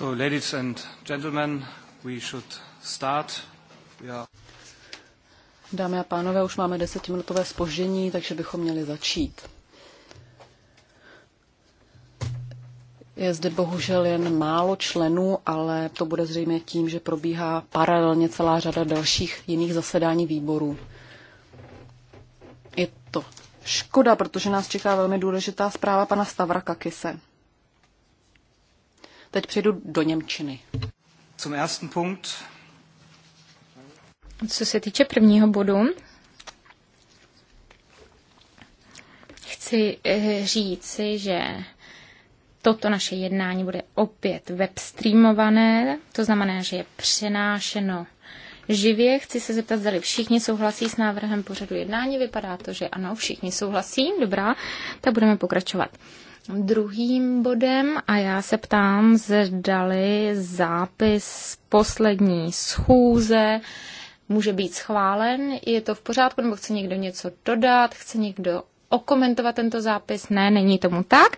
ladies and gentlemen, we should start. Dámy a pánové, už máme desetiminutové spoždění, takže bychom měli začít. Je zde bohužel jen málo členů, ale to bude zřejmě tím, že probíhá paralelně celá řada dalších jiných zasedání výborů. Je to škoda, protože nás čeká velmi důležitá zpráva pana Stavra Kakise. Teď přejdu do Němčiny. Zum ersten Punkt. Co se týče prvního bodu, chci eh, říci, že toto naše jednání bude opět webstreamované, to znamená, že je přenášeno živě. Chci se zeptat, zda všichni souhlasí s návrhem pořadu jednání. Vypadá to, že ano, všichni souhlasí. Dobrá, tak budeme pokračovat druhým bodem a já se ptám, zdali zápis poslední schůze může být schválen. Je to v pořádku, nebo chce někdo něco dodat, chce někdo okomentovat tento zápis? Ne, není tomu tak.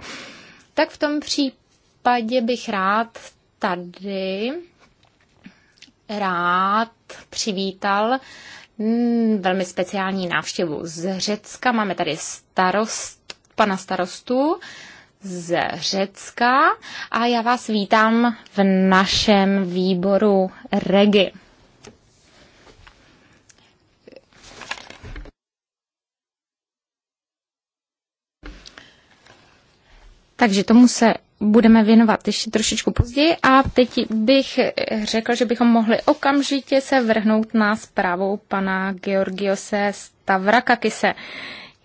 Tak v tom případě bych rád tady rád přivítal mm, velmi speciální návštěvu z Řecka. Máme tady starost, pana starostu, z Řecka a já vás vítám v našem výboru Regi. Takže tomu se budeme věnovat ještě trošičku později a teď bych řekl, že bychom mohli okamžitě se vrhnout na zprávu pana Georgiose Stavrakakise.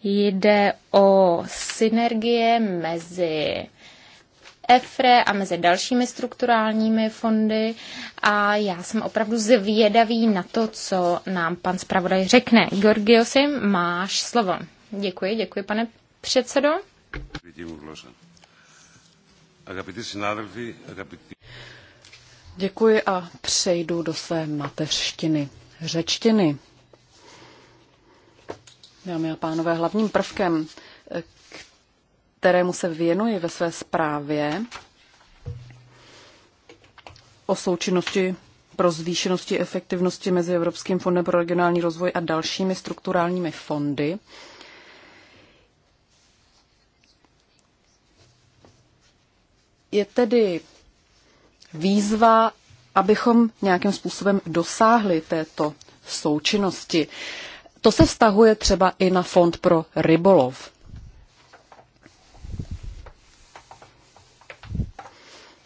Jde o synergie mezi EFRE a mezi dalšími strukturálními fondy a já jsem opravdu zvědavý na to, co nám pan zpravodaj řekne. Georgiosi, máš slovo. Děkuji, děkuji, pane předsedo. Děkuji a přejdu do své mateřštiny, řečtiny. Dámy a pánové, hlavním prvkem, kterému se věnuji ve své zprávě o součinnosti pro zvýšenosti efektivnosti mezi Evropským fondem pro regionální rozvoj a dalšími strukturálními fondy, je tedy výzva, abychom nějakým způsobem dosáhli této součinnosti. To se vztahuje třeba i na fond pro rybolov.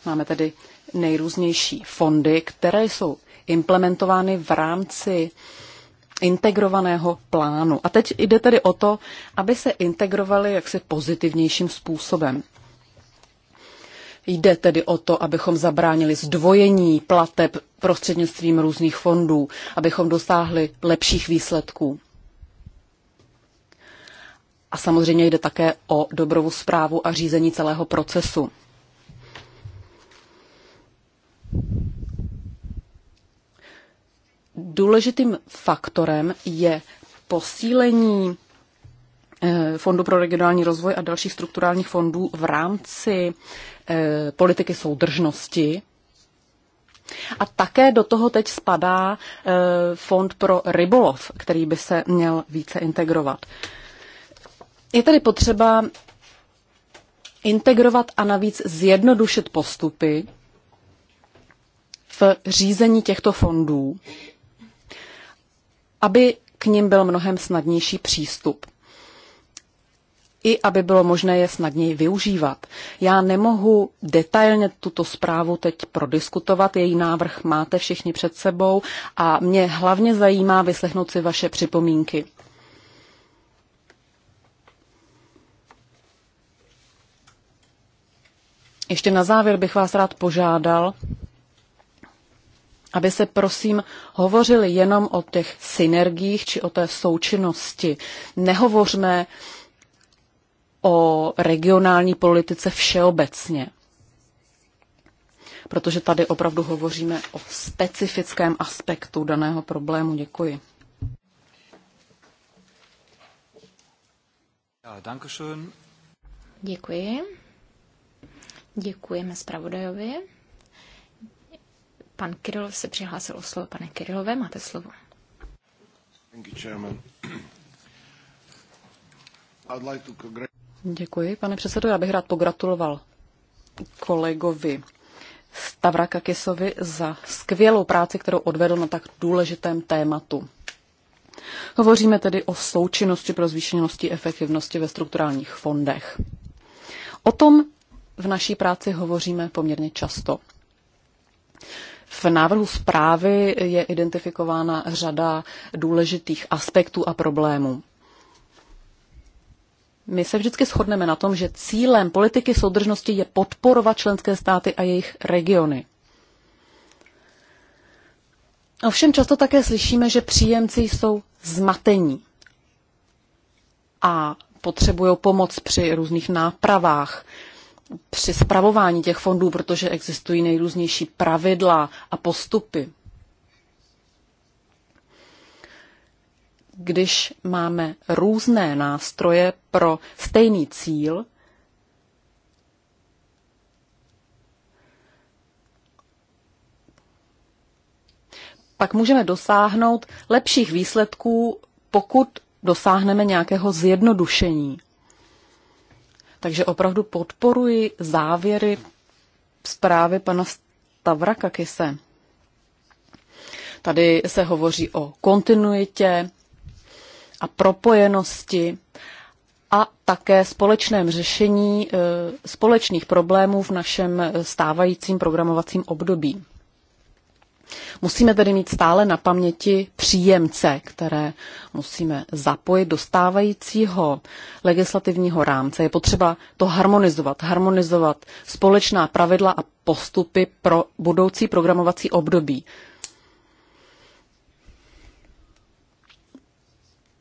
Máme tedy nejrůznější fondy, které jsou implementovány v rámci integrovaného plánu. A teď jde tedy o to, aby se integrovaly jaksi pozitivnějším způsobem. Jde tedy o to, abychom zabránili zdvojení plateb prostřednictvím různých fondů, abychom dosáhli lepších výsledků. A samozřejmě jde také o dobrou zprávu a řízení celého procesu. Důležitým faktorem je posílení eh, Fondu pro regionální rozvoj a dalších strukturálních fondů v rámci eh, politiky soudržnosti. A také do toho teď spadá eh, Fond pro rybolov, který by se měl více integrovat. Je tady potřeba integrovat a navíc zjednodušit postupy v řízení těchto fondů, aby k ním byl mnohem snadnější přístup i aby bylo možné je snadněji využívat. Já nemohu detailně tuto zprávu teď prodiskutovat, její návrh máte všichni před sebou a mě hlavně zajímá vyslechnout si vaše připomínky. Ještě na závěr bych vás rád požádal, aby se prosím hovořili jenom o těch synergiích či o té součinnosti. Nehovořme o regionální politice všeobecně, protože tady opravdu hovoříme o specifickém aspektu daného problému. Děkuji. Děkuji. Děkujeme zpravodajovi. Pan Kirilov se přihlásil o slovo. Pane Kirilové, máte slovo. Děkuji, pane předsedo. Já bych rád pogratuloval kolegovi Stavrakakisovi za skvělou práci, kterou odvedl na tak důležitém tématu. Hovoříme tedy o součinnosti pro zvýšenosti efektivnosti ve strukturálních fondech. O tom v naší práci hovoříme poměrně často. V návrhu zprávy je identifikována řada důležitých aspektů a problémů. My se vždycky shodneme na tom, že cílem politiky soudržnosti je podporovat členské státy a jejich regiony. Ovšem často také slyšíme, že příjemci jsou zmatení a potřebují pomoc při různých nápravách při spravování těch fondů, protože existují nejrůznější pravidla a postupy. Když máme různé nástroje pro stejný cíl, pak můžeme dosáhnout lepších výsledků, pokud dosáhneme nějakého zjednodušení. Takže opravdu podporuji závěry zprávy pana Kise. Tady se hovoří o kontinuitě a propojenosti a také společném řešení e, společných problémů v našem stávajícím programovacím období. Musíme tedy mít stále na paměti příjemce, které musíme zapojit do stávajícího legislativního rámce. Je potřeba to harmonizovat, harmonizovat společná pravidla a postupy pro budoucí programovací období.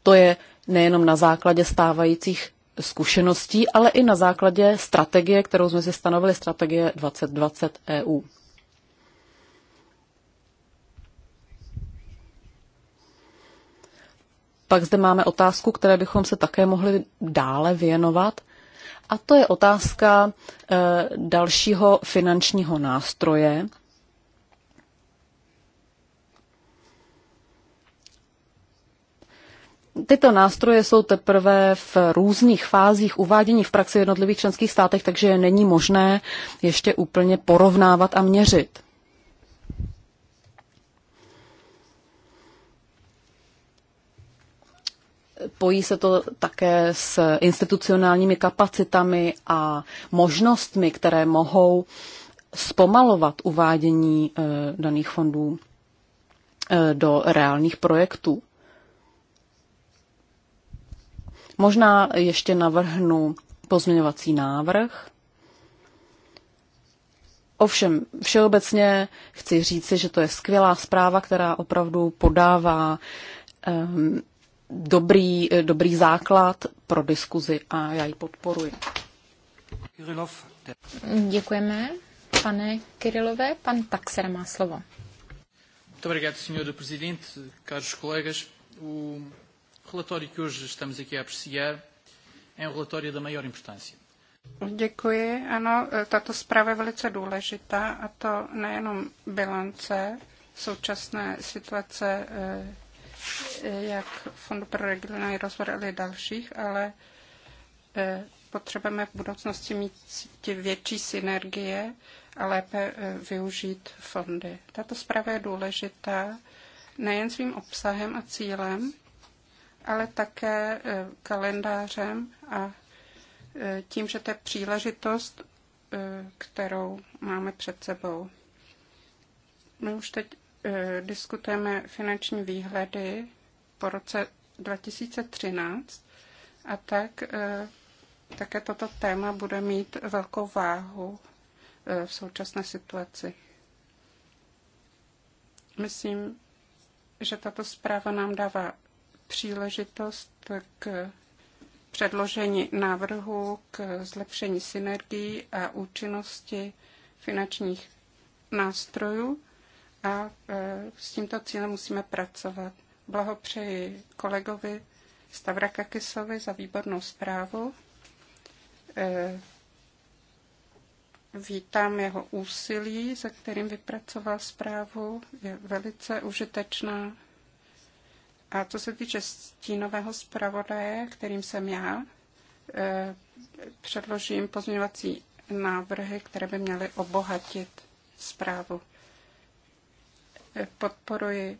To je nejenom na základě stávajících zkušeností, ale i na základě strategie, kterou jsme si stanovili, strategie 2020 EU. Pak zde máme otázku, které bychom se také mohli dále věnovat. A to je otázka e, dalšího finančního nástroje. Tyto nástroje jsou teprve v různých fázích uvádění v praxi v jednotlivých členských státech, takže je není možné ještě úplně porovnávat a měřit. Pojí se to také s institucionálními kapacitami a možnostmi, které mohou zpomalovat uvádění eh, daných fondů eh, do reálných projektů. Možná ještě navrhnu pozměňovací návrh. Ovšem, všeobecně chci říci, že to je skvělá zpráva, která opravdu podává um, dobrý, dobrý základ pro diskuzi a já ji podporuji. Děkujeme, pane Kirilové. Pan Taxer má slovo. Um Děkuji. Ano, tato zpráva je velice důležitá a to nejenom bilance současné situace eh, jak Fondu pro regionální rozvoj, ale dalších, ale e, potřebujeme v budoucnosti mít ty větší synergie a lépe e, využít fondy. Tato zpráva je důležitá nejen svým obsahem a cílem, ale také e, kalendářem a tím, že to je příležitost, kterou máme před sebou. My už teď Eh, diskutujeme finanční výhledy po roce 2013 a tak eh, také toto téma bude mít velkou váhu eh, v současné situaci. Myslím, že tato zpráva nám dává příležitost k předložení návrhu k zlepšení synergií a účinnosti finančních nástrojů a e, s tímto cílem musíme pracovat. Blahopřeji kolegovi Stavrakakisovi za výbornou zprávu. E, vítám jeho úsilí, za kterým vypracoval zprávu. Je velice užitečná. A co se týče stínového zpravodaje, kterým jsem já, e, předložím pozměňovací návrhy, které by měly obohatit zprávu. Podporuji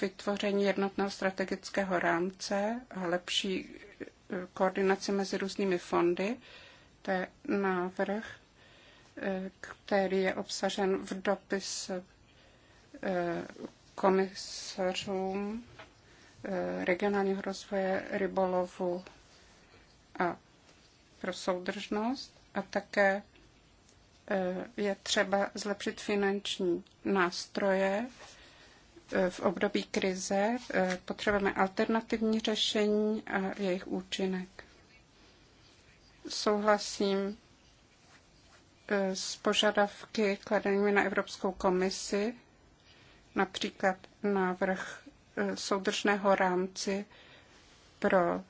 vytvoření jednotného strategického rámce a lepší eh, koordinaci mezi různými fondy. To je návrh, eh, který je obsažen v dopis eh, komisařům regionálního rozvoje rybolovu a pro soudržnost a také Eh, je třeba zlepšit finanční nástroje eh, v období krize. Eh, potřebujeme alternativní řešení a jejich účinek. Souhlasím s požadavky kladenými na Evropskou komisi, například návrh soudržného rámci pro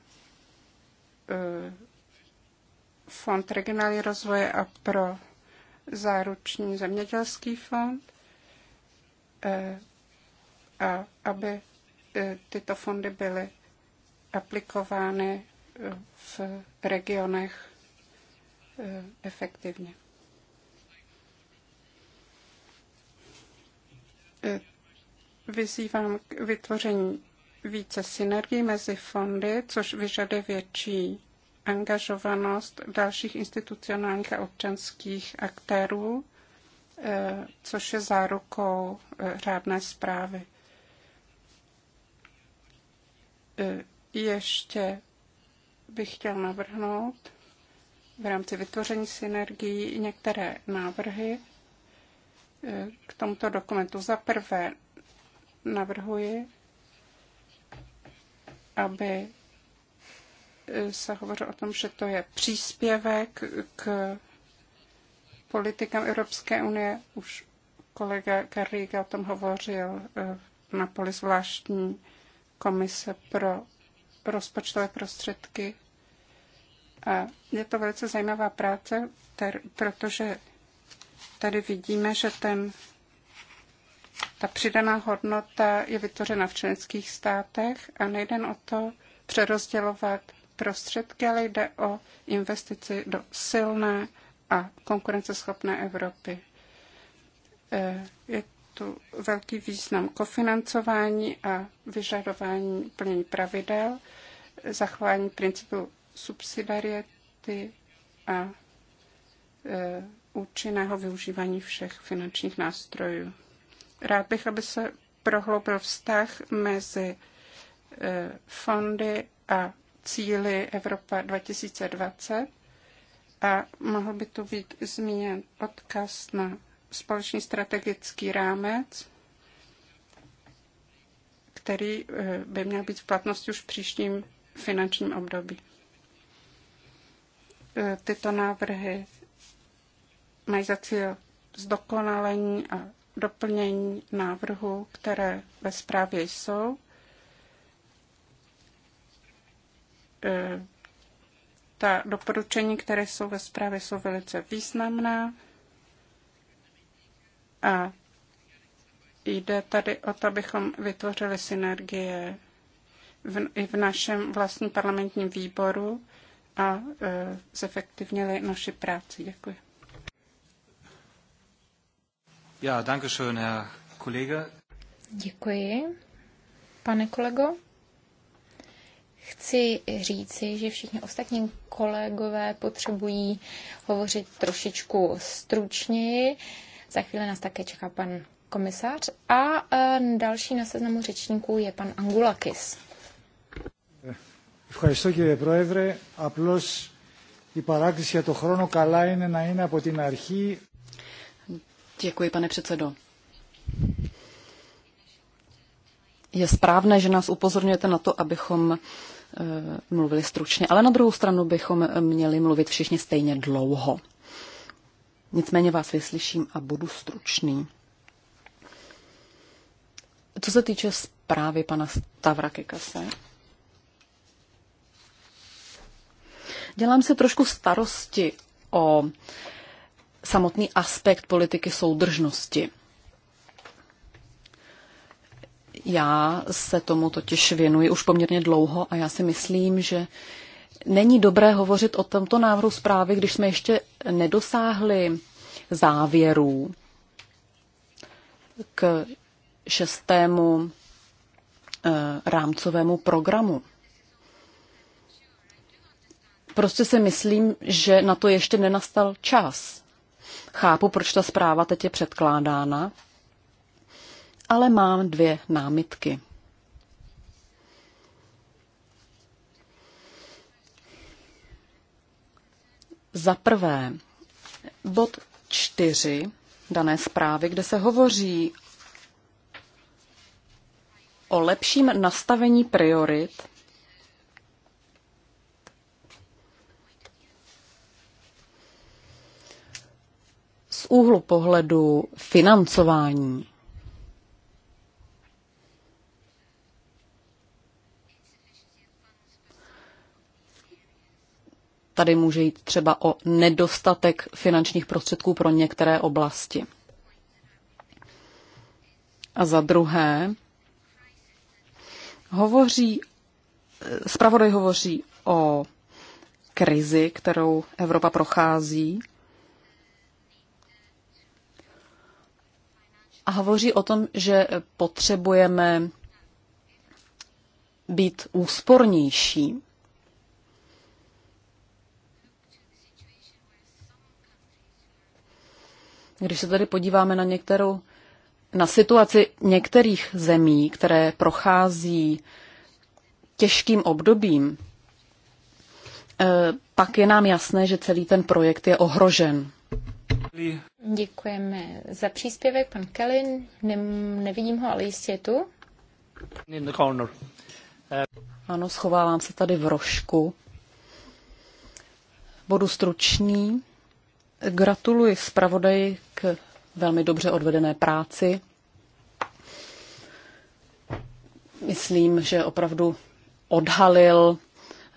Fond regionální rozvoje a pro záruční zemědělský fond, eh, a aby eh, tyto fondy byly aplikovány eh, v regionech efektivně. Vyzývám k vytvoření více synergii mezi fondy, což vyžaduje větší angažovanost dalších institucionálních a občanských aktérů, eh, což je zárukou eh, řádné zprávy. Eh, ještě bych chtěl navrhnout v rámci vytvoření synergií některé návrhy k tomuto dokumentu. Za prvé navrhuji, aby se hovořilo o tom, že to je příspěvek k politikám Evropské unie. Už kolega Garriga o tom hovořil eh, na poli zvláštní komise pro rozpočtové prostředky. A je to velice zajímavá práce, protože tady vidíme, že ten, ta přidaná hodnota je vytvořena v členských státech a nejde o to přerozdělovat prostředky, ale jde o investici do silné a konkurenceschopné Evropy. E, je tu velký význam kofinancování a vyžadování plnění pravidel, zachování principu subsidiarity a e, účinného využívání všech finančních nástrojů. Rád bych, aby se prohloubil vztah mezi e, fondy a cíly Evropa 2020 a mohl by tu být zmíněn odkaz na společný strategický rámec, který eh, by měl být v platnosti už v příštím finančním období. Eh, tyto návrhy mají za cíl zdokonalení a doplnění návrhů, které ve zprávě jsou Eh, ta doporučení, které jsou ve zprávě, jsou velice významná a jde tady o to, abychom vytvořili synergie v, i v našem vlastním parlamentním výboru a e, zefektivnili naši práci. Děkuji. Ja, danke schön, Herr Kollege. Děkuji, pane kolego chci říci, že všichni ostatní kolegové potřebují hovořit trošičku stručněji. Za chvíli nás také čeká pan komisař. A e, další na seznamu řečníků je pan Angulakis. Ευχαριστώ κύριε Πρόεδρε. Απλώς η παράκτηση για το χρόνο καλά είναι να είναι από την αρχή. Děkuji, pane předsedo je správné, že nás upozorňujete na to, abychom eh, mluvili stručně, ale na druhou stranu bychom eh, měli mluvit všichni stejně dlouho. Nicméně vás vyslyším a budu stručný. Co se týče zprávy pana Stavra Kekase, dělám si trošku starosti o samotný aspekt politiky soudržnosti. Já se tomu totiž věnuji už poměrně dlouho a já si myslím, že není dobré hovořit o tomto návrhu zprávy, když jsme ještě nedosáhli závěrů k šestému eh, rámcovému programu. Prostě si myslím, že na to ještě nenastal čas. Chápu, proč ta zpráva teď je předkládána, ale mám dvě námitky. Za prvé, bod čtyři dané zprávy, kde se hovoří o lepším nastavení priorit z úhlu pohledu financování. tady může jít třeba o nedostatek finančních prostředků pro některé oblasti. A za druhé, hovoří, zpravodaj hovoří o krizi, kterou Evropa prochází. A hovoří o tom, že potřebujeme být úspornější Když se tady podíváme na některou, na situaci některých zemí, které prochází těžkým obdobím, eh, pak je nám jasné, že celý ten projekt je ohrožen. Děkujeme za příspěvek, pan Kelly. Ne, nevidím ho, ale jistě je tu. In the corner. Eh. Ano, schovávám se tady v rožku. Budu stručný. Gratuluji zpravodaji k velmi dobře odvedené práci. Myslím, že opravdu odhalil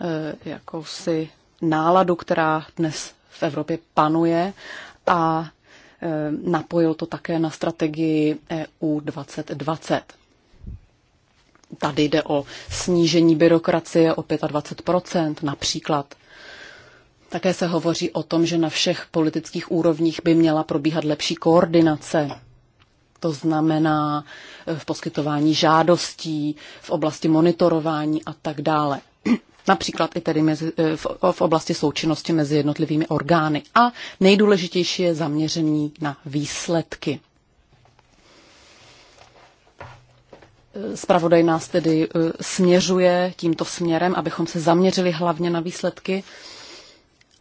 eh, jakousi náladu, která dnes v Evropě panuje a eh, napojil to také na strategii EU 2020. Tady jde o snížení byrokracie o 25 například. Také se hovoří o tom, že na všech politických úrovních by měla probíhat lepší koordinace. To znamená eh, v poskytování žádostí, v oblasti monitorování a tak dále. Například i tedy mezi, eh, v, v oblasti součinnosti mezi jednotlivými orgány. A nejdůležitější je zaměření na výsledky. Spravodaj eh, nás tedy směřuje tímto směrem, abychom se zaměřili hlavně na výsledky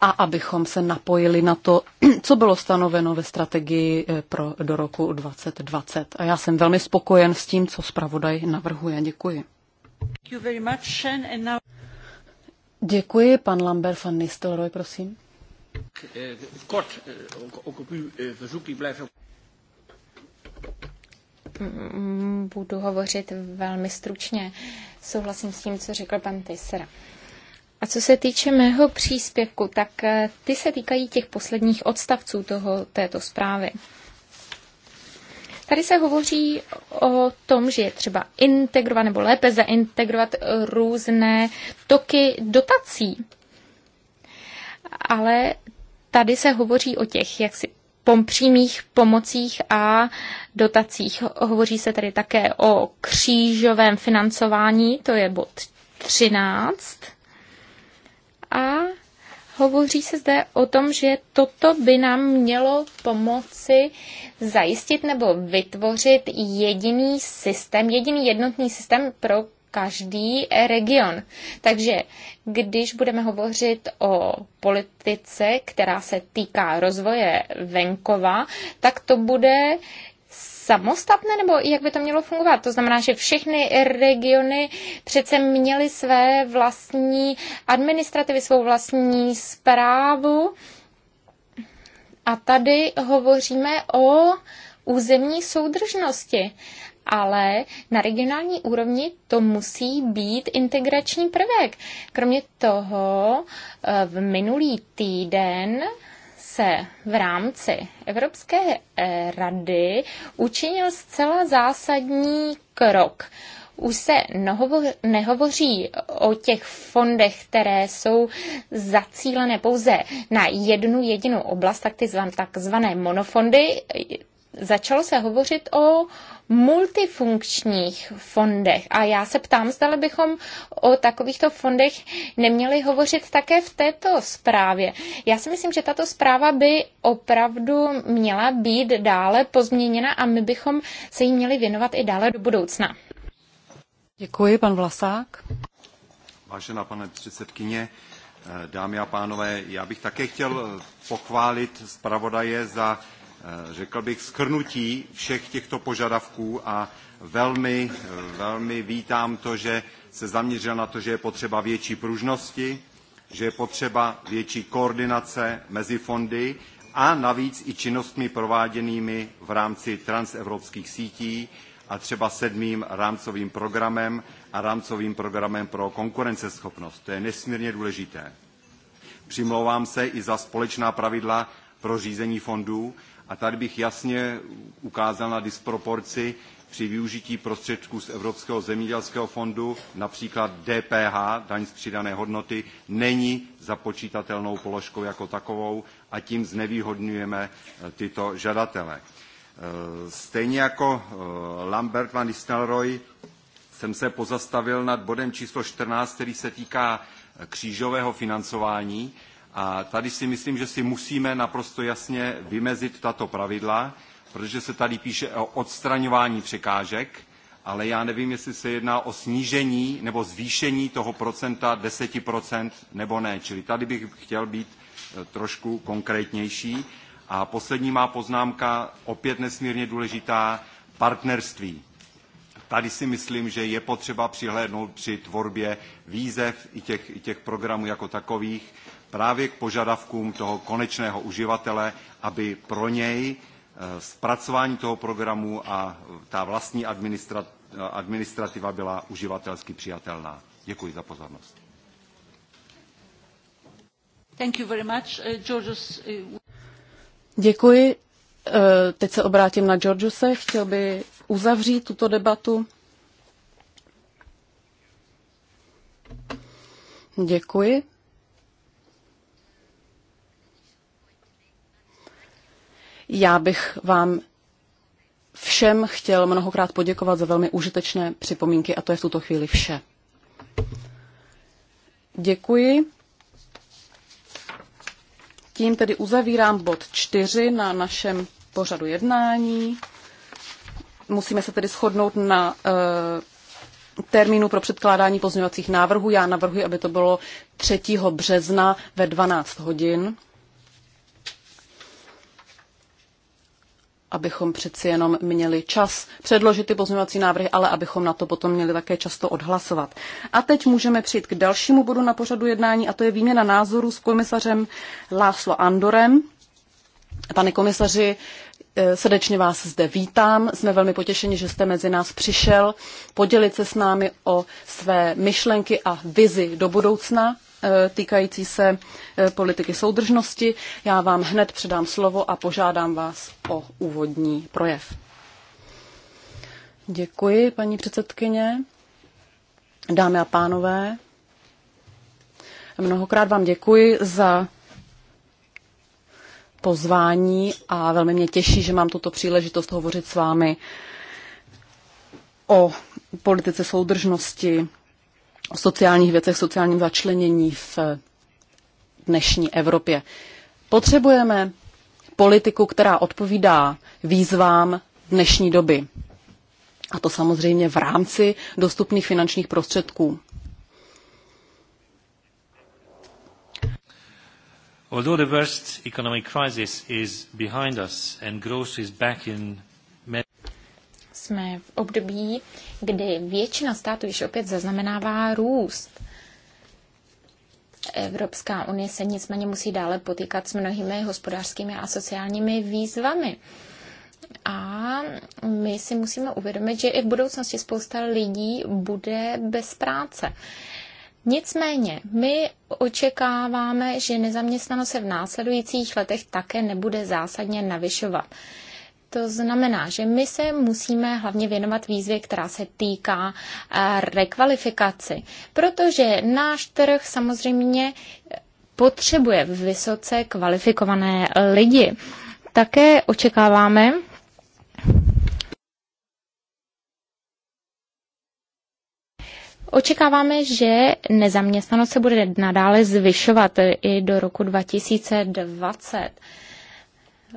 a abychom se napojili na to, co bylo stanoveno ve strategii eh, pro, do roku 2020. A já jsem velmi spokojen s tím, co zpravodaj navrhuje. Děkuji. Děkuji, pan Lambert van Nistelrooy, prosím. Kort, eh, eh, mm, budu hovořit velmi stručně. Souhlasím s tím, co řekl pan Tejsera. A co se týče mého příspěvku, tak eh, ty se týkají těch posledních odstavců toho, této zprávy. Tady se hovoří o tom, že je třeba integrovat nebo lépe zaintegrovat různé toky dotací. Ale tady se hovoří o těch jak si přímých pomocích a dotacích. Hovoří se tady také o křížovém financování, to je bod 13 a hovoří se zde o tom, že toto by nám mělo pomoci zajistit nebo vytvořit jediný systém, jediný jednotný systém pro každý region. Takže když budeme hovořit o politice, která se týká rozvoje venkova, tak to bude samostatné, nebo jak by to mělo fungovat? To znamená, že všechny regiony přece měly své vlastní administrativy, svou vlastní zprávu. A tady hovoříme o územní soudržnosti ale na regionální úrovni to musí být integrační prvek. Kromě toho eh, v minulý týden se v rámci Evropské eh, rady učinil zcela zásadní krok. Už se nehovoří o těch fondech, které jsou zacílené pouze na jednu jedinou oblast, tak ty takzvané monofondy, začalo se hovořit o multifunkčních fondech. A já se ptám, zda bychom o takovýchto fondech neměli hovořit také v této zprávě. Já si myslím, že tato zpráva by opravdu měla být dále pozměněna a my bychom se jí měli věnovat i dále do budoucna. Děkuji, pan Vlasák. Vážená pane předsedkyně, eh, dámy a pánové, já bych také chtěl eh, pochválit zpravodaje za Eh, řekl bych, skrnutí všech těchto požadavků a velmi, velmi vítám to, že se zaměřil na to, že je potřeba větší pružnosti, že je potřeba větší koordinace mezi fondy a navíc i činnostmi prováděnými v rámci transevropských sítí a třeba sedmým rámcovým programem a rámcovým programem pro konkurenceschopnost. To je nesmírně důležité. Přimlouvám se i za společná pravidla pro řízení fondů a tady bych jasně ukázal na disproporci při využití prostředků z Evropského zemědělského fondu, například DPH, daň z přidané hodnoty, není započítatelnou položkou jako takovou a tím znevýhodňujeme eh, tyto žadatele. Eh, stejně jako eh, Lambert van Nistelrooy jsem se pozastavil nad bodem číslo 14, který se týká křížového financování a tady si myslím, že si musíme naprosto jasně vymezit tato pravidla, protože se tady píše o odstraňování překážek, ale já nevím, jestli se jedná o snížení nebo zvýšení toho procenta 10% nebo ne. Čili tady bych chtěl být eh, trošku konkrétnější. A poslední má poznámka, opět nesmírně důležitá, partnerství. Tady si myslím, že je potřeba přihlédnout při tvorbě výzev i těch, i těch programů jako takových, právě k požadavkům toho konečného uživatele, aby pro něj zpracování eh, toho programu a ta vlastní administrativa byla uživatelsky přijatelná. Děkuji za pozornost. Thank you very much. Eh, eh, Děkuji. Teď se obrátím na Georgiose. Chtěl by uzavřít tuto debatu. Děkuji. Já bych vám všem chtěl mnohokrát poděkovat za velmi užitečné připomínky a to je v tuto chvíli vše. Děkuji. Tím tedy uzavírám bod čtyři na našem pořadu jednání. Musíme se tedy shodnout na e, termínu pro předkládání pozměňovacích návrhů. Já navrhuji, aby to bylo 3. března ve 12 hodin. abychom přeci jenom měli čas předložit ty pozměňovací návrhy, ale abychom na to potom měli také často odhlasovat. A teď můžeme přijít k dalšímu bodu na pořadu jednání, a to je výměna názorů s komisařem Láslo Andorem. Pane komisaři, eh, srdečně vás zde vítám. Jsme velmi potěšeni, že jste mezi nás přišel podělit se s námi o své myšlenky a vizi do budoucna. Eh, týkající se eh, politiky soudržnosti. Já vám hned předám slovo a požádám vás o úvodní projev. Děkuji, paní předsedkyně. Dámy a pánové, mnohokrát vám děkuji za pozvání a velmi mě těší, že mám tuto příležitost hovořit s vámi o politice soudržnosti o sociálních věcech, sociálním začlenění v dnešní Evropě. Potřebujeme politiku, která odpovídá výzvám dnešní doby. A to samozřejmě v rámci dostupných finančních prostředků. Although the worst economic crisis is behind us and growth is back in jsme v období, kdy většina států již opět zaznamenává růst. Evropská unie se nicméně musí dále potýkat s mnohými hospodářskými a sociálními výzvami. A my si musíme uvědomit, že i v budoucnosti spousta lidí bude bez práce. Nicméně, my očekáváme, že nezaměstnanost se v následujících letech také nebude zásadně navyšovat. To znamená, že my se musíme hlavně věnovat výzvě, která se týká eh, rekvalifikaci, protože náš trh samozřejmě potřebuje vysoce kvalifikované lidi. Také očekáváme, Očekáváme, že nezaměstnanost se bude nadále zvyšovat i do roku 2020.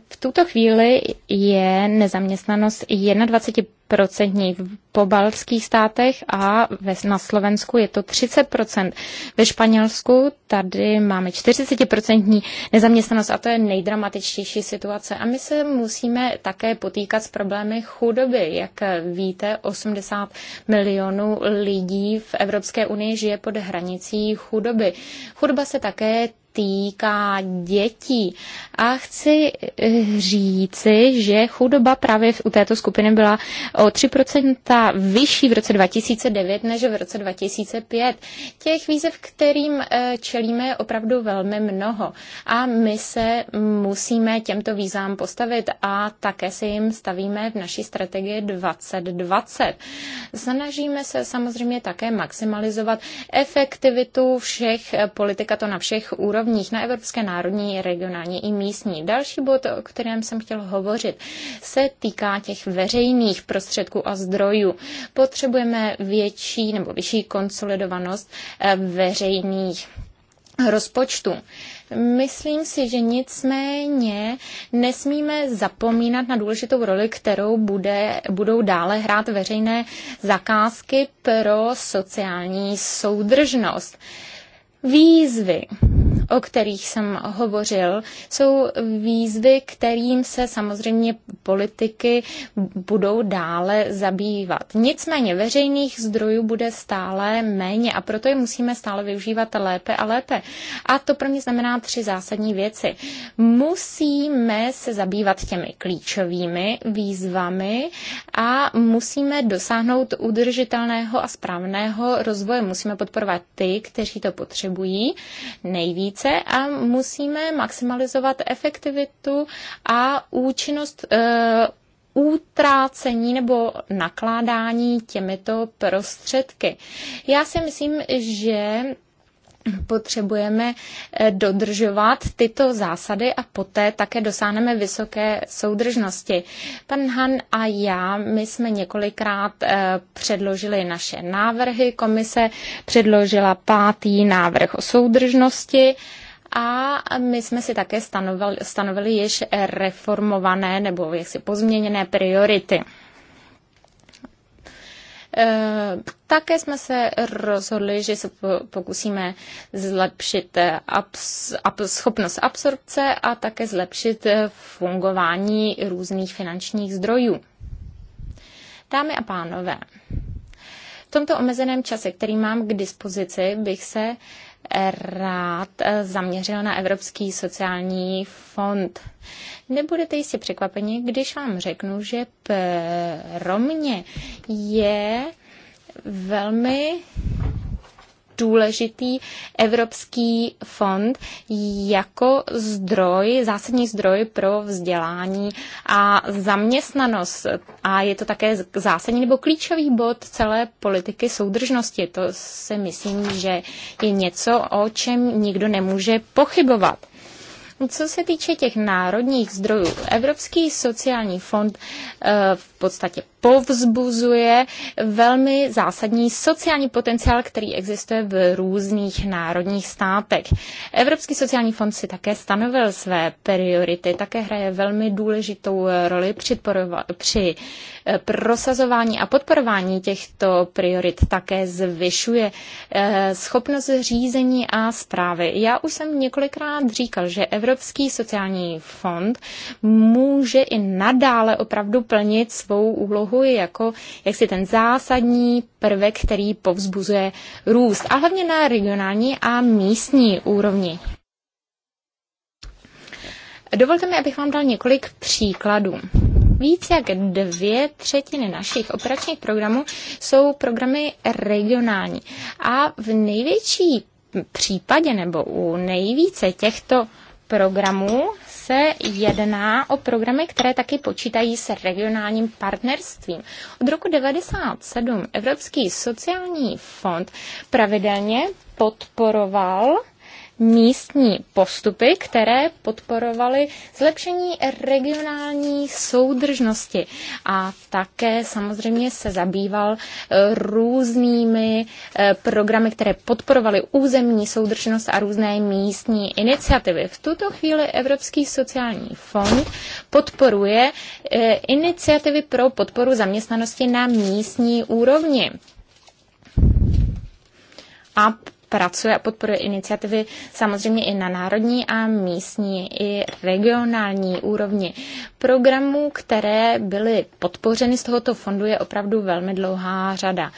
V tuto chvíli je nezaměstnanost 21% v pobaltských státech a na Slovensku je to 30%. Ve Španělsku tady máme 40% nezaměstnanost a to je nejdramatičtější situace. A my se musíme také potýkat s problémy chudoby. Jak víte, 80 milionů lidí v Evropské unii žije pod hranicí chudoby. Chudoba se také týká dětí. A chci eh, říci, že chudoba právě u této skupiny byla o 3% vyšší v roce 2009 než v roce 2005. Těch výzev, kterým eh, čelíme, je opravdu velmi mnoho. A my se musíme těmto výzvám postavit a také si jim stavíme v naší strategii 2020. Snažíme se samozřejmě také maximalizovat efektivitu všech eh, politik, a to na všech úrovních úrovních, na evropské, národní, regionální i místní. Další bod, o kterém jsem chtěl hovořit, se týká těch veřejných prostředků a zdrojů. Potřebujeme větší nebo vyšší konsolidovanost eh, veřejných rozpočtu. Myslím si, že nicméně nesmíme zapomínat na důležitou roli, kterou bude, budou dále hrát veřejné zakázky pro sociální soudržnost. Výzvy o kterých jsem hovořil, jsou výzvy, kterým se samozřejmě politiky budou dále zabývat. Nicméně veřejných zdrojů bude stále méně a proto je musíme stále využívat lépe a lépe. A to pro mě znamená tři zásadní věci. Musíme se zabývat těmi klíčovými výzvami a musíme dosáhnout udržitelného a správného rozvoje. Musíme podporovat ty, kteří to potřebují nejvíce více a musíme maximalizovat efektivitu a účinnost útrácení eh, nebo nakládání těmito prostředky. Já si myslím, že potřebujeme eh, dodržovat tyto zásady a poté také dosáhneme vysoké soudržnosti. Pan Han a já, my jsme několikrát eh, předložili naše návrhy, komise předložila pátý návrh o soudržnosti. A my jsme si také stanovali, stanovili již reformované nebo jaksi pozměněné priority. Eh, také jsme se rozhodli, že se pokusíme zlepšit eh, abs, ab, schopnost absorpce a také zlepšit eh, fungování různých finančních zdrojů. Dámy a pánové, v tomto omezeném čase, který mám k dispozici, bych se rád eh, zaměřil na Evropský sociální fond. Nebudete jistě překvapeni, když vám řeknu, že pro mě je velmi důležitý Evropský fond jako zdroj, zásadní zdroj pro vzdělání a zaměstnanost. A je to také zásadní nebo klíčový bod celé politiky soudržnosti. To si myslím, že je něco, o čem nikdo nemůže pochybovat. Co se týče těch národních zdrojů, Evropský sociální fond eh, v podstatě povzbuzuje velmi zásadní sociální potenciál, který existuje v různých národních státech. Evropský sociální fond si také stanovil své priority, také hraje velmi důležitou roli při, při eh, prosazování a podporování těchto priorit, také zvyšuje eh, schopnost řízení a zprávy. Já už jsem několikrát říkal, že Evropský Evropský sociální fond může i nadále opravdu plnit svou úlohu jako jaksi ten zásadní prvek, který povzbuzuje růst a hlavně na regionální a místní úrovni. Dovolte mi, abych vám dal několik příkladů. Víc jak dvě třetiny našich operačních programů jsou programy regionální. A v největší případě nebo u nejvíce těchto programů se jedná o programy, které taky počítají se regionálním partnerstvím. Od roku 1997 Evropský sociální fond pravidelně podporoval místní postupy, které podporovaly zlepšení regionální soudržnosti a také samozřejmě se zabýval eh, různými eh, programy, které podporovaly územní soudržnost a různé místní iniciativy. V tuto chvíli Evropský sociální fond podporuje eh, iniciativy pro podporu zaměstnanosti na místní úrovni. A pracuje a podporuje iniciativy samozřejmě i na národní a místní i regionální úrovni. Programů, které byly podpořeny z tohoto fondu, je opravdu velmi dlouhá řada.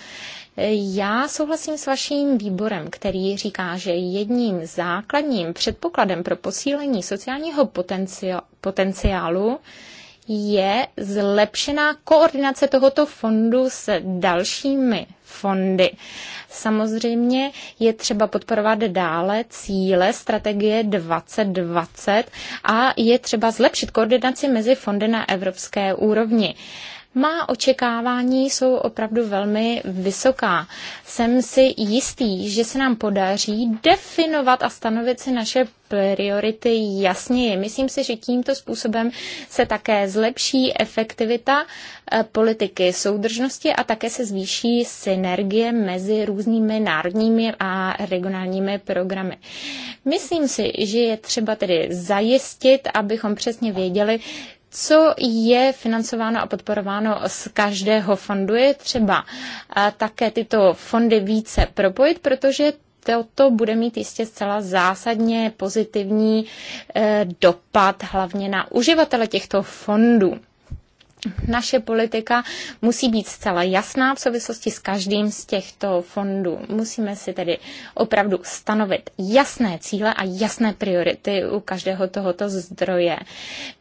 Já souhlasím s vaším výborem, který říká, že jedním základním předpokladem pro posílení sociálního potenciálu je zlepšená koordinace tohoto fondu s dalšími fondy. Samozřejmě je třeba podporovat dále cíle strategie 2020 a je třeba zlepšit koordinaci mezi fondy na evropské úrovni. Má očekávání jsou opravdu velmi vysoká. Jsem si jistý, že se nám podaří definovat a stanovit si naše priority jasněji. Myslím si, že tímto způsobem se také zlepší efektivita eh, politiky soudržnosti a také se zvýší synergie mezi různými národními a regionálními programy. Myslím si, že je třeba tedy zajistit, abychom přesně věděli, co je financováno a podporováno z každého fondu, je třeba eh, také tyto fondy více propojit, protože toto bude mít jistě zcela zásadně pozitivní eh, dopad hlavně na uživatele těchto fondů naše politika musí být zcela jasná v souvislosti s každým z těchto fondů. Musíme si tedy opravdu stanovit jasné cíle a jasné priority u každého tohoto zdroje.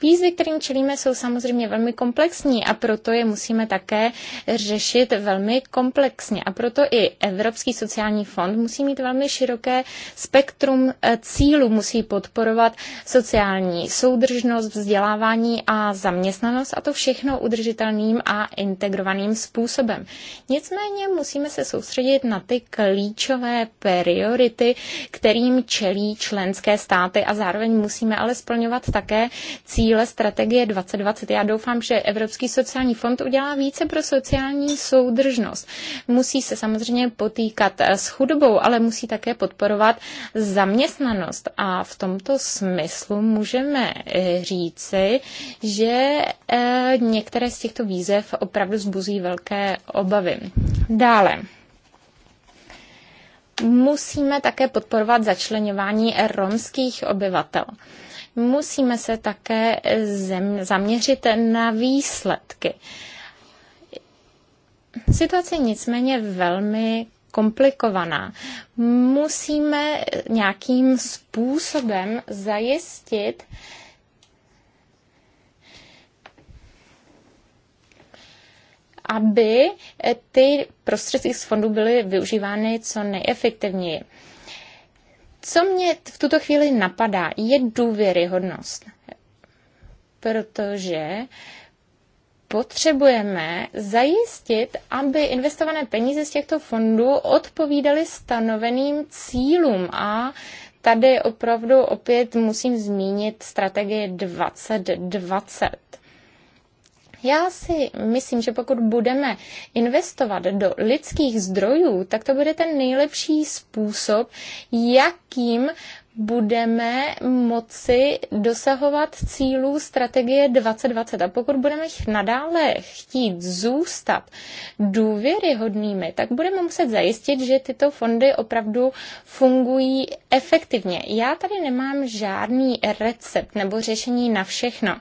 Výzvy, kterým čelíme, jsou samozřejmě velmi komplexní a proto je musíme také řešit velmi komplexně. A proto i Evropský sociální fond musí mít velmi široké spektrum eh, cílů, musí podporovat sociální soudržnost, vzdělávání a zaměstnanost a to všechno všechno udržitelným a integrovaným způsobem. Nicméně musíme se soustředit na ty klíčové priority, kterým čelí členské státy a zároveň musíme ale splňovat také cíle strategie 2020. Já doufám, že Evropský sociální fond udělá více pro sociální soudržnost. Musí se samozřejmě potýkat eh, s chudobou, ale musí také podporovat zaměstnanost. A v tomto smyslu můžeme eh, říci, že eh, některé z těchto výzev opravdu zbuzují velké obavy. Dále. Musíme také podporovat začlenování romských obyvatel musíme se také zem, zaměřit na výsledky. Situace je nicméně velmi komplikovaná. Musíme nějakým způsobem zajistit, aby eh, ty prostředky z fondu byly využívány co nejefektivněji. Co mě v tuto chvíli napadá, je důvěryhodnost. Protože potřebujeme zajistit, aby investované peníze z těchto fondů odpovídaly stanoveným cílům a tady opravdu opět musím zmínit strategii 2020. Já si myslím, že pokud budeme investovat do lidských zdrojů, tak to bude ten nejlepší způsob, jakým budeme moci dosahovat cílů strategie 2020. A pokud budeme nadále chtít zůstat důvěryhodnými, tak budeme muset zajistit, že tyto fondy opravdu fungují efektivně. Já tady nemám žádný recept nebo řešení na všechno,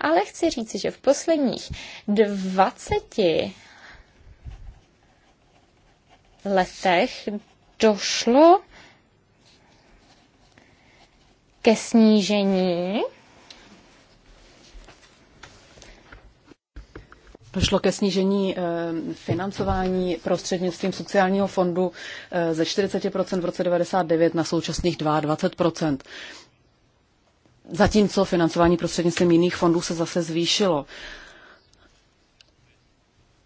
ale chci říct, že v posledních 20 letech došlo ke snížení. Došlo ke snížení eh, financování prostřednictvím sociálního fondu eh, ze 40% v roce 99 na současných 22%. Zatímco financování prostřednictvím jiných fondů se zase zvýšilo.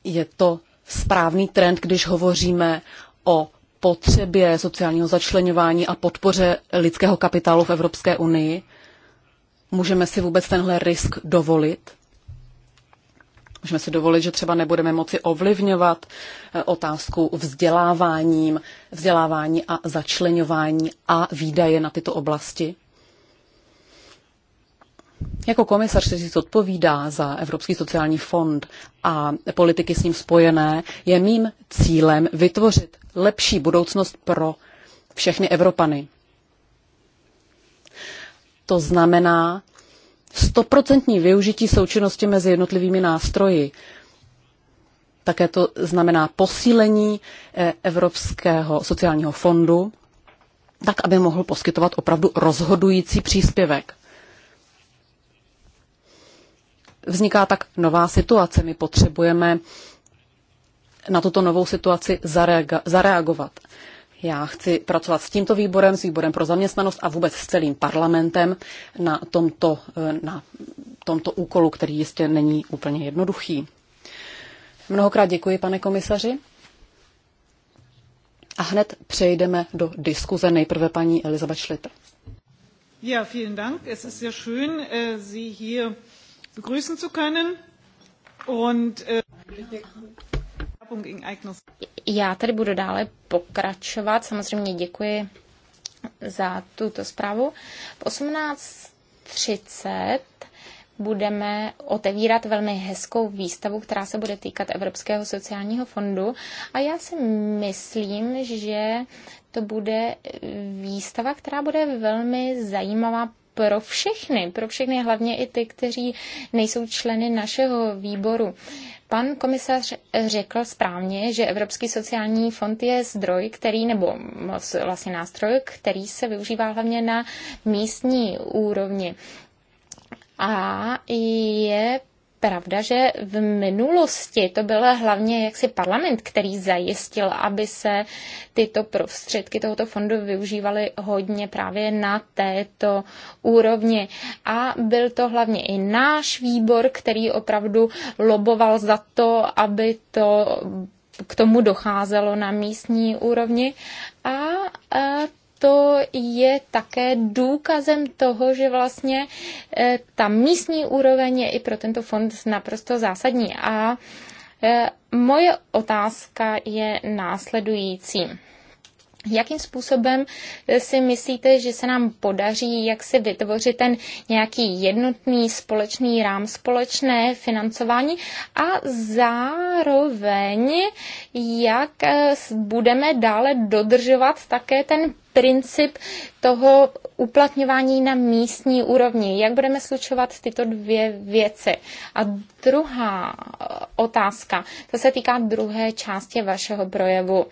Je to správný trend, když hovoříme o potřebě sociálního začlenování a podpoře lidského kapitálu v Evropské unii? Můžeme si vůbec tenhle risk dovolit? Můžeme si dovolit, že třeba nebudeme moci ovlivňovat eh, otázku vzděláváním, vzdělávání a začlenování a výdaje na tyto oblasti? Jako komisař, který si odpovídá za Evropský sociální fond a politiky s ním spojené, je mým cílem vytvořit lepší budoucnost pro všechny Evropany. To znamená stoprocentní využití součinnosti mezi jednotlivými nástroji. Také to znamená posílení eh, Evropského sociálního fondu, tak aby mohl poskytovat opravdu rozhodující příspěvek. vzniká tak nová situace. My potřebujeme na tuto novou situaci zareagovat. Já chci pracovat s tímto výborem, s výborem pro zaměstnanost a vůbec s celým parlamentem na tomto, na tomto úkolu, který jistě není úplně jednoduchý. Mnohokrát děkuji, pane komisaři. A hned přejdeme do diskuze nejprve paní Elizabeth Schlitter. Ja, vielen Dank. Es ist sehr schön, äh, Sie hier begrüßen zu können. Und äh, já tady budu dále pokračovat. Samozřejmě děkuji za tuto zprávu. V 18.30 budeme otevírat velmi hezkou výstavu, která se bude týkat Evropského sociálního fondu. A já si myslím, že to bude výstava, která bude velmi zajímavá pro všechny, pro všechny, hlavně i ty, kteří nejsou členy našeho výboru. Pan komisař řekl správně, že Evropský sociální fond je zdroj, který, nebo vlastně nástroj, který se využívá hlavně na místní úrovni. A je pravda, že v minulosti to byl hlavně jaksi parlament, který zajistil, aby se tyto prostředky tohoto fondu využívaly hodně právě na této úrovni. A byl to hlavně i náš výbor, který opravdu loboval za to, aby to k tomu docházelo na místní úrovni a e, to je také důkazem toho, že vlastně eh, ta místní úroveň je i pro tento fond naprosto zásadní. A eh, moje otázka je následující. Jakým způsobem eh, si myslíte, že se nám podaří, jak si vytvořit ten nějaký jednotný společný rám, společné financování a zároveň, jak budeme dále dodržovat také ten princip toho uplatňování na místní úrovni. Jak budeme slučovat tyto dvě věci? A druhá eh, otázka, to se týká druhé části vašeho projevu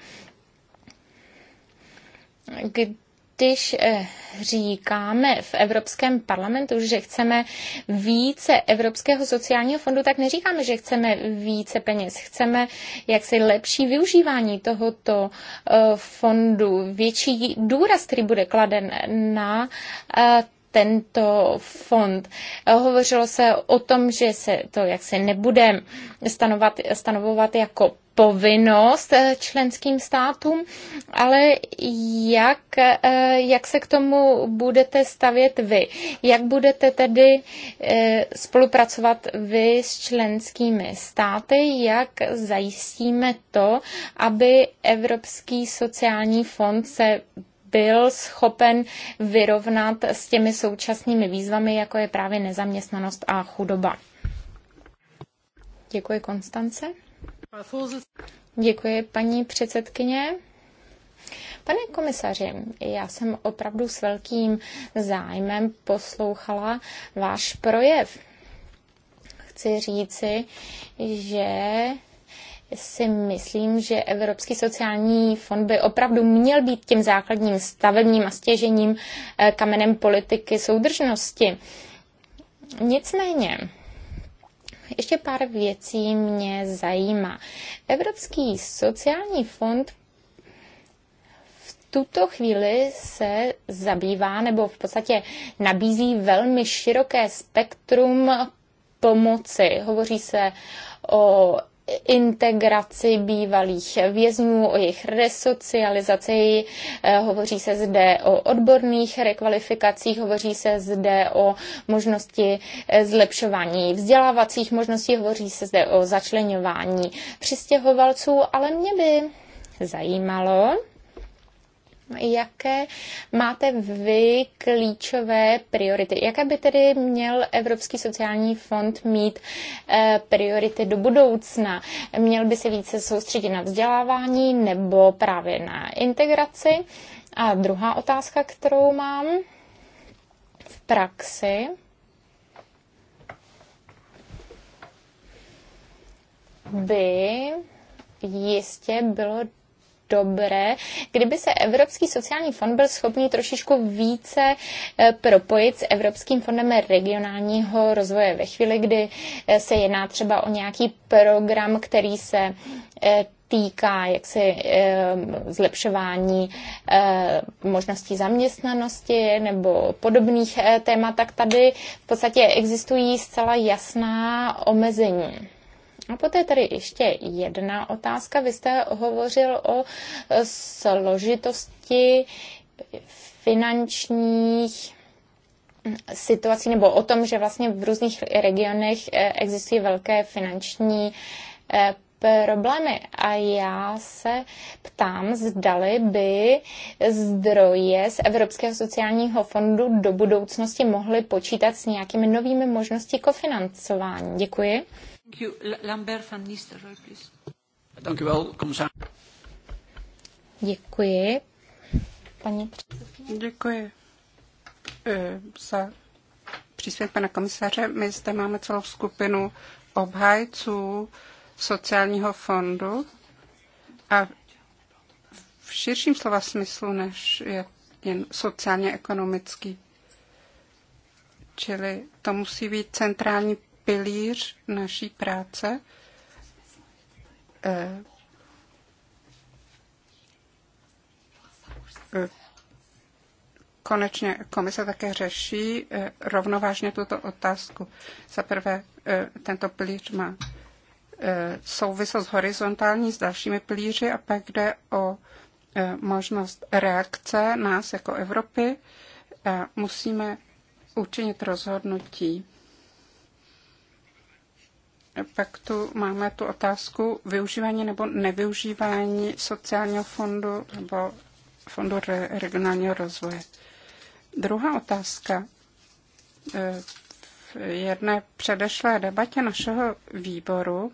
když eh, říkáme v Evropském parlamentu, že chceme více Evropského sociálního fondu, tak neříkáme, že chceme více peněz. Chceme jaksi lepší využívání tohoto eh, fondu, větší důraz, který bude kladen na eh, tento fond. Hovořilo se o tom, že se to jak se nebude stanovat, stanovovat jako povinnost eh, členským státům, ale jak, eh, jak se k tomu budete stavět vy? Jak budete tedy eh, spolupracovat vy s členskými státy? Jak zajistíme to, aby Evropský sociální fond se byl schopen vyrovnat s těmi současnými výzvami, jako je právě nezaměstnanost a chudoba. Děkuji, Konstance. Děkuji, paní předsedkyně. Pane komisaři, já jsem opravdu s velkým zájmem poslouchala váš projev. Chci říci, že si myslím, že Evropský sociální fond by opravdu měl být tím základním stavebním a stěžením eh, kamenem politiky soudržnosti. Nicméně, ještě pár věcí mě zajímá. Evropský sociální fond v tuto chvíli se zabývá nebo v podstatě nabízí velmi široké spektrum pomoci. Hovoří se o integraci bývalých vězňů, o jejich resocializaci. Eh, hovoří se zde o odborných rekvalifikacích, hovoří se zde o možnosti eh, zlepšování vzdělávacích možností, hovoří se zde o začlenování přistěhovalců, ale mě by zajímalo, Jaké máte vy klíčové priority? Jaké by tedy měl Evropský sociální fond mít eh, priority do budoucna? Měl by se více soustředit na vzdělávání nebo právě na integraci? A druhá otázka, kterou mám v praxi, by jistě bylo dobré, kdyby se Evropský sociální fond byl schopný trošičku více e, propojit s Evropským fondem regionálního rozvoje ve chvíli, kdy e, se jedná třeba o nějaký program, který se e, týká jaksi zlepšování možností zaměstnanosti nebo podobných témat, tak tady v podstatě existují zcela jasná omezení. A poté tady ještě jedna otázka. Vy jste hovořil o složitosti finančních situací nebo o tom, že vlastně v různých regionech eh, existují velké finanční eh, problémy. A já se ptám, zdali by zdroje z Evropského sociálního fondu do budoucnosti mohly počítat s nějakými novými možnosti kofinancování. Děkuji. Thank Lambert van Nistelrooy, please. Děkuji. Paní předsedkyně. Děkuji eh, za příspěvek pana komisaře. My zde máme celou skupinu obhájců sociálního fondu a v širším slova smyslu, než je jen sociálně ekonomický. Čili to musí být centrální pilíř naší práce. Eh, eh, konečně komise také řeší eh, rovnovážně tuto otázku. Za prvé, tento pilíř má souvislost horizontální s dalšími pilíři a pak jde o možnost reakce nás jako Evropy. Musíme učinit rozhodnutí pak tu máme tu otázku využívání nebo nevyužívání sociálního fondu nebo fondu re- regionálního rozvoje. Druhá otázka. E, v jedné předešlé debatě našeho výboru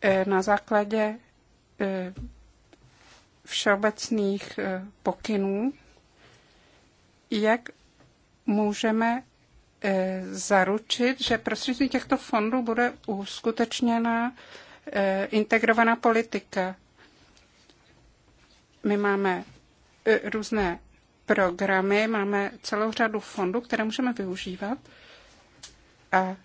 e, na základě e, všeobecných pokynů, jak můžeme Eh, zaručit, že prostřednictvím těchto fondů bude uskutečněna eh, integrovaná politika. My máme eh, různé programy, máme celou řadu fondů, které můžeme využívat. A,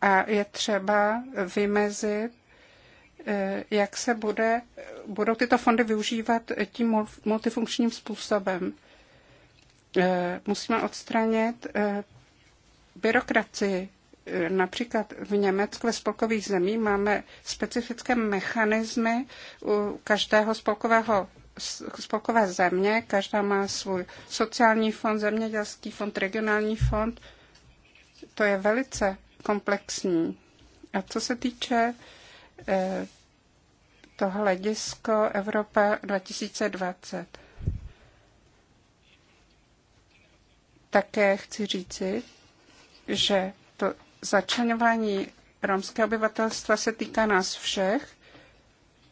a je třeba vymezit, jak se bude, budou tyto fondy využívat tím multifunkčním způsobem. Eh, musíme odstranit eh, byrokracii. Eh, například v Německu ve spolkových zemí máme specifické mechanismy u každého spolkového spolkové země, každá má svůj sociální fond, zemědělský fond, regionální fond. To je velice komplexní. A co se týče toho hledisko Evropa 2020. Také chci říci, že to začlenování romského obyvatelstva se týká nás všech,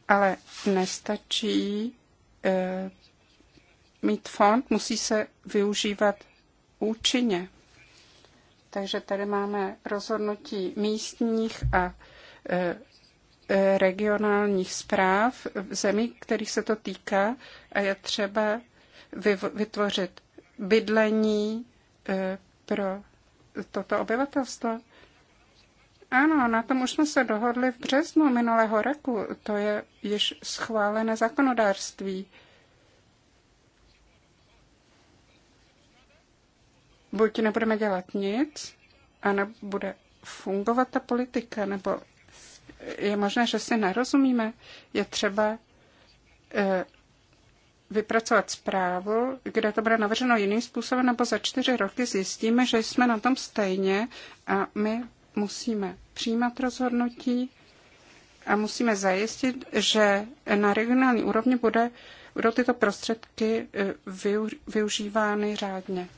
ale nestačí e, mít fond, musí se využívat účinně. Takže tady máme rozhodnutí místních a e, regionálních zpráv v zemí, kterých se to týká a je třeba vytvořit bydlení, Eh, pro toto obyvatelstvo? Ano, na tom už jsme se dohodli v březnu minulého roku. To je již schválené zákonodárství. Buď nebudeme dělat nic, a nebude fungovat ta politika, nebo je možné, že si nerozumíme. Je třeba eh, vypracovat zprávu, kde to bude navrženo jiným způsobem, nebo za čtyři roky zjistíme, že jsme na tom stejně a my musíme přijímat rozhodnutí a musíme zajistit, že na regionální úrovni bude, budou tyto prostředky e, využívány řádně.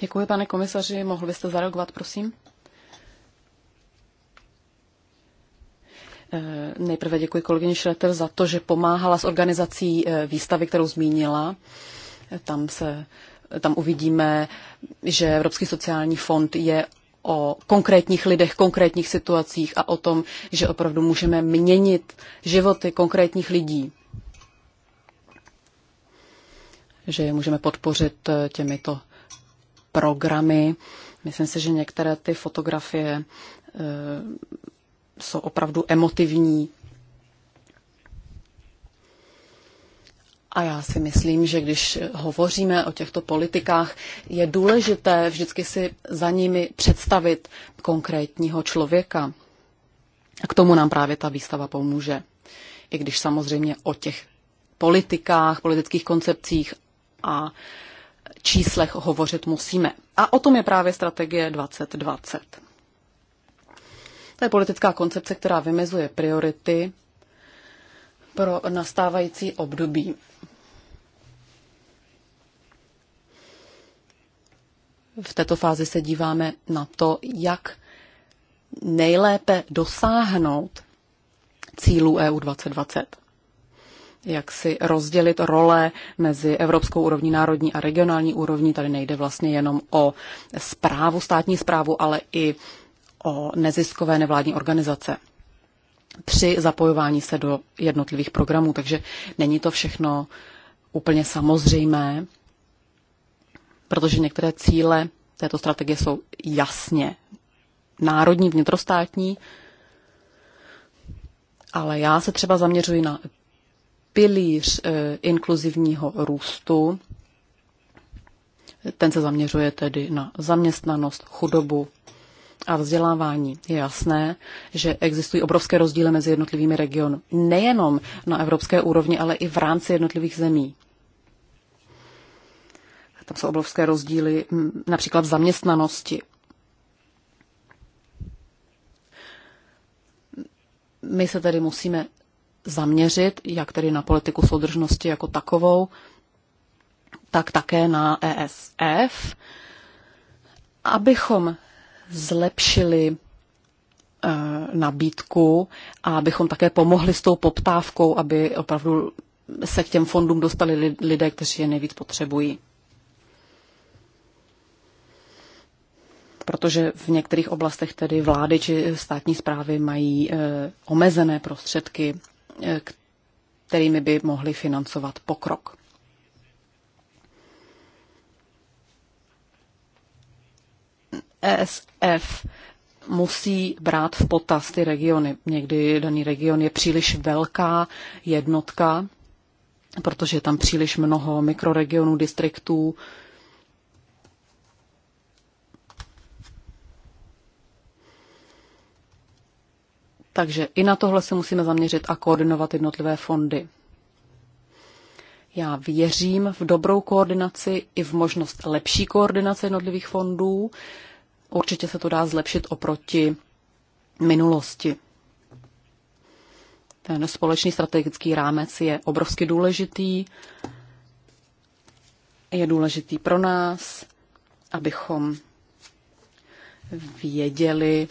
Děkuji, pane komisaři. Mohl byste zareagovat, prosím? Eh, nejprve děkuji kolegyni Šreter za to, že pomáhala s organizací eh, výstavy, kterou zmínila. Tam, se, tam uvidíme, že Evropský sociální fond je o konkrétních lidech, konkrétních situacích a o tom, že opravdu můžeme měnit životy konkrétních lidí. Že je můžeme podpořit eh, těmito programy. Myslím si, že některé ty fotografie jsou opravdu emotivní. A já si myslím, že když hovoříme o těchto politikách, je důležité vždycky si za nimi představit konkrétního člověka. A k tomu nám právě ta výstava pomůže. I když samozřejmě o těch politikách, politických koncepcích a číslech hovořit musíme. A o tom je právě strategie 2020. To je politická koncepce, která vymezuje priority pro nastávající období. V této fázi se díváme na to, jak nejlépe dosáhnout cílů EU 2020 jak si rozdělit role mezi evropskou úrovní, národní a regionální úrovní. Tady nejde vlastně jenom o správu, státní správu, ale i o neziskové nevládní organizace při zapojování se do jednotlivých programů. Takže není to všechno úplně samozřejmé, protože některé cíle této strategie jsou jasně národní, vnitrostátní, ale já se třeba zaměřuji na pilíř eh, inkluzivního růstu. Ten se zaměřuje tedy na zaměstnanost, chudobu, a vzdělávání. Je jasné, že existují obrovské rozdíly mezi jednotlivými regiony. Nejenom na evropské úrovni, ale i v rámci jednotlivých zemí. Tam jsou obrovské rozdíly například v zaměstnanosti. My se tedy musíme zaměřit, jak tedy na politiku soudržnosti jako takovou, tak také na ESF, abychom zlepšili eh, nabídku a abychom také pomohli s tou poptávkou, aby opravdu se k těm fondům dostali lidé, kteří je nejvíc potřebují. Protože v některých oblastech tedy vlády či státní zprávy mají eh, omezené prostředky, eh, kterými by mohly financovat pokrok. ESF musí brát v potaz ty regiony. Někdy daný region je příliš velká jednotka, protože je tam příliš mnoho mikroregionů, distriktů. Takže i na tohle se musíme zaměřit a koordinovat jednotlivé fondy. Já věřím v dobrou koordinaci i v možnost lepší koordinace jednotlivých fondů. Určitě se to dá zlepšit oproti minulosti. Ten společný strategický rámec je obrovsky důležitý. Je důležitý pro nás, abychom věděli,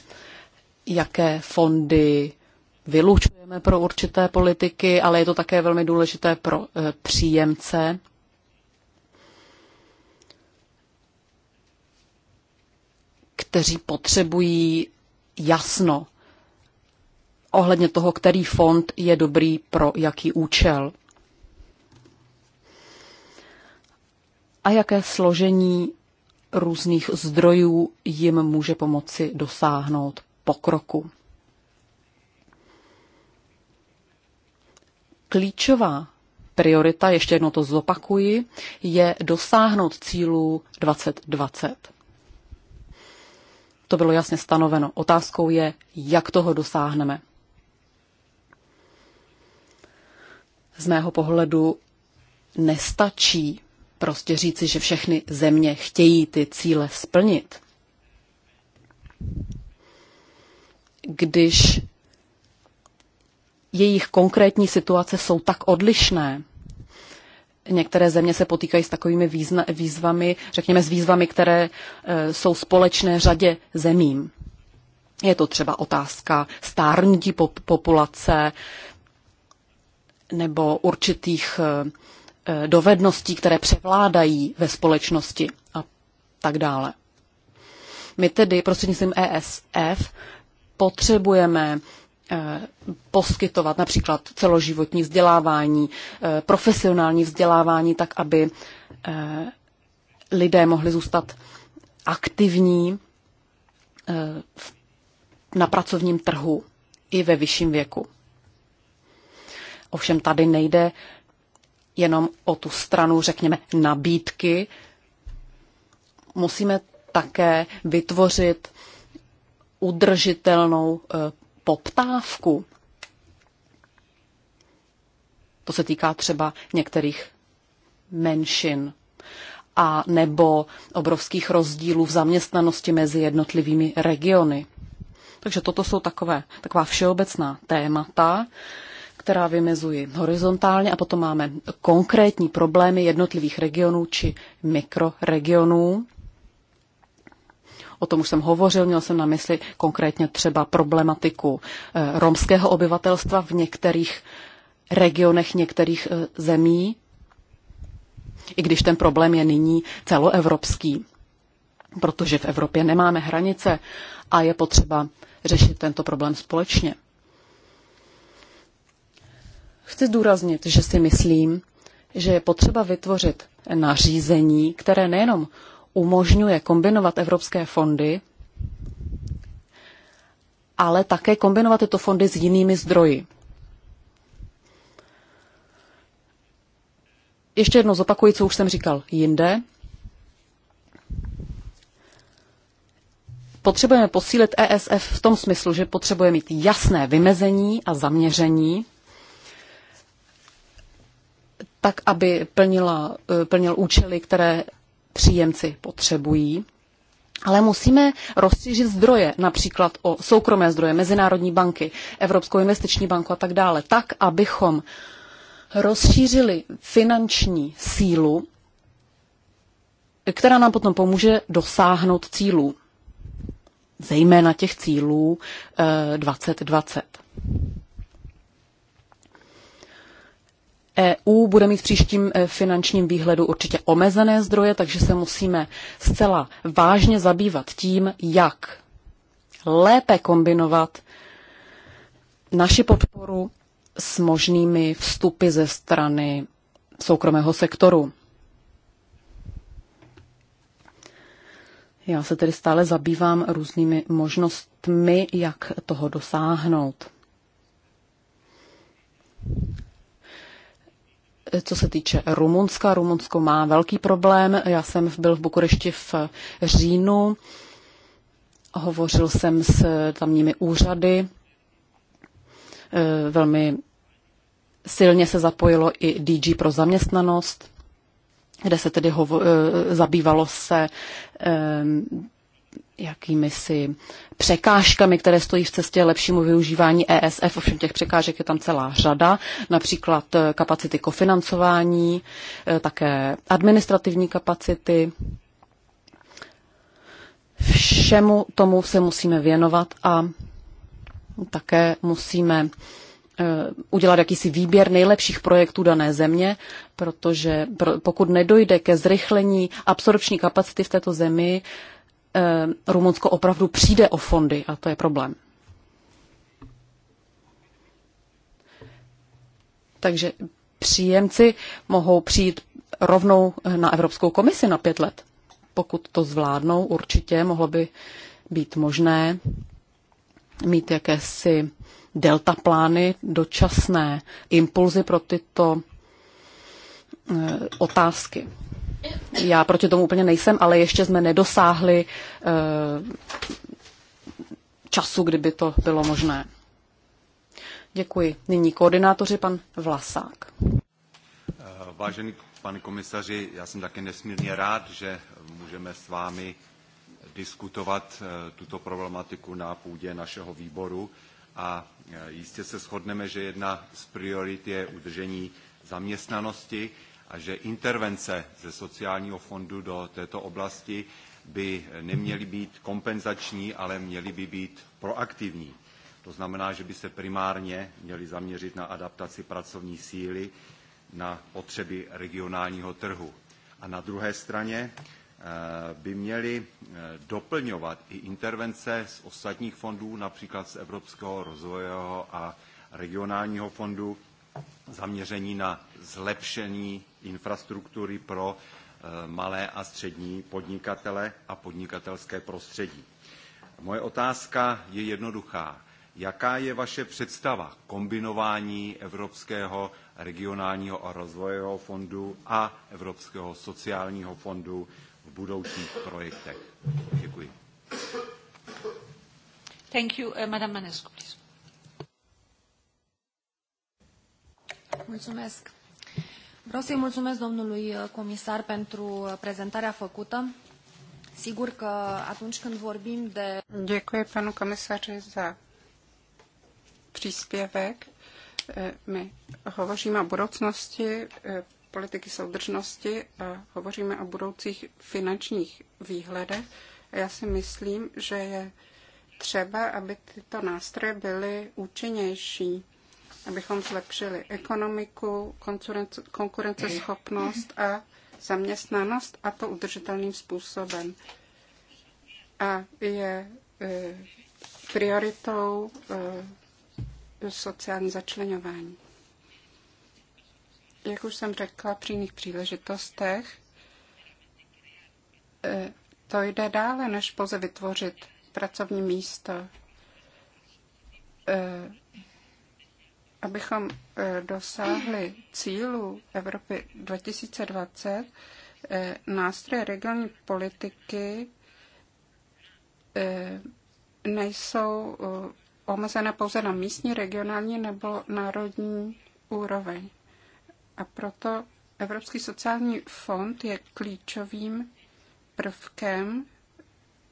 jaké fondy vylučujeme pro určité politiky, ale je to také velmi důležité pro eh, příjemce. kteří potřebují jasno ohledně toho, který fond je dobrý pro jaký účel. A jaké složení různých zdrojů jim může pomoci dosáhnout pokroku. Klíčová priorita, ještě jednou to zopakuji, je dosáhnout cílů 2020. To bylo jasně stanoveno. Otázkou je, jak toho dosáhneme. Z mého pohledu nestačí prostě říci, že všechny země chtějí ty cíle splnit. Když jejich konkrétní situace jsou tak odlišné. Některé země se potýkají s takovými význa, výzvami, řekněme s výzvami, které e, jsou společné řadě zemím. Je to třeba otázka stárnutí populace nebo určitých e, e, dovedností, které převládají ve společnosti a tak dále. My tedy prostřednictvím ESF potřebujeme Eh, poskytovat například celoživotní vzdělávání, eh, profesionální vzdělávání, tak aby eh, lidé mohli zůstat aktivní na pracovním trhu i ve vyšším věku. Ovšem tady nejde jenom o tu stranu, řekněme, nabídky. Musíme také vytvořit udržitelnou poptávku. To se týká třeba některých menšin a nebo obrovských rozdílů v zaměstnanosti mezi jednotlivými regiony. Takže toto jsou takové, taková všeobecná témata, která vymezují horizontálně a potom máme konkrétní problémy jednotlivých regionů či mikroregionů. O tom už jsem hovořil, měl jsem na mysli konkrétně třeba problematiku eh, romského obyvatelstva v některých regionech některých eh, zemí, i když ten problém je nyní celoevropský, protože v Evropě nemáme hranice a je potřeba řešit tento problém společně. Chci zdůraznit, že si myslím, že je potřeba vytvořit nařízení, které nejenom umožňuje kombinovat evropské fondy, ale také kombinovat tyto fondy s jinými zdroji. Ještě jednou zopakuji, co už jsem říkal jinde. Potřebujeme posílit ESF v tom smyslu, že potřebuje mít jasné vymezení a zaměření, tak, aby plnila, eh, plnil účely, které příjemci potřebují. Ale musíme rozšířit zdroje, například o soukromé zdroje, Mezinárodní banky, Evropskou investiční banku a tak dále, tak, abychom rozšířili finanční sílu, která nám potom pomůže dosáhnout cílů, zejména těch cílů 2020. Eh, EU bude mít v příštím e, finančním výhledu určitě omezené zdroje, takže se musíme zcela vážně zabývat tím, jak lépe kombinovat naši podporu s možnými vstupy ze strany soukromého sektoru. Já se tedy stále zabývám různými možnostmi, jak toho dosáhnout. Co se týče Rumunska, Rumunsko má velký problém. Já jsem byl v Bukurešti v říjnu, hovořil jsem s tamními úřady, e, velmi silně se zapojilo i DG pro zaměstnanost, kde se tedy hovo- e, zabývalo se e, jakými si překážkami, které stojí v cestě lepšímu využívání ESF. Ovšem těch překážek je tam celá řada, například eh, kapacity kofinancování, eh, také administrativní kapacity. Všemu tomu se musíme věnovat a také musíme eh, udělat jakýsi výběr nejlepších projektů dané země, protože pokud nedojde ke zrychlení absorpční kapacity v této zemi, Eh, Rumunsko opravdu přijde o fondy a to je problém. Takže příjemci mohou přijít rovnou na Evropskou komisi na pět let. Pokud to zvládnou, určitě mohlo by být možné mít jakési delta plány, dočasné impulzy pro tyto eh, otázky. Já proti tomu úplně nejsem, ale ještě jsme nedosáhli eh, času, kdyby to bylo možné. Děkuji. Nyní koordinátoři pan Vlasák. Eh, vážený pane komisaři, já jsem také nesmírně rád, že můžeme s vámi diskutovat eh, tuto problematiku na půdě našeho výboru a jistě se shodneme, že jedna z priorit je udržení zaměstnanosti a že intervence ze sociálního fondu do této oblasti by neměly být kompenzační, ale měly by být proaktivní. To znamená, že by se primárně měly zaměřit na adaptaci pracovní síly na potřeby regionálního trhu. A na druhé straně eh, by měly eh, doplňovat i intervence z ostatních fondů, například z Evropského rozvojového a regionálního fondu, zaměření na zlepšení infrastruktury pro eh, malé a střední podnikatele a podnikatelské prostředí. Moje otázka je jednoduchá. Jaká je vaše představa kombinování Evropského regionálního a rozvojového fondu a Evropského sociálního fondu v budoucích projektech? Děkuji. Thank you, uh, Madame Manescu, please. Mulțumesc. Vreau să-i mulțumesc domnului uh, comisar pentru uh, prezentarea făcută. Sigur că atunci când vorbim de... Děkuji panu komisaři za příspěvek. Eh, my hovoříme o budoucnosti eh, politiky soudržnosti a hovoříme o budoucích finančních výhledech. A já si myslím, že je třeba, aby tyto nástroje byly účinnější abychom zlepšili ekonomiku, konkurenceschopnost a zaměstnanost a to udržitelným způsobem. A je e, prioritou e, sociální začlenování. Jak už jsem řekla při jiných příležitostech, e, to jde dále, než pouze vytvořit pracovní místo abychom eh, dosáhli cílu Evropy 2020, eh, nástroje regionální politiky eh, nejsou omezené pouze na místní, regionální nebo národní úroveň. A proto Evropský sociální fond je klíčovým prvkem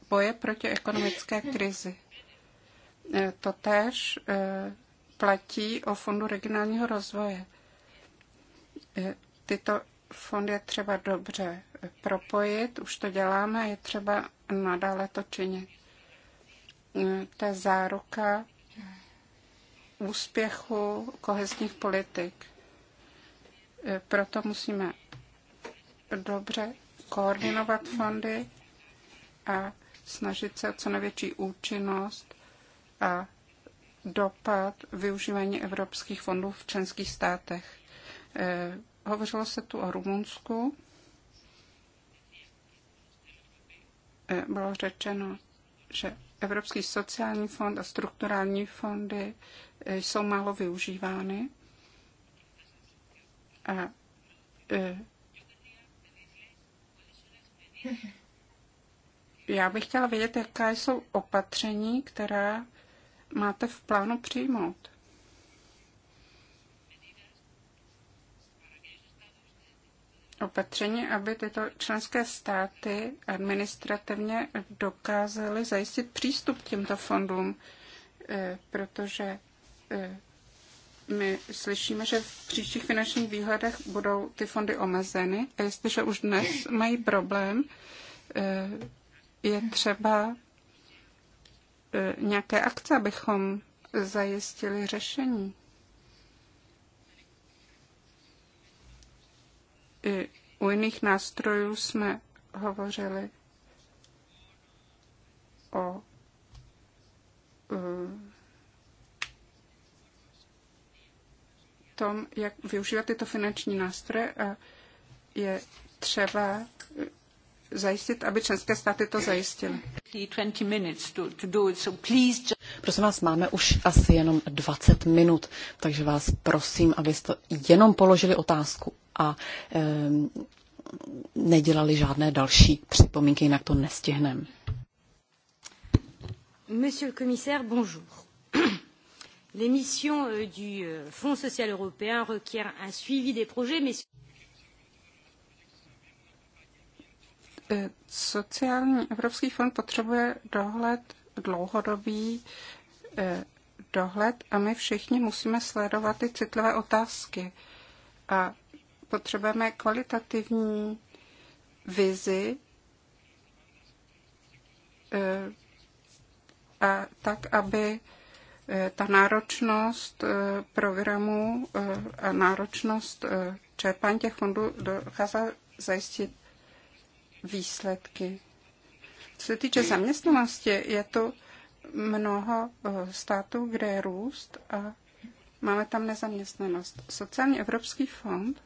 boje proti ekonomické krizi. Totéž platí o Fondu regionálního rozvoje. E, tyto fondy je třeba dobře propojit, už to děláme, je třeba nadále to činit. E, to je záruka úspěchu kohezních politik. E, proto musíme dobře koordinovat fondy a snažit se o co největší účinnost a dopad využívání evropských fondů v členských státech. Eh, hovořilo se tu o Rumunsku. Eh, bylo řečeno, že Evropský sociální fond a strukturální fondy eh, jsou málo využívány. A, já bych chtěla vědět, jaká jsou opatření, která máte v plánu přijmout? opatření, aby tyto členské státy administrativně dokázaly zajistit přístup k těmto fondům, eh, protože eh, my slyšíme, že v příštích finančních výhledech budou ty fondy omezeny a jestliže už dnes mají problém, eh, je třeba E, nějaké akce, abychom zajistili řešení. I u jiných nástrojů jsme hovořili o e, tom, jak využívat tyto finanční nástroje, je třeba zajistit, aby členské státy to zajistily. Prosím vás, máme už asi jenom 20 minut, takže vás prosím, abyste jenom položili otázku a eh, nedělali žádné další připomínky, jinak to nestihneme. Monsieur le commissaire, bonjour. Les missions euh, du euh, Fonds social européen requièrent un suivi des projets, mais E, sociální Evropský fond potřebuje dohled dlouhodobý, e, dohled a my všichni musíme sledovat ty citlivé otázky. A potřebujeme kvalitativní vizi e, a tak, aby ta náročnost programu a náročnost čerpání těch fondů dokázala zajistit výsledky. Co se týče zaměstnanosti, je to mnoho eh, států, kde je růst a máme tam nezaměstnanost. Sociální Evropský fond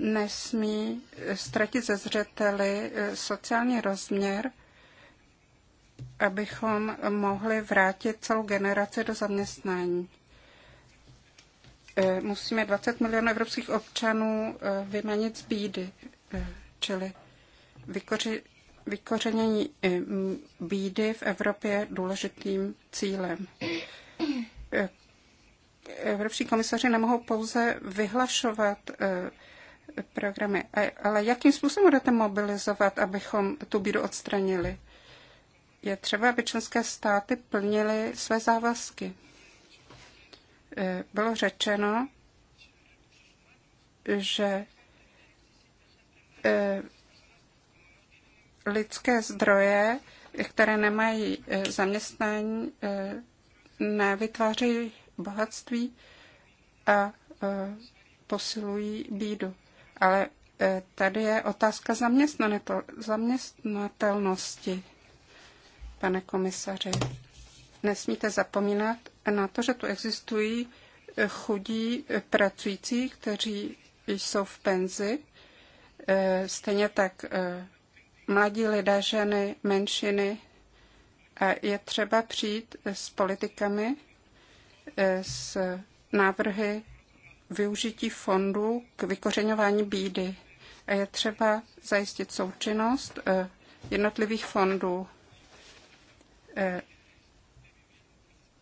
nesmí ztratit ze zřeteli eh, sociální rozměr, abychom mohli vrátit celou generaci do zaměstnání. Eh, musíme 20 milionů evropských občanů eh, vymanit z bídy, eh, čili vykoři, vykořenění bídy v Evropě je důležitým cílem. Evropští komisaři nemohou pouze vyhlašovat programy, ale jakým způsobem budete mobilizovat, abychom tu bídu odstranili? Je třeba, aby členské státy plnily své závazky. Eh, bylo řečeno, že eh, lidské zdroje, které nemají eh, zaměstnání, nevytvářejí bohatství a posilují bídu. Ale tady je otázka zaměstnatelnosti, pane komisaři. Nesmíte zapomínat, na to, že tu existují eh, chudí eh, pracující, kteří jsou v penzi, eh, stejně tak mladí lidé, ženy, menšiny. A je třeba přijít s politikami, s návrhy využití fondů k vykořenování bídy. A je třeba zajistit součinnost jednotlivých fondů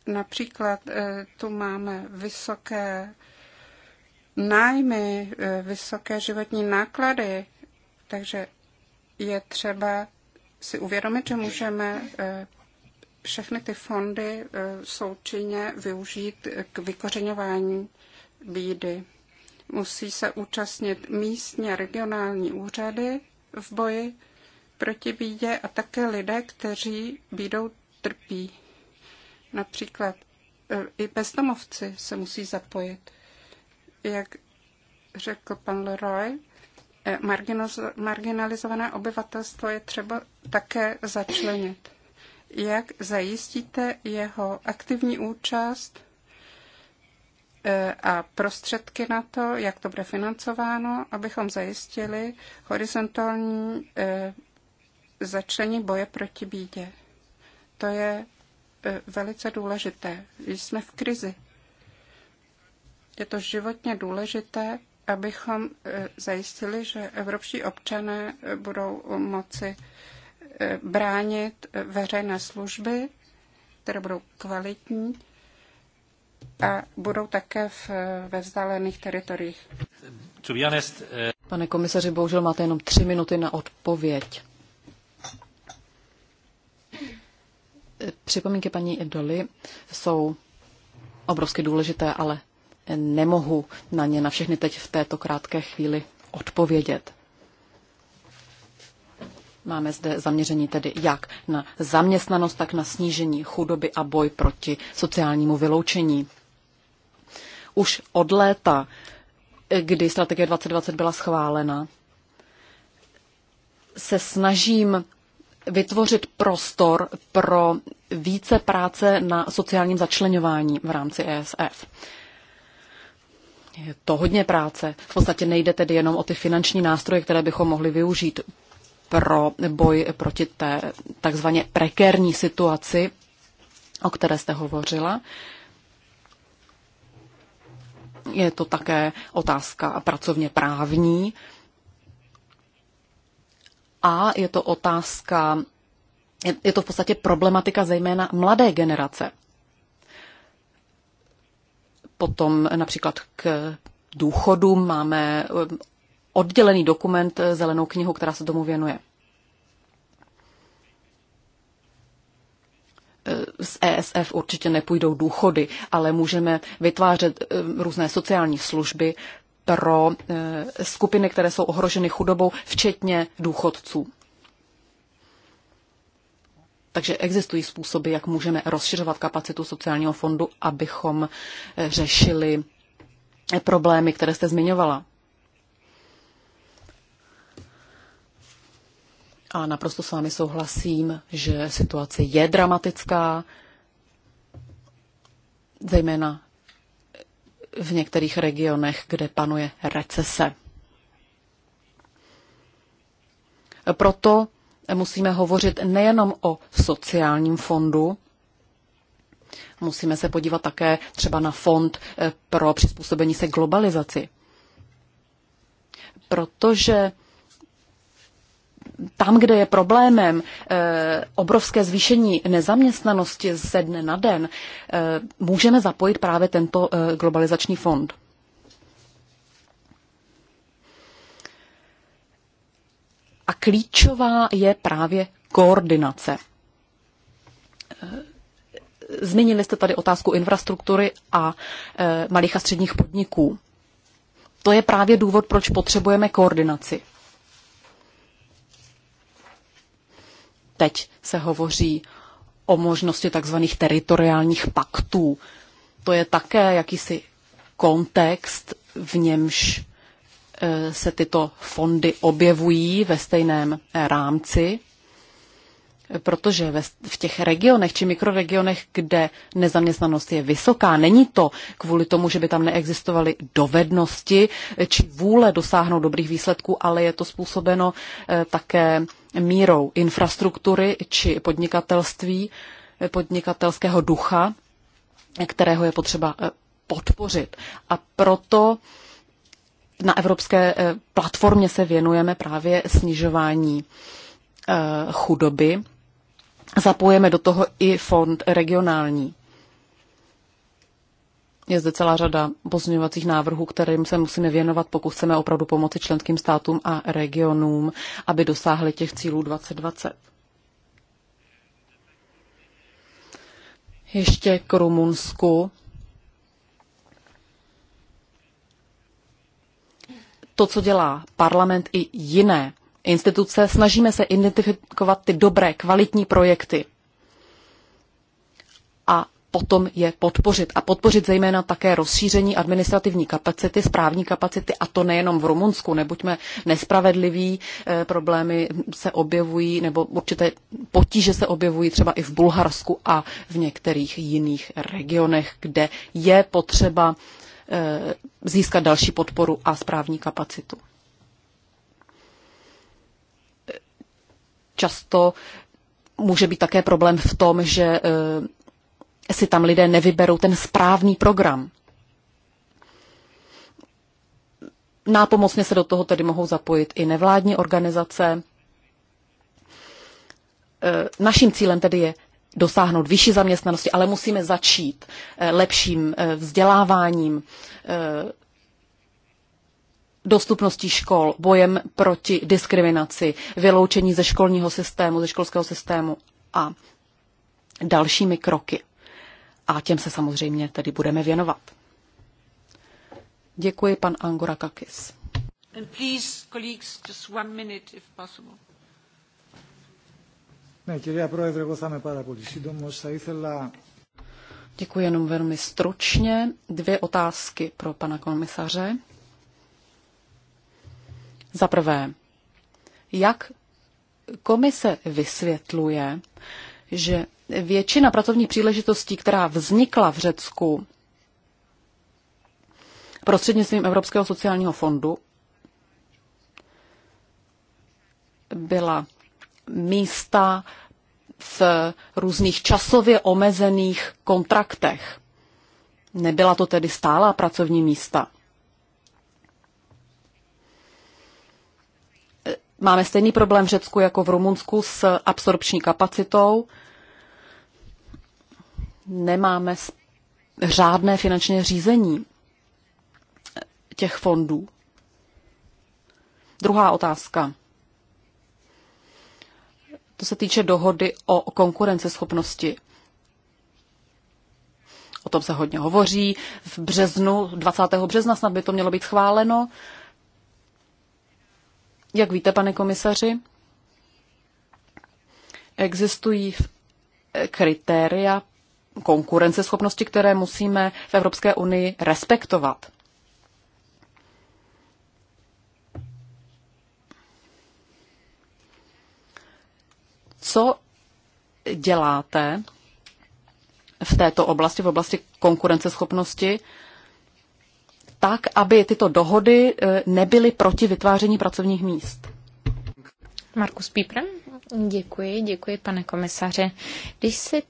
Například eh, tu máme vysoké nájmy, eh, vysoké životní náklady, takže je třeba si uvědomit, že můžeme eh, všechny ty fondy součinně využít k vykořeňování bídy. Musí se účastnit místně regionální úřady v boji proti bídě a také lidé, kteří bídou trpí. Například e, i bezdomovci se musí zapojit. Jak řekl pan Leroy, e, marginalizované obyvatelstvo je třeba také začlenit. Jak zajistíte jeho aktivní účast e, a prostředky na to, jak to bude financováno, abychom zajistili horizontální začlení boje proti bídě. To je E, velice důležité. Jsme v krizi. Je to životně důležité, abychom e, zajistili, že evropští občané budou moci e, bránit veřejné služby, které budou kvalitní a budou také v, ve vzdálených teritoriích. Pane komisaři, bohužel máte jenom tři minuty na odpověď. připomínky paní Idoly jsou obrovsky důležité, ale nemohu na ně na všechny teď v této krátké chvíli odpovědět. Máme zde zaměření tedy jak na zaměstnanost, tak na snížení chudoby a boj proti sociálnímu vyloučení. Už od léta, kdy strategie 2020 byla schválena, se snažím vytvořit prostor pro více práce na sociálním začlenování v rámci ESF. Je to hodně práce. V podstatě nejde tedy jenom o ty finanční nástroje, které bychom mohli využít pro boj proti té takzvaně prekérní situaci, o které jste hovořila. Je to také otázka pracovně právní, a je to otázka, je to v podstatě problematika zejména mladé generace. Potom například k důchodu máme eh, oddělený dokument, eh, zelenou knihu, která se tomu věnuje. Eh, z ESF určitě nepůjdou důchody, ale můžeme vytvářet různé sociální služby pro eh, skupiny, které jsou ohroženy chudobou, včetně důchodců. Takže existují způsoby, jak můžeme rozšiřovat kapacitu sociálního fondu, abychom eh, řešili eh, problémy, které jste zmiňovala. A naprosto s vámi souhlasím, že situace je dramatická, zejména v některých regionech, kde panuje recese. Proto musíme hovořit nejenom o sociálním fondu, musíme se podívat také třeba na fond eh, pro přizpůsobení se globalizaci. Protože tam, kde je problémem eh, obrovské zvýšení nezaměstnanosti ze dne na den, eh, můžeme zapojit právě tento eh, globalizační fond. A klíčová je právě koordinace. Zmínili jste tady otázku infrastruktury a malých a středních podniků. To je právě důvod, proč potřebujeme koordinaci. Teď se hovoří o možnosti tzv. teritoriálních paktů. To je také jakýsi kontext, v němž e, se tyto fondy objevují ve stejném e, rámci, protože v těch regionech či mikroregionech, kde nezaměstnanost je vysoká, není to kvůli tomu, že by tam neexistovaly dovednosti či vůle dosáhnout dobrých výsledků, ale je to způsobeno e, také mírou infrastruktury či podnikatelství, podnikatelského ducha, kterého je potřeba eh, podpořit. A proto na evropské eh, platformě se věnujeme právě snižování eh, chudoby. Zapojeme do toho i fond regionální. Je zde celá řada pozměňovacích návrhů, kterým se musíme věnovat, pokud chceme opravdu pomoci členským státům a regionům, aby dosáhli těch cílů 2020. Ještě k Rumunsku. To, co dělá parlament i jiné instituce, snažíme se identifikovat ty dobré, kvalitní projekty. A potom je podpořit. A podpořit zejména také rozšíření administrativní kapacity, správní kapacity, a to nejenom v Rumunsku. Nebuďme nespravedliví, eh, problémy se objevují, nebo určité potíže se objevují třeba i v Bulharsku a v některých jiných regionech, kde je potřeba eh, získat další podporu a správní kapacitu. Eh, často může být také problém v tom, že si tam lidé nevyberou ten správný program. Nápomocně se do toho tedy mohou zapojit i nevládní organizace. E, naším cílem tedy je dosáhnout vyšší zaměstnanosti, ale musíme začít e, lepším e, vzděláváním, dostupností škol, bojem proti diskriminaci, vyloučení ze školního systému, ze školského systému a dalšími kroky a těm se samozřejmě tedy budeme věnovat. Děkuji, pan Angora Kakis. And please, colleagues, just one minute, if possible. Ne, κυρία Πρόεδρε, εγώ θα είμαι πάρα πολύ σύντομος. Děkuji jenom velmi stručně. Dvě otázky pro pana komisaře. Za prvé, jak komise vysvětluje, že většina pracovních příležitostí, která vznikla v Řecku prostřednictvím Evropského sociálního fondu, byla místa v různých časově omezených kontraktech. Nebyla to tedy stálá pracovní místa. máme stejný problém v Řecku jako v Rumunsku s absorpční kapacitou. Nemáme řádné finanční řízení těch fondů. Druhá otázka. To se týče dohody o konkurenceschopnosti. O tom se hodně hovoří. V březnu, 20. března snad by to mělo být schváleno. Jak víte, pane komisaři, existují kritéria konkurenceschopnosti, které musíme v Evropské unii respektovat. Co děláte v této oblasti, v oblasti konkurenceschopnosti, tak, aby tyto dohody e, nebyly proti vytváření pracovních míst. Markus Pípr, děkuji, děkuji pane komisaře. Když si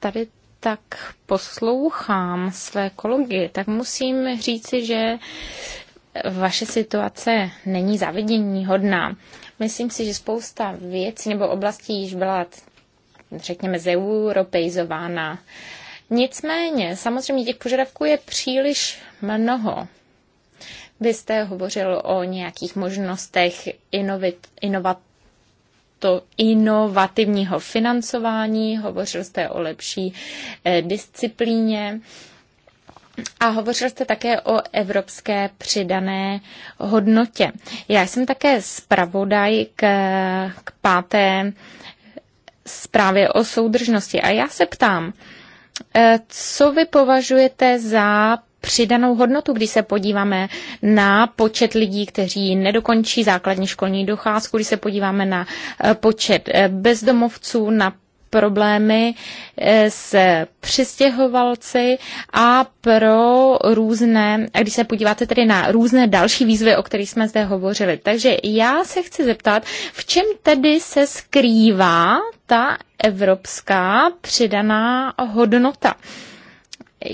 tady tak poslouchám své kolegy, tak musím říci, že vaše situace není zavedení hodná. Myslím si, že spousta věcí nebo oblastí již byla, řekněme, zeuropeizována. Uh, Nicméně, samozřejmě těch požadavků je příliš mnoho. Vy jste hovořil o nějakých možnostech inovit, inovat, to inovativního financování, hovořil jste o lepší eh, disciplíně a hovořil jste také o evropské přidané hodnotě. Já jsem také zpravodaj k, k páté zprávě o soudržnosti a já se ptám, Eh, co vy považujete za přidanou hodnotu, když se podíváme na počet lidí, kteří nedokončí základní školní docházku, když se podíváme na eh, počet eh, bezdomovců, na problémy eh, s přistěhovalci a pro různé, a když se podíváte tedy na různé další výzvy, o kterých jsme zde hovořili. Takže já se chci zeptat, v čem tedy se skrývá ta evropská přidaná hodnota?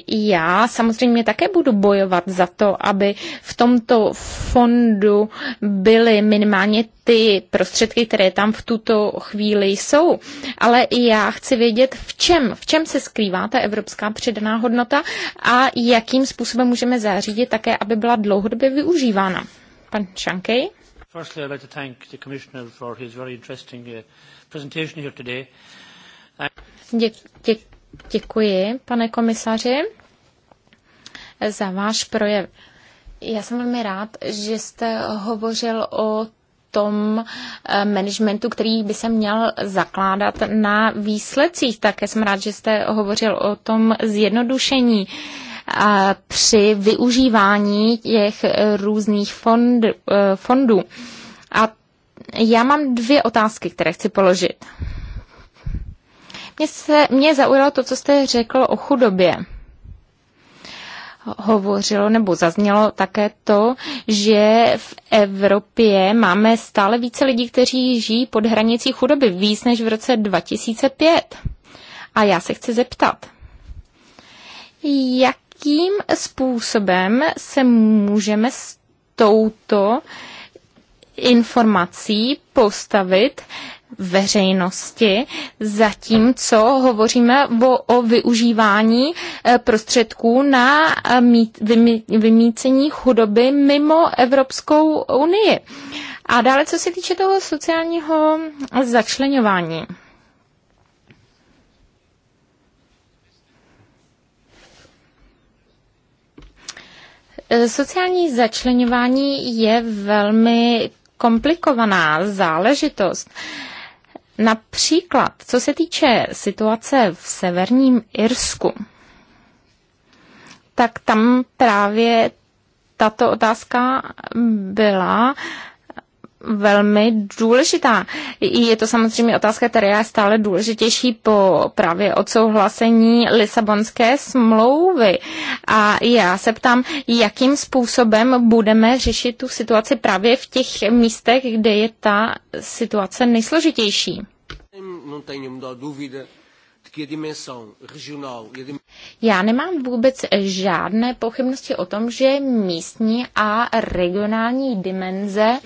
já samozřejmě také budu bojovat za to, aby v tomto fondu byly minimálně ty prostředky, které tam v tuto chvíli jsou. Ale já chci vědět, v čem, v čem se skrývá ta evropská přidaná hodnota a jakým způsobem můžeme zařídit také, aby byla dlouhodobě využívána. Pan Šankej? Firstly, I'd like to thank the Commissioner for his very interesting uh, presentation here today. Děkuji. Děkuji, pane komisaři, za váš projev. Já jsem velmi rád, že jste hovořil o tom eh, managementu, který by se měl zakládat na výsledcích. Také jsem rád, že jste hovořil o tom zjednodušení eh, při využívání těch různých fond, eh, fondů. A já mám dvě otázky, které chci položit. Mě, vlastně se, mě zaujalo to, co jste řekl o chudobě hovořilo nebo zaznělo také to, že v Evropě máme stále více lidí, kteří žijí pod hranicí chudoby, víc než v roce 2005. A já se chci zeptat, jakým způsobem se můžeme s touto informací postavit veřejnosti, zatímco hovoříme o, o využívání eh, prostředků na eh, mít, vymí, vymícení chudoby mimo Evropskou unii. A dále, co se týče toho sociálního začlenování. Eh, sociální začlenování je velmi komplikovaná záležitost. Uh, Například, co se týče situace v severním Irsku, tak tam právě tato otázka byla velmi důležitá. Je to samozřejmě otázka, která je stále důležitější po právě odsouhlasení Lisabonské smlouvy. A já se ptám, jakým způsobem budeme řešit tu situaci právě v těch místech, kde je ta situace nejsložitější. Já nemám vůbec žádné pochybnosti o tom, že místní a regionální dimenze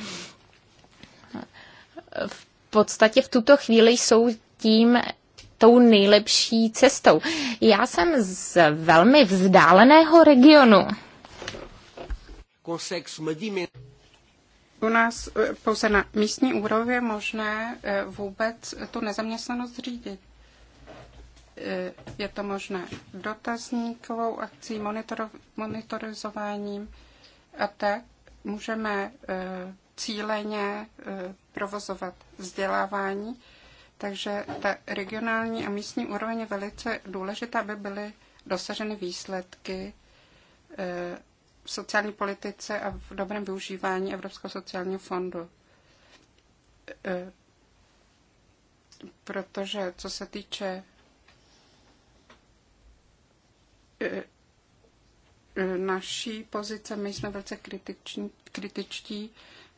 v podstatě v tuto chvíli jsou tím tou nejlepší cestou. Já jsem z velmi vzdáleného regionu. U nás eh, pouze na místní úrovni je možné eh, vůbec tu nezaměstnanost řídit. Eh, je to možné dotazníkovou akcí, monitorizováním a tak můžeme cíleně e, provozovat vzdělávání. Takže ta regionální a místní úroveň je velice důležitá, aby byly dosaženy výsledky e, v sociální politice a v dobrém využívání Evropského sociálního fondu. E, protože co se týče naší pozice, my jsme velice kritiční, kritičtí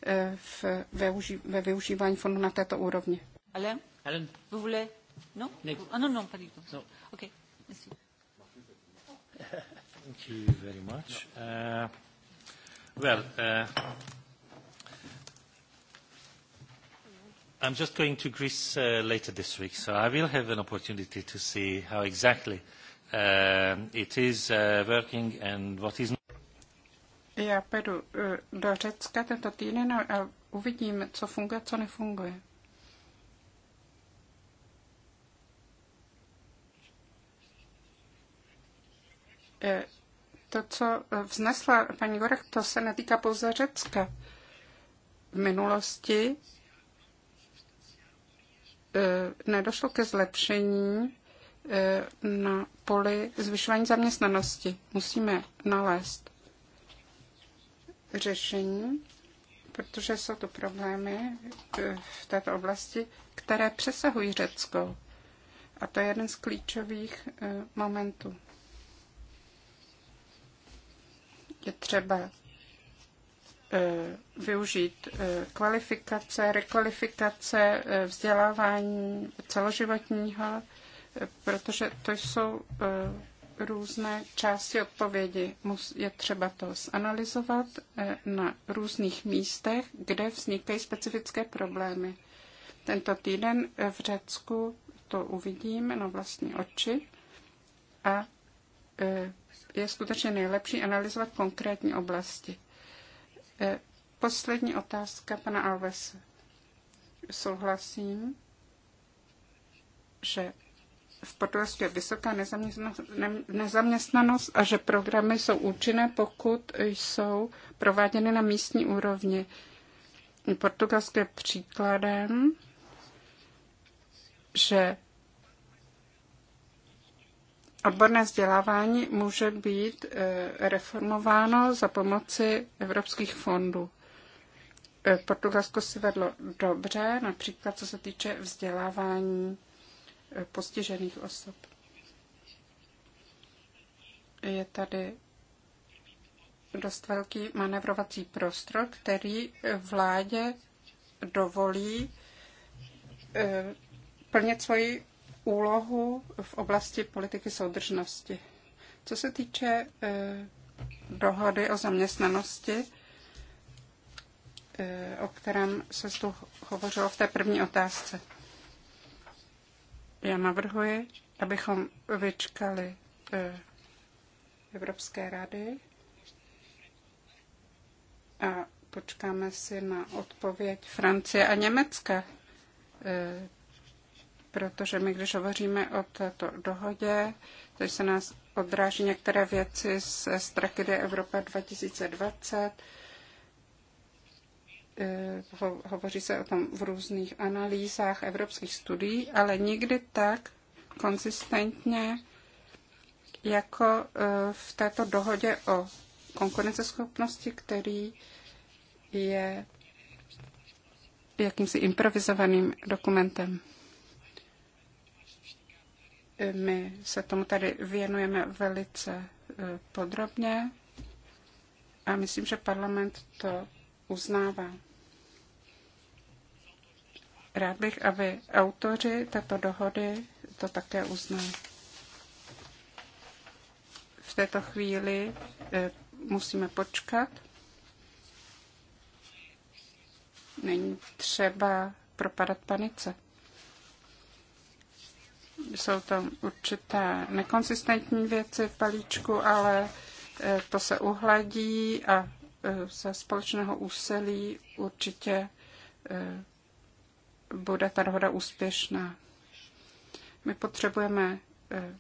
Eh, v, ve využívání fondu na této úrovni. Ale? Helen? Vous voulez? Non? Ah non, non, pas du tout. No. OK, merci. Thank you very much. Uh, well, uh, I'm just going to Greece uh, later this week, so I will have an opportunity to see how exactly uh, it is uh, working and what is not. Já půjdu eh, do Řecka tento týden a uvidím, co funguje, co nefunguje. Eh, to, co eh, vznesla paní Gorek, to se netýká pouze Řecka. V minulosti nedošlo ke zlepšení na poli zvyšování zaměstnanosti. Musíme nalézt řešení, protože jsou to problémy eh, v této oblasti, které přesahují Řecko. A to je jeden z klíčových eh, momentů. Je třeba eh, využít kvalifikace, rekvalifikace, vzdělávání celoživotního, protože to jsou různé části odpovědi. Je třeba to zanalizovat eh, na různých místech, kde vznikají specifické problémy. Tento týden v Řecku to uvidíme na vlastní oči a eh, je skutečně nejlepší analyzovat konkrétní oblasti. Eh, poslední otázka pana Alvese. Souhlasím, že v Portugalsku je vysoká nezaměstnanost, nezaměstnanost a že programy jsou účinné, pokud jsou prováděny na místní úrovni. Portugalské příkladem, že odborné vzdělávání může být eh, reformováno za pomoci evropských fondů. Eh, Portugalsko si vedlo dobře, například co se týče vzdělávání postižených osob. Je tady dost velký manevrovací prostor, který vládě dovolí eh, plnit svoji úlohu v oblasti politiky soudržnosti. Co se týče eh, dohody o zaměstnanosti, eh, o kterém se tu hovořilo v té první otázce. Já navrhuji, abychom vyčkali eh, Evropské rady a počkáme si na odpověď Francie a Německa, eh, protože my, když hovoříme o této dohodě, teď se nás odráží některé věci z strategie Evropa 2020, Eh, ho, hovoří se o tom v různých analýzách evropských studií, ale nikdy tak konsistentně jako eh, v této dohodě o konkurenceschopnosti, který je jakýmsi improvizovaným dokumentem. Eh, my se tomu tady věnujeme velice podrobně a myslím, že parlament to uznává. Rád bych, aby autoři této dohody to také uznali. V této chvíli eh, musíme počkat. Není třeba propadat panice. Jsou tam určité nekonsistentní věci v palíčku, ale eh, to se uhladí a eh, ze společného úsilí určitě bude ta dohoda úspěšná. My potřebujeme eh,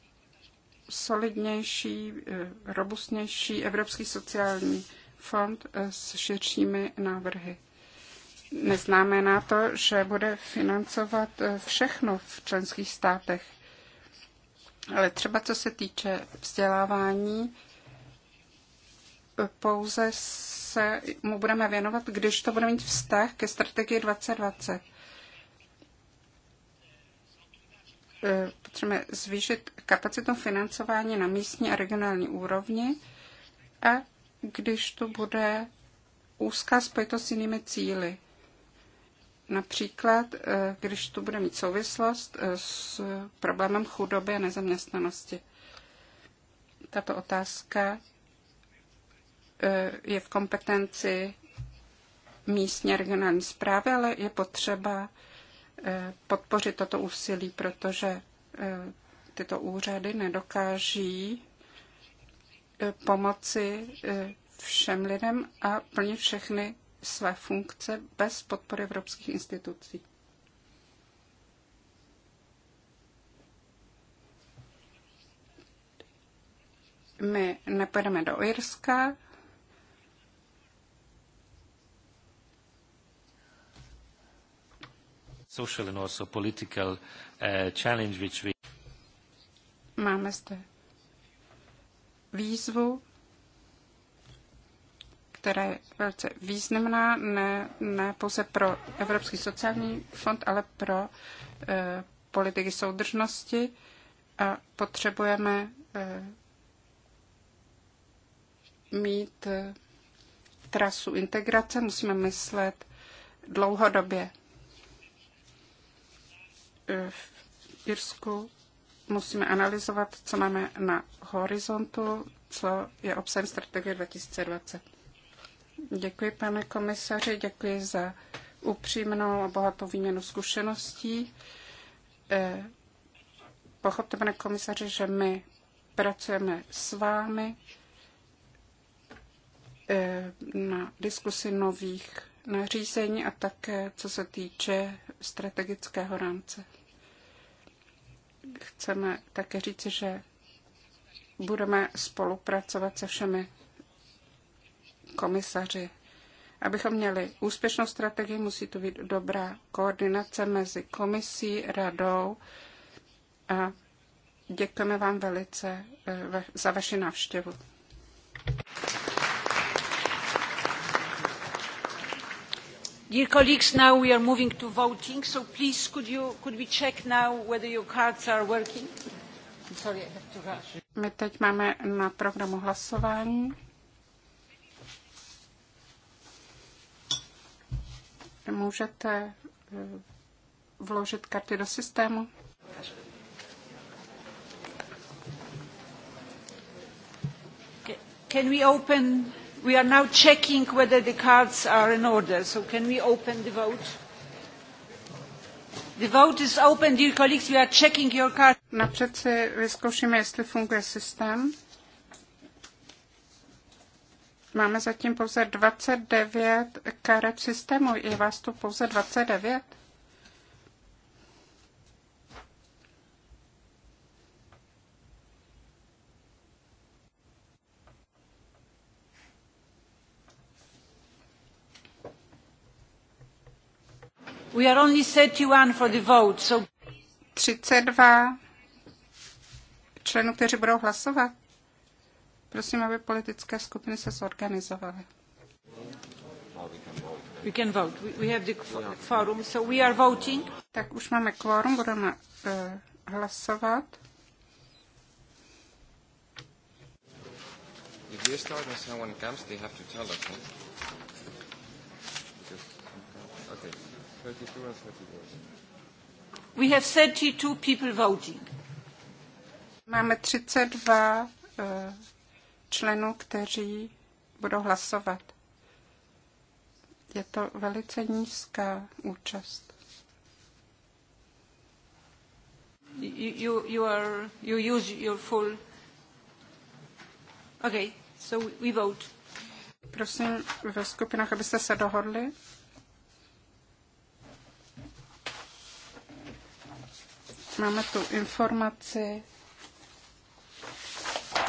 solidnější, eh, robustnější Evropský sociální fond eh, s širšími návrhy. Neznamená to, že bude financovat všechno v členských státech. Ale třeba co se týče vzdělávání, pouze se mu budeme věnovat, když to bude mít vztah ke strategii 2020. E, potřebujeme zvýšit kapacitu financování na místní a regionální úrovni a když to bude úzká spojitost s jinými cíly. Například, e, když tu bude mít souvislost e, s problémem chudoby a nezaměstnanosti. Tato otázka je v kompetenci místně regionální zprávy, ale je potřeba Eh, podpořit toto úsilí, protože eh, tyto úřady nedokáží eh, pomoci všem lidem a plnit všechny své funkce bez podpory evropských institucí. My nepojedeme do Irska, social and also political uh, challenge which we Máme zde výzvu, která je velice významná, ne, ne pouze pro Evropský sociální fond, ale pro eh, politiky soudržnosti. A potřebujeme eh, mít eh, trasu integrace, musíme myslet dlouhodobě v Irsku musíme analyzovat, co máme na horizontu, co je obsahem strategie 2020. Děkuji, pane komisaři, děkuji za upřímnou a bohatou výměnu zkušeností. Eh, pochopte, pane komisaři, že my pracujeme s vámi eh, na diskusi nových nařízení a také co se týče strategického rámce chceme také říci, že budeme spolupracovat se všemi komisaři. Abychom měli úspěšnou strategii, musí tu být dobrá koordinace mezi komisí, radou a děkujeme vám velice eh, za vaši návštěvu. Dear colleagues, now we are moving to voting, so please could, you, could we check now whether your cards are working? sorry, I have to rush. My teď máme na programu hlasování. Můžete eh, vložit karty do systému. Can we open we are now checking whether the cards are in order. So can we open the vote? The vote is open, dear colleagues. We are checking your card. Napřed si vyzkoušíme, jestli funguje systém. Máme zatím pouze 29 karet systému. Je vás tu pouze 29? We are only 31 for the vote, so... 32 členů, kteří budou hlasovat. Prosím, aby politické skupiny se zorganizovaly. We can vote. We have the forum, so we are voting. Tak už máme kvorum, budeme uh, hlasovat. If you start and someone comes, they have to tell us. Huh? 32 and We have 32 people voting. Máme 32 eh, členů, kteří budou hlasovat. Je to velice nízká účast. You, you, are, you use your full... Okay, so we vote. Prosím ve skupinách, abyste se dohodli. Máme tu informaci.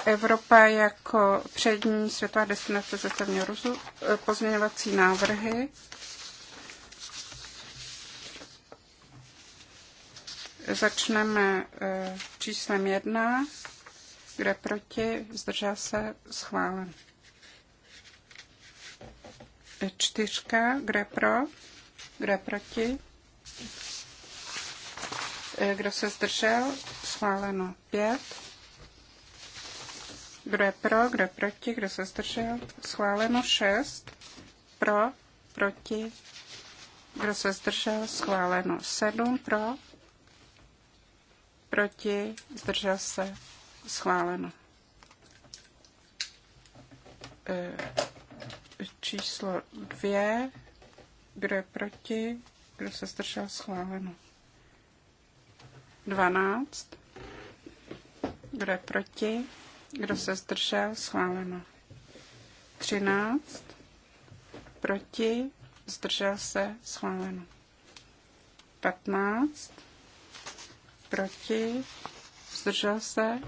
Evropa jako přední světová destinace cestovního ruchu, eh, pozměňovací návrhy. Začneme eh, číslem jedna, kde proti, zdržá se, schválen. Eh, čtyřka, kde pro, kde proti, Eh, kdo se zdržel? Schváleno 5. Kdo je pro? Kdo je proti? Kdo se zdržel? Schváleno 6. Pro? Proti? Kdo se zdržel? Schváleno 7. Pro? Proti? Zdržel se? Schváleno. Eh, číslo 2. Kdo je proti? Kdo se zdržel? Schváleno. 12. Kdo je proti? Kdo se zdržel? Schváleno. 13. Proti? Zdržel se? Schváleno. 15. Proti? Zdržel se?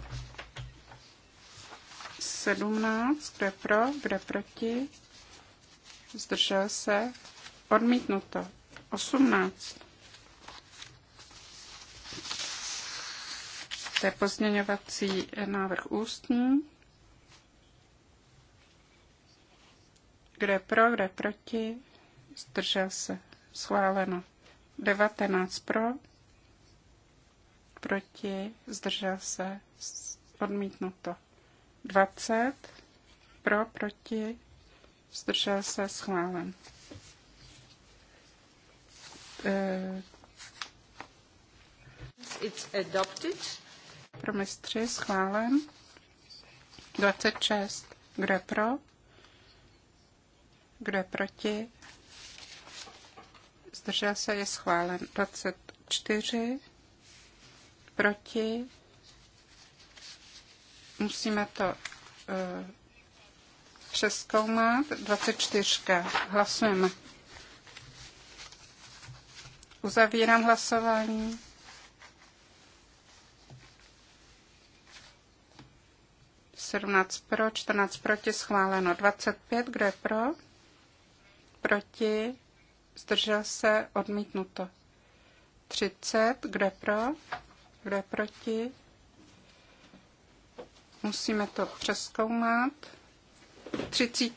17. Kdo je pro? Kdo je proti? Zdržel se? Odmítnuto. 18 To je pozměňovací návrh ústní. Kdo je pro, kdo je proti? Zdržel se. Schváleno. 19 pro, proti, zdržel se, odmítnuto. 20 pro, proti, zdržel se, schválen. Eh, It's adopted. Pro mistři schválen. 26. Kdo je pro? Kdo je proti? Zdržel se, je schválen. 24. Proti? Musíme to uh, přeskoumat. 24. Hlasujeme. Uzavírám hlasování. 17 pro, 14 proti, schváleno 25. Kdo je pro? Proti, zdržel se, odmítnuto. 30. Kdo je pro? Kdo je proti? Musíme to přeskoumat. 30.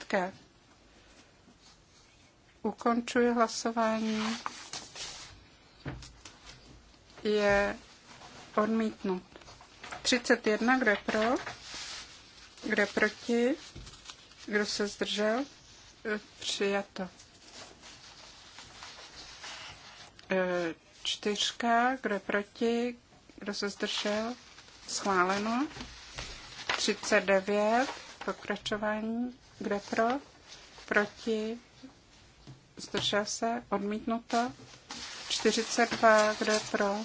Ukončuji hlasování. Je odmítnut. 31, kdo je pro? Kdo proti? Kdo se zdržel? Eh, přijato. Eh, čtyřka, kdo proti? Kdo se zdržel? Schváleno. 39, pokračování, Kdo pro? Proti? Zdržel se? Odmítnuto. 42, kdo pro?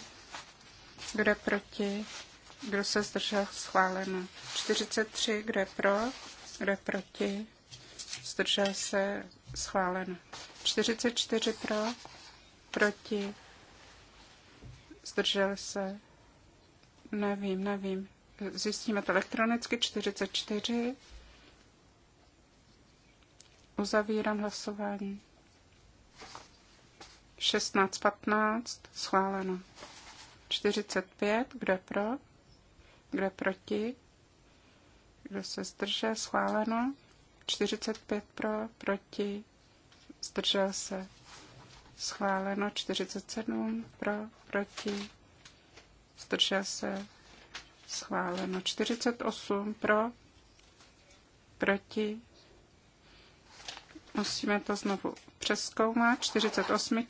Kdo proti? Kdo se zdržel? Schváleno. 43. Kdo je pro? Kdo je proti? Zdržel se? Schváleno. 44 pro? Proti? Zdržel se? Nevím, nevím. Zjistíme to elektronicky. 44. Uzavírám hlasování. 16, 15, schváleno. 45, kdo je pro? Kdo je proti? Kdo se zdržel? Schváleno. 45 pro, proti, zdržel se. Schváleno 47 pro, proti, zdržel se. Schváleno 48 pro, proti. Musíme to znovu přeskoumat. 48.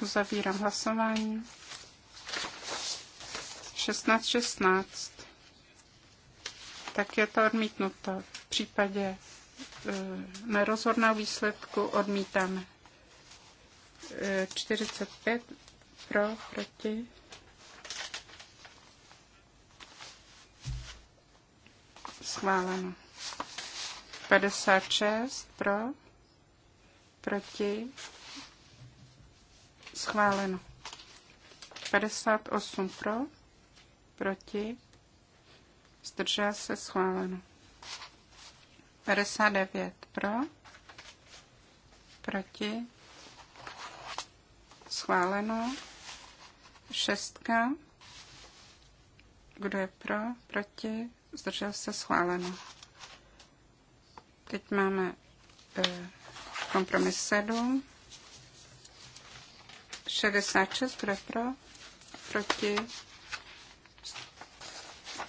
Uzavírám hlasování. 16, 16. Tak je to odmítnuto. V případě e, nerozhodného výsledku odmítáme. E, 45 pro, proti. Schváleno. 56 pro, proti Schváleno. 58 pro, proti, zdržel se, schváleno. 59 pro, proti, schváleno. Šestka, kdo je pro, proti, zdržel se, schváleno. Teď máme eh, kompromis 7 66, kdo je pro? Proti?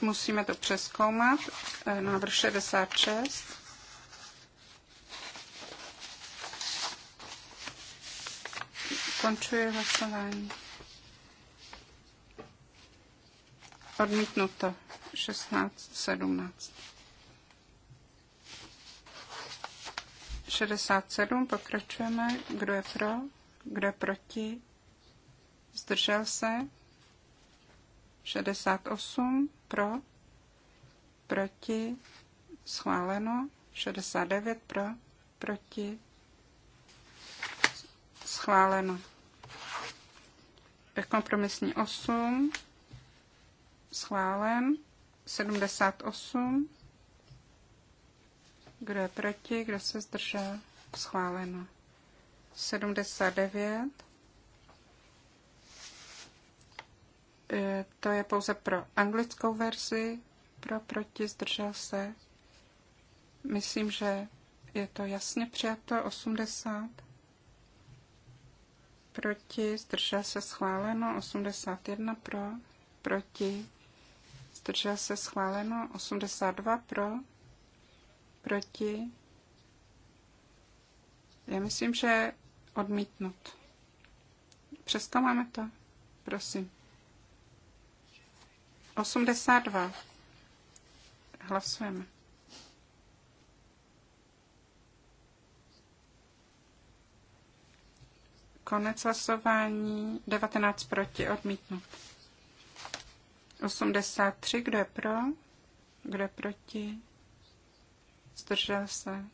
Musíme to přeskoumat. Eh, návrh 66. Končuje hlasování. Odmítnuto. 16, 17. 67, pokračujeme. Kdo je pro? Kdo je proti? zdržel se, 68 pro, proti, schváleno, 69 pro, proti, schváleno. Kompromisní 8, schválen, 78, kdo je proti, kdo se zdržel, schváleno. 79, E, to je pouze pro anglickou verzi, pro proti zdržel se. Myslím, že je to jasně přijato 80. Proti zdržel se schváleno 81 pro, proti zdržel se schváleno 82 pro, proti. Já myslím, že odmítnut. Přesto máme to. Prosím. 82. Hlasujeme. Konec hlasování. 19 proti. Odmítnut. 83. Kdo je pro? Kdo je proti? Zdržel se.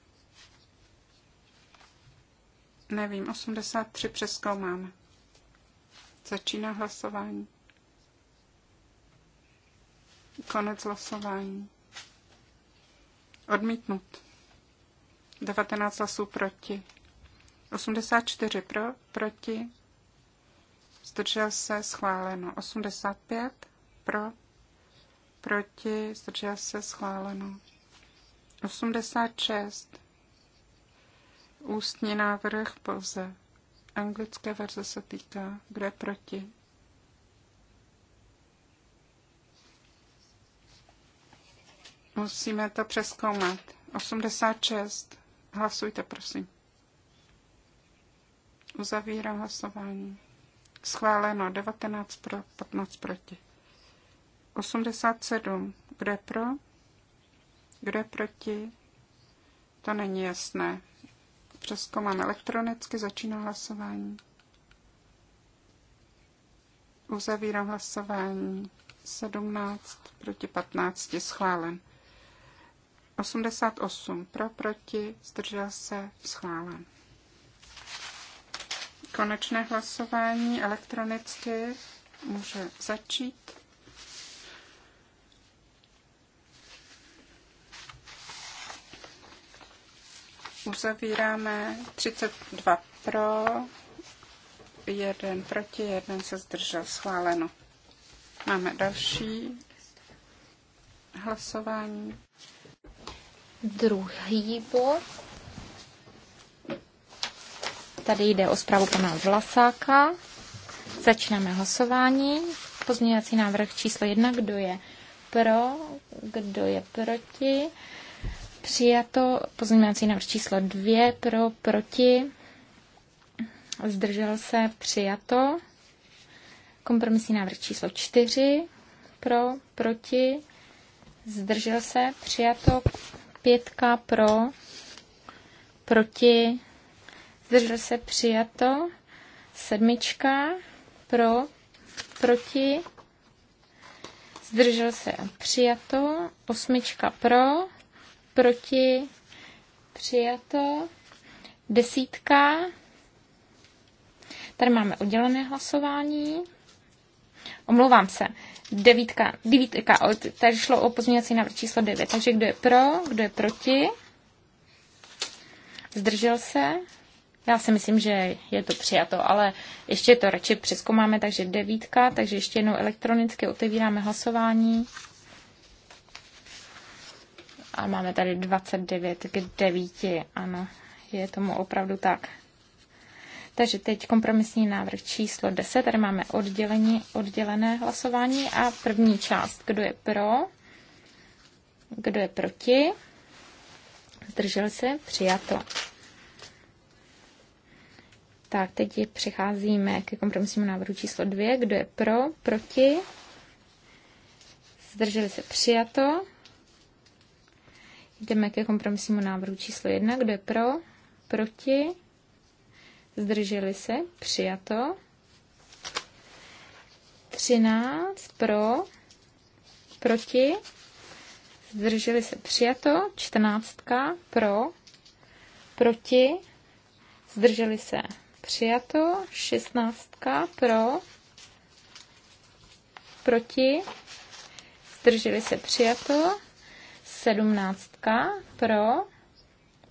Nevím. 83 přeskoumáme. Začíná hlasování. Konec hlasování. Odmítnut. 19 hlasů proti. 84 pro, proti. Zdržel se schváleno. 85 pro, proti. Zdržel se schváleno. 86. Ústní návrh pouze. Anglické verze se týká, kde proti. Musíme to přeskoumat. 86. Hlasujte, prosím. Uzavírá hlasování. Schváleno 19 pro, 15 proti. 87. Kdo je pro? Kdo je proti? To není jasné. Přeskoumám elektronicky, začíná hlasování. Uzavírám hlasování. 17 proti 15 schválen. 88 pro, proti, zdržel se, schválen. Konečné hlasování elektronicky může začít. Uzavíráme 32 pro, jeden proti, jeden se zdržel schváleno. Máme další hlasování. Druhý bod. Tady jde o zprávu pana Vlasáka. Začneme hlasování. Pozměňovací návrh číslo jedna. Kdo je pro? Kdo je proti? Přijato. Pozměňovací návrh číslo dvě. Pro, proti? Zdržel se. Přijato. Kompromisní návrh číslo čtyři. Pro, proti? Zdržel se. Přijato. Pětka pro, proti, zdržel se přijato. Sedmička pro, proti, zdržel se přijato. Osmička pro, proti, přijato. Desítka. Tady máme oddělené hlasování. Omlouvám se devítka, devítka takže šlo o pozměňovací návrh číslo 9. Takže kdo je pro, kdo je proti? Zdržel se? Já si myslím, že je to přijato, ale ještě to radši přeskoumáme, takže devítka, takže ještě jednou elektronicky otevíráme hlasování. A máme tady 29 k 9, ano, je tomu opravdu tak. Takže teď kompromisní návrh číslo 10. Tady máme oddělení, oddělené hlasování a první část. Kdo je pro? Kdo je proti? Zdržel se? Přijato. Tak, teď přecházíme ke kompromisnímu návrhu číslo 2. Kdo je pro? Proti? Zdrželi se? Přijato. Jdeme ke kompromisnímu návrhu číslo 1. Kdo je pro? Proti? zdrželi se, přijato. 13 pro, proti, zdrželi se, přijato. 14 pro, proti, zdrželi se, přijato. 16 pro, proti, zdrželi se, přijato. 17 pro,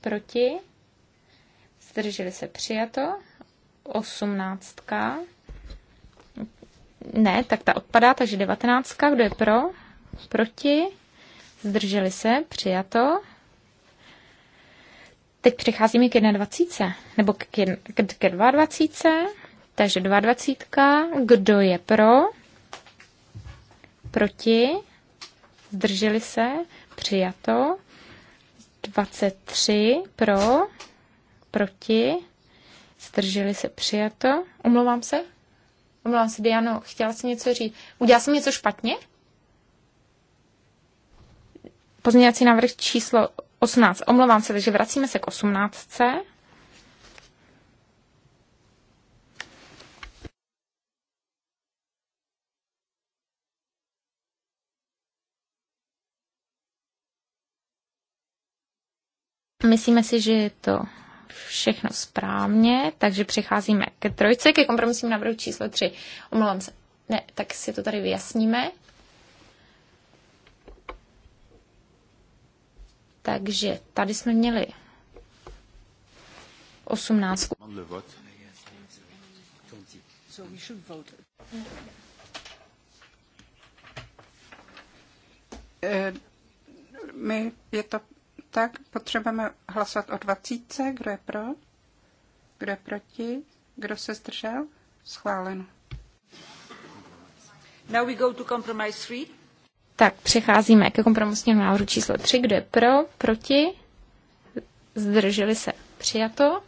proti, zdrželi se přijato, osmnáctka, ne, tak ta odpadá, takže devatenáctka, kdo je pro, proti, zdrželi se, přijato. Teď přecházíme k 21, nebo k, k, k 22, takže 22, kdo je pro, proti, zdrželi se, přijato. 23 pro, proti, zdrželi se přijato. Omlouvám se? Omlouvám se, Diano, chtěla jsi něco říct. Udělal jsem něco špatně? Pozměňovací návrh číslo 18. Omlouvám se, takže vracíme se k 18. Myslíme si, že je to všechno správně, takže přecházíme ke trojce, ke kompromisním návrhu číslo tři. Omlouvám se. Ne, tak si to tady vyjasníme. Takže tady jsme měli 18. Eh, my je to tak potřebujeme hlasovat o 20. Kdo je pro? Kdo je proti? Kdo se zdržel? Schváleno. Now we go to compromise three. Tak přecházíme ke kompromisnímu návrhu číslo 3. Kdo je pro? Proti? Zdrželi se? Přijato.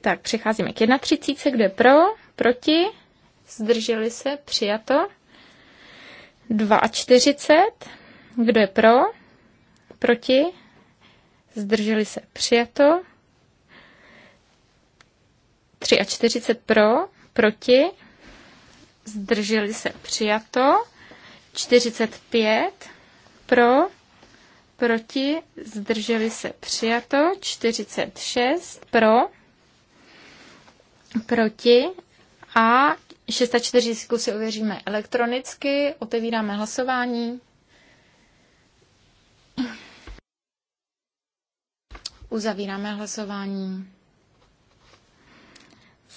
Tak přecházíme k 31. Kdo je pro? Proti? Zdrželi se? Přijato. 42. Kdo je pro? Proti? Zdrželi se přijato. 43 pro, proti, zdrželi se přijato, 45 pro, proti, zdrželi se přijato, 46 pro, proti a 640 si ověříme elektronicky, otevíráme hlasování. Uzavíráme hlasování.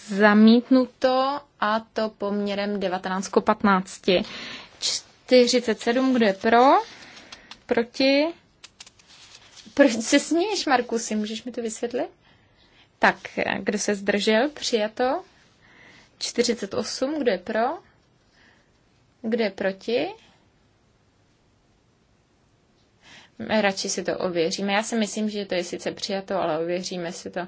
Zamítnuto a to poměrem 19 k 15. 47, kdo je pro? Proti? Proč se směješ, Markusy? Můžeš mi to vysvětlit? Tak, kdo se zdržel? Přijato. 48, kdo je pro? Kdo je proti? radši si to ověříme. Já si myslím, že to je sice přijato, ale ověříme si to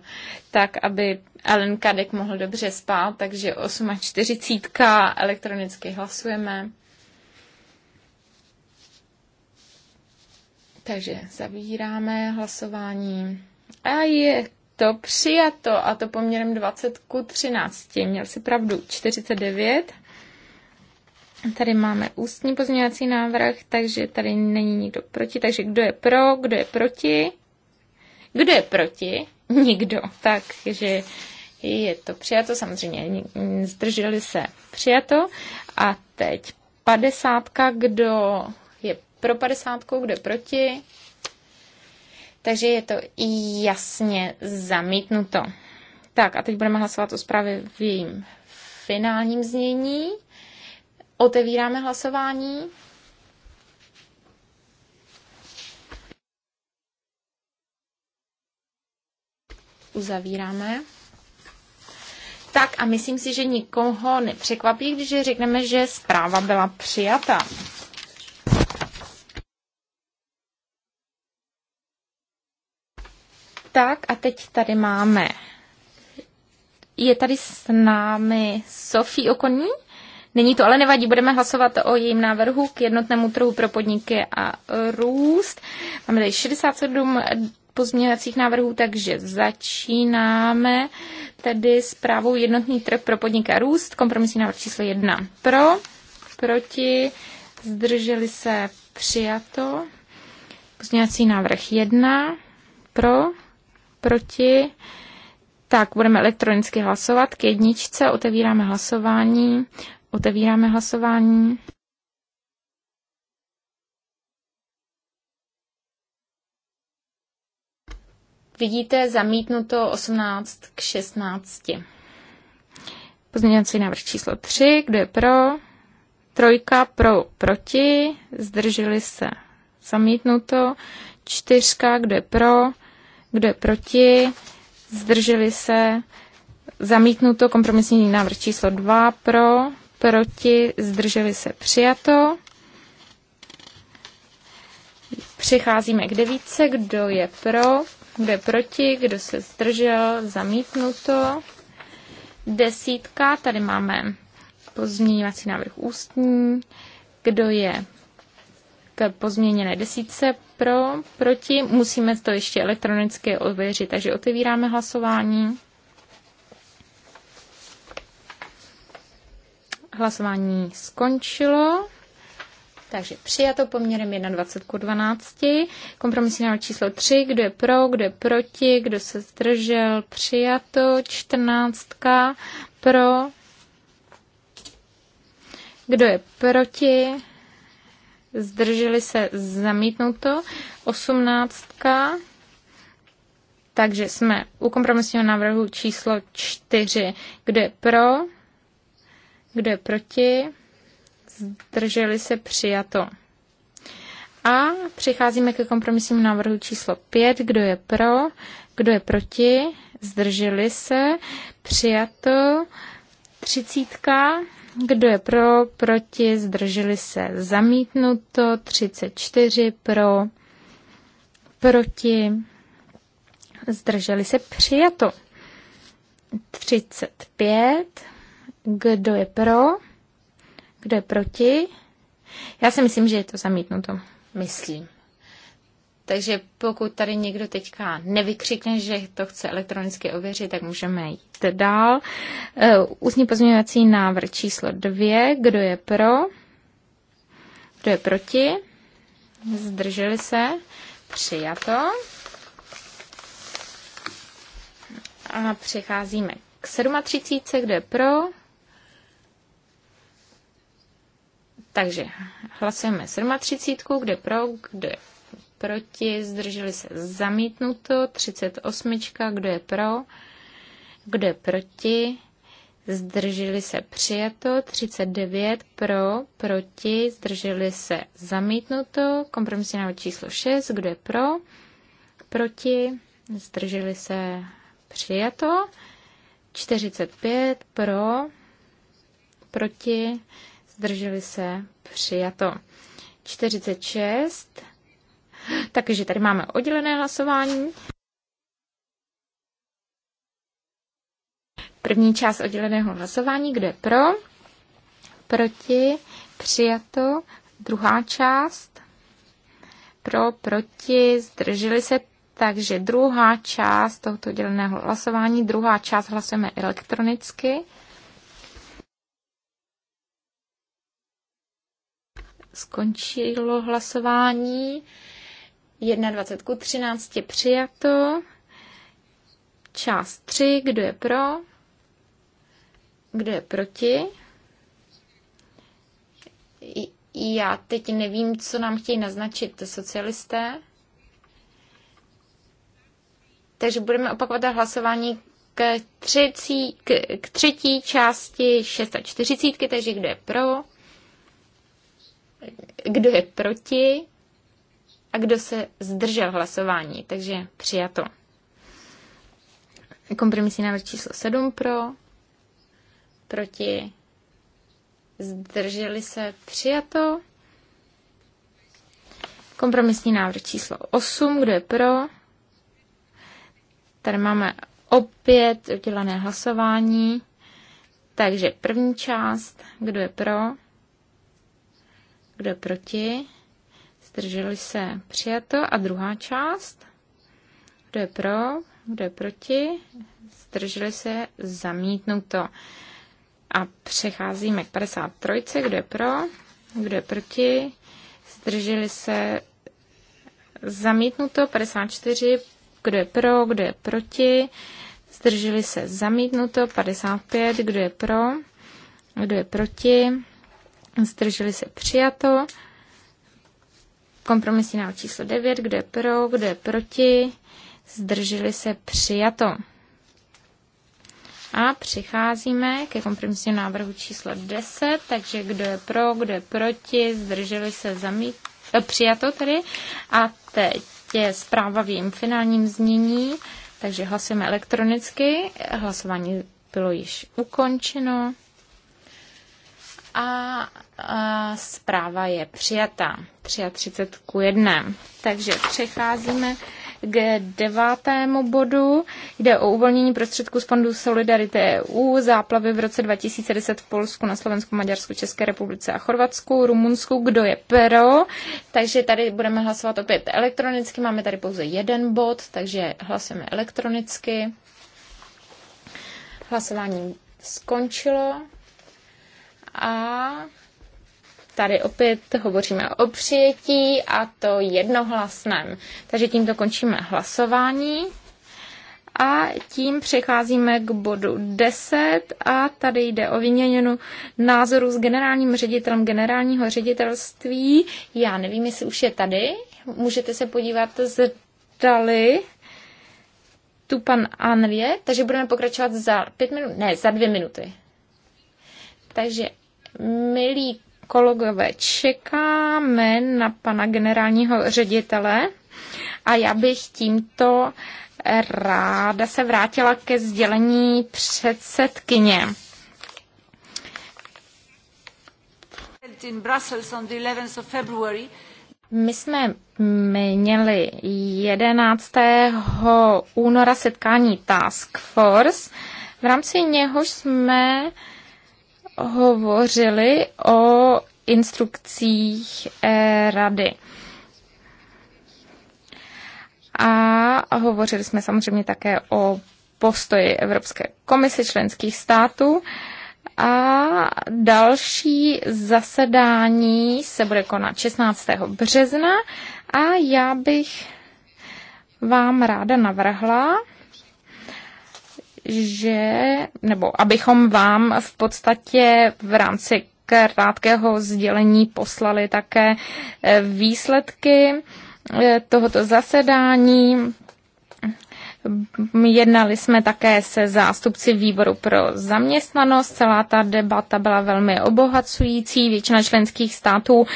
tak, aby Alen Kadek mohl dobře spát, takže 8.40 elektronicky hlasujeme. Takže zavíráme hlasování. A je to přijato a to poměrem 20 ku 13. Měl si pravdu 49. Tady máme ústní pozměňovací návrh, takže tady není nikdo proti. Takže kdo je pro, kdo je proti? Kdo je proti? Nikdo. Takže je to přijato, samozřejmě zdrželi se přijato. A teď padesátka, kdo je pro padesátku, kdo je proti? Takže je to jasně zamítnuto. Tak a teď budeme hlasovat o zprávě v jejím finálním znění. Otevíráme hlasování. Uzavíráme. Tak a myslím si, že nikoho nepřekvapí, když řekneme, že zpráva byla přijata. Tak a teď tady máme. Je tady s námi Sofie Okoní? Není to, ale nevadí, budeme hlasovat o jejím návrhu k jednotnému trhu pro podniky a růst. Máme tady 67 pozměňovacích návrhů, takže začínáme tedy s právou jednotný trh pro podniky a růst. Kompromisní návrh číslo 1. Pro, proti, zdrželi se přijato. Pozměňovací návrh 1. Pro, proti. Tak, budeme elektronicky hlasovat k jedničce. Otevíráme hlasování. Otevíráme hlasování. Vidíte, zamítnuto 18 k 16. Pozměňovací návrh číslo 3, kdo je pro? Trojka pro, proti, zdrželi se, zamítnuto. Čtyřka, kdo je pro, kdo je proti, zdrželi se, zamítnuto. Kompromisní návrh číslo 2, pro, proti, zdrželi se přijato. Přicházíme k devíce, kdo je pro, kdo je proti, kdo se zdržel, zamítnuto. Desítka, tady máme pozměňovací návrh ústní, kdo je k pozměněné desítce pro, proti, musíme to ještě elektronicky ověřit, takže otevíráme hlasování. Hlasování skončilo. Takže přijato poměrem 21 k 12. Kompromisní návrh číslo 3. Kdo je pro, kdo je proti, kdo se zdržel, přijato. 14. Pro. Kdo je proti, zdrželi se zamítnuto. 18. Takže jsme u kompromisního návrhu číslo 4. Kdo je pro, kdo je proti? Zdrželi se přijato. A přicházíme ke kompromisnímu návrhu číslo 5. Kdo je pro? Kdo je proti? Zdrželi se. Přijato. Třicítka. Kdo je pro? Proti? Zdrželi se. Zamítnuto. 34 pro. Proti? Zdrželi se. Přijato. 35 kdo je pro? Kdo je proti? Já si myslím, že je to zamítnuto. Myslím. Takže pokud tady někdo teďka nevykřikne, že to chce elektronicky ověřit, tak můžeme jít dál. Eh, ústní pozměňovací návrh číslo dvě. Kdo je pro? Kdo je proti? Zdrželi se? Přijato. A přecházíme k 37. Kdo je pro? Takže hlasujeme 37, kde pro, kde proti, zdrželi se zamítnuto, 38, kdo je pro, kdo je proti, zdrželi se přijato, 39 pro, proti, zdrželi se zamítnuto, kompromisní návrh číslo 6, kdo je pro, proti, zdrželi se přijato, 45 pro, proti, zdrželi se, přijato. 46, takže tady máme oddělené hlasování. První část odděleného hlasování, kde pro, proti, přijato, druhá část, pro, proti, zdrželi se, takže druhá část tohoto odděleného hlasování, druhá část hlasujeme elektronicky. Skončilo hlasování. 21 ku 13 přijato. Část 3. Kdo je pro? Kdo je proti? Já teď nevím, co nám chtějí naznačit socialisté. Takže budeme opakovat hlasování k, třicí, k, k třetí části 640, takže kdo je pro, kdo je proti a kdo se zdržel hlasování. Takže přijato. Kompromisní návrh číslo 7 pro, proti, zdrželi se, přijato. Kompromisní návrh číslo 8, kdo je pro? Tady máme opět udělané hlasování. Takže první část, kdo je pro? Kdo je proti? Zdrželi se přijato. A druhá část? Kdo je pro? Kdo je proti? Zdrželi se zamítnuto. A přecházíme k 53. Kdo je pro? Kdo je proti? Zdrželi se zamítnuto. 54. Kdo je pro? Kdo je proti? Zdrželi se zamítnuto. 55. Kdo je pro? Kdo je proti? zdrželi se přijato. Kompromisní návrh číslo 9, kdo je pro, kdo je proti, zdrželi se přijato. A přicházíme ke kompromisnímu návrhu číslo 10, takže kdo je pro, kdo je proti, zdrželi se zamít, eh, přijato tedy. A teď je zpráva v finálním znění, takže hlasujeme elektronicky. Hlasování bylo již ukončeno a, a zpráva je přijata. 33 k 1. Takže přecházíme k devátému bodu. Jde o uvolnění prostředků z Fondu Solidarity EU, záplavy v roce 2010 v Polsku, na Slovensku, Maďarsku, České republice a Chorvatsku, Rumunsku, kdo je pro. Takže tady budeme hlasovat opět elektronicky, máme tady pouze jeden bod, takže hlasujeme elektronicky. Hlasování skončilo. A tady opět hovoříme o přijetí a to jednohlasném. Takže tímto končíme hlasování. A tím přecházíme k bodu 10 a tady jde o vyměněnu názoru s generálním ředitelem generálního ředitelství. Já nevím, jestli už je tady. Můžete se podívat, zdali tu pan Anrie, takže budeme pokračovat za pět minut, ne, za dvě minuty. Takže, milí kolegové, čekáme na pana generálního ředitele a já bych tímto ráda se vrátila ke sdělení předsedkyně. My jsme měli 11. února setkání Task Force, v rámci něhož jsme hovořili o instrukcích eh, rady. A hovořili jsme samozřejmě také o postoji Evropské komise členských států. A další zasedání se bude konat 16. března a já bych vám ráda navrhla, že, nebo abychom vám v podstatě v rámci krátkého sdělení poslali také eh, výsledky eh, tohoto zasedání. Jednali jsme také se zástupci výboru pro zaměstnanost. Celá ta debata byla velmi obohacující. Většina členských států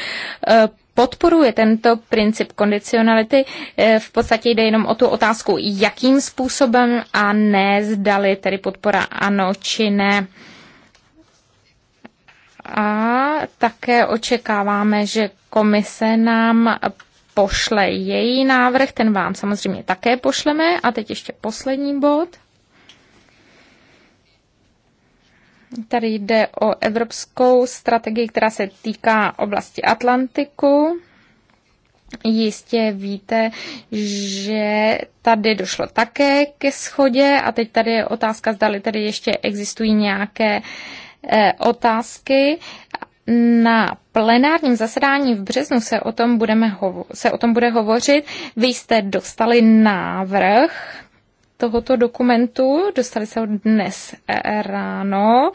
eh, podporuje tento princip kondicionality. Eh, v podstatě jde jenom o tu otázku, jakým způsobem a ne zdali tedy podpora ano či ne. A také očekáváme, že komise nám pošle její návrh, ten vám samozřejmě také pošleme. A teď ještě poslední bod. Tady jde o evropskou strategii, která se týká oblasti Atlantiku. Jistě víte, že tady došlo také ke schodě a teď tady je otázka, zdali tady ještě existují nějaké eh, otázky. Na plenárním zasedání v březnu se o, tom budeme hovo- se o tom bude hovořit. Vy jste dostali návrh tohoto dokumentu. Dostali se ho dnes ráno.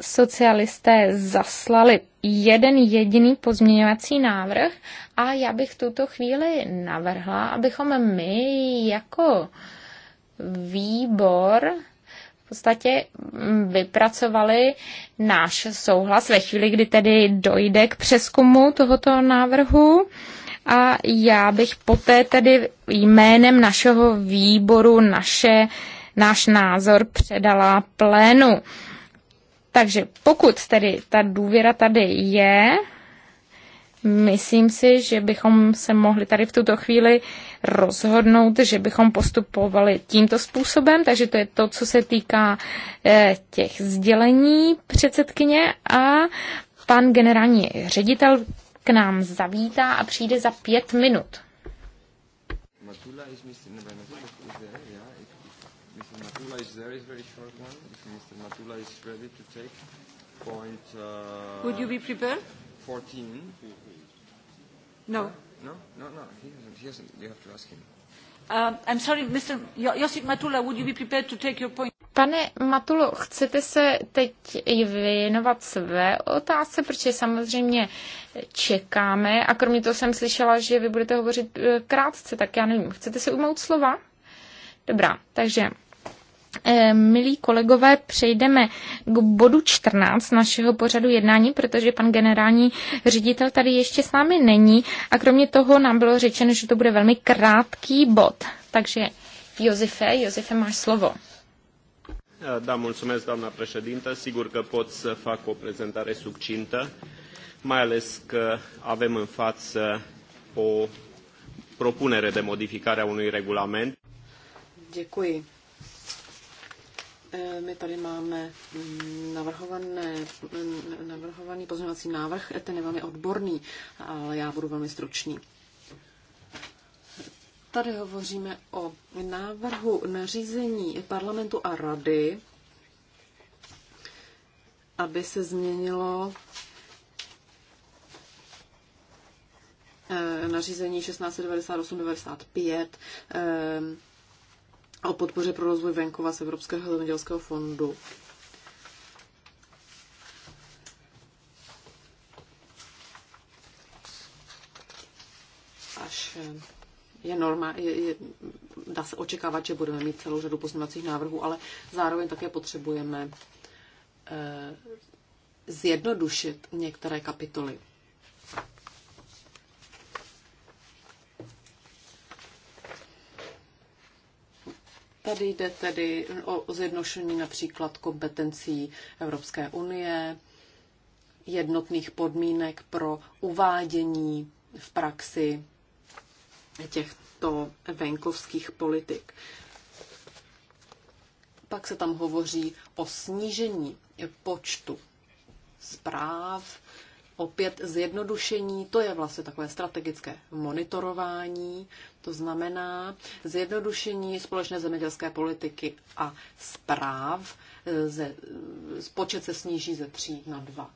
Socialisté zaslali jeden jediný pozměňovací návrh a já bych v tuto chvíli navrhla, abychom my jako výbor v podstatě vypracovali náš souhlas ve chvíli, kdy tedy dojde k přeskumu tohoto návrhu. A já bych poté tedy jménem našeho výboru naše, náš názor předala plénu. Takže pokud tedy ta důvěra tady je, myslím si, že bychom se mohli tady v tuto chvíli rozhodnout, že bychom postupovali tímto způsobem, takže to je to, co se týká eh, těch sdělení předsedkyně a pan generální ředitel k nám zavítá a přijde za pět minut. Would you be prepared? 14. No. No, no, no. He hasn't. He hasn't. You have to ask him. I'm sorry, Mr. Josip Matula, would you be prepared to take your point? Pane Matulo, chcete se teď i věnovat své otázce, protože samozřejmě čekáme a kromě toho jsem slyšela, že vy budete hovořit eh, krátce, tak já nevím, chcete se umout slova? Dobrá, takže eh, Milí kolegové, přejdeme k bodu 14 našeho pořadu jednání, protože pan generální ředitel tady ještě s námi není a kromě toho nám bylo řečeno, že to bude velmi krátký bod. Takže Josefe, Josefe, máš slovo. Da, mulțumesc, doamna președintă. Sigur că pot să fac o prezentare succintă, mai ales că avem în față o propunere de modificare a unui regulament. Děkuji. E, my tady máme navrhovaný pozměňovací návrh, ten je velmi odborný, ale já budu velmi stručný. Tady hovoříme o návrhu nařízení parlamentu a rady, aby se změnilo eh, nařízení 1698-95 eh, o podpoře pro rozvoj venkova z Evropského zemědělského fondu. Až eh, je, norma, je, je dá se očekávat, že budeme mít celou řadu pozměňovacích návrhů, ale zároveň také potřebujeme eh, zjednodušit některé kapitoly. Tady jde tedy o zjednošení například kompetencí Evropské unie, jednotných podmínek pro uvádění v praxi těchto venkovských politik. Pak se tam hovoří o snížení počtu zpráv, opět zjednodušení, to je vlastně takové strategické monitorování, to znamená zjednodušení společné zemědělské politiky a zpráv, ze, počet se sníží ze tří na dva.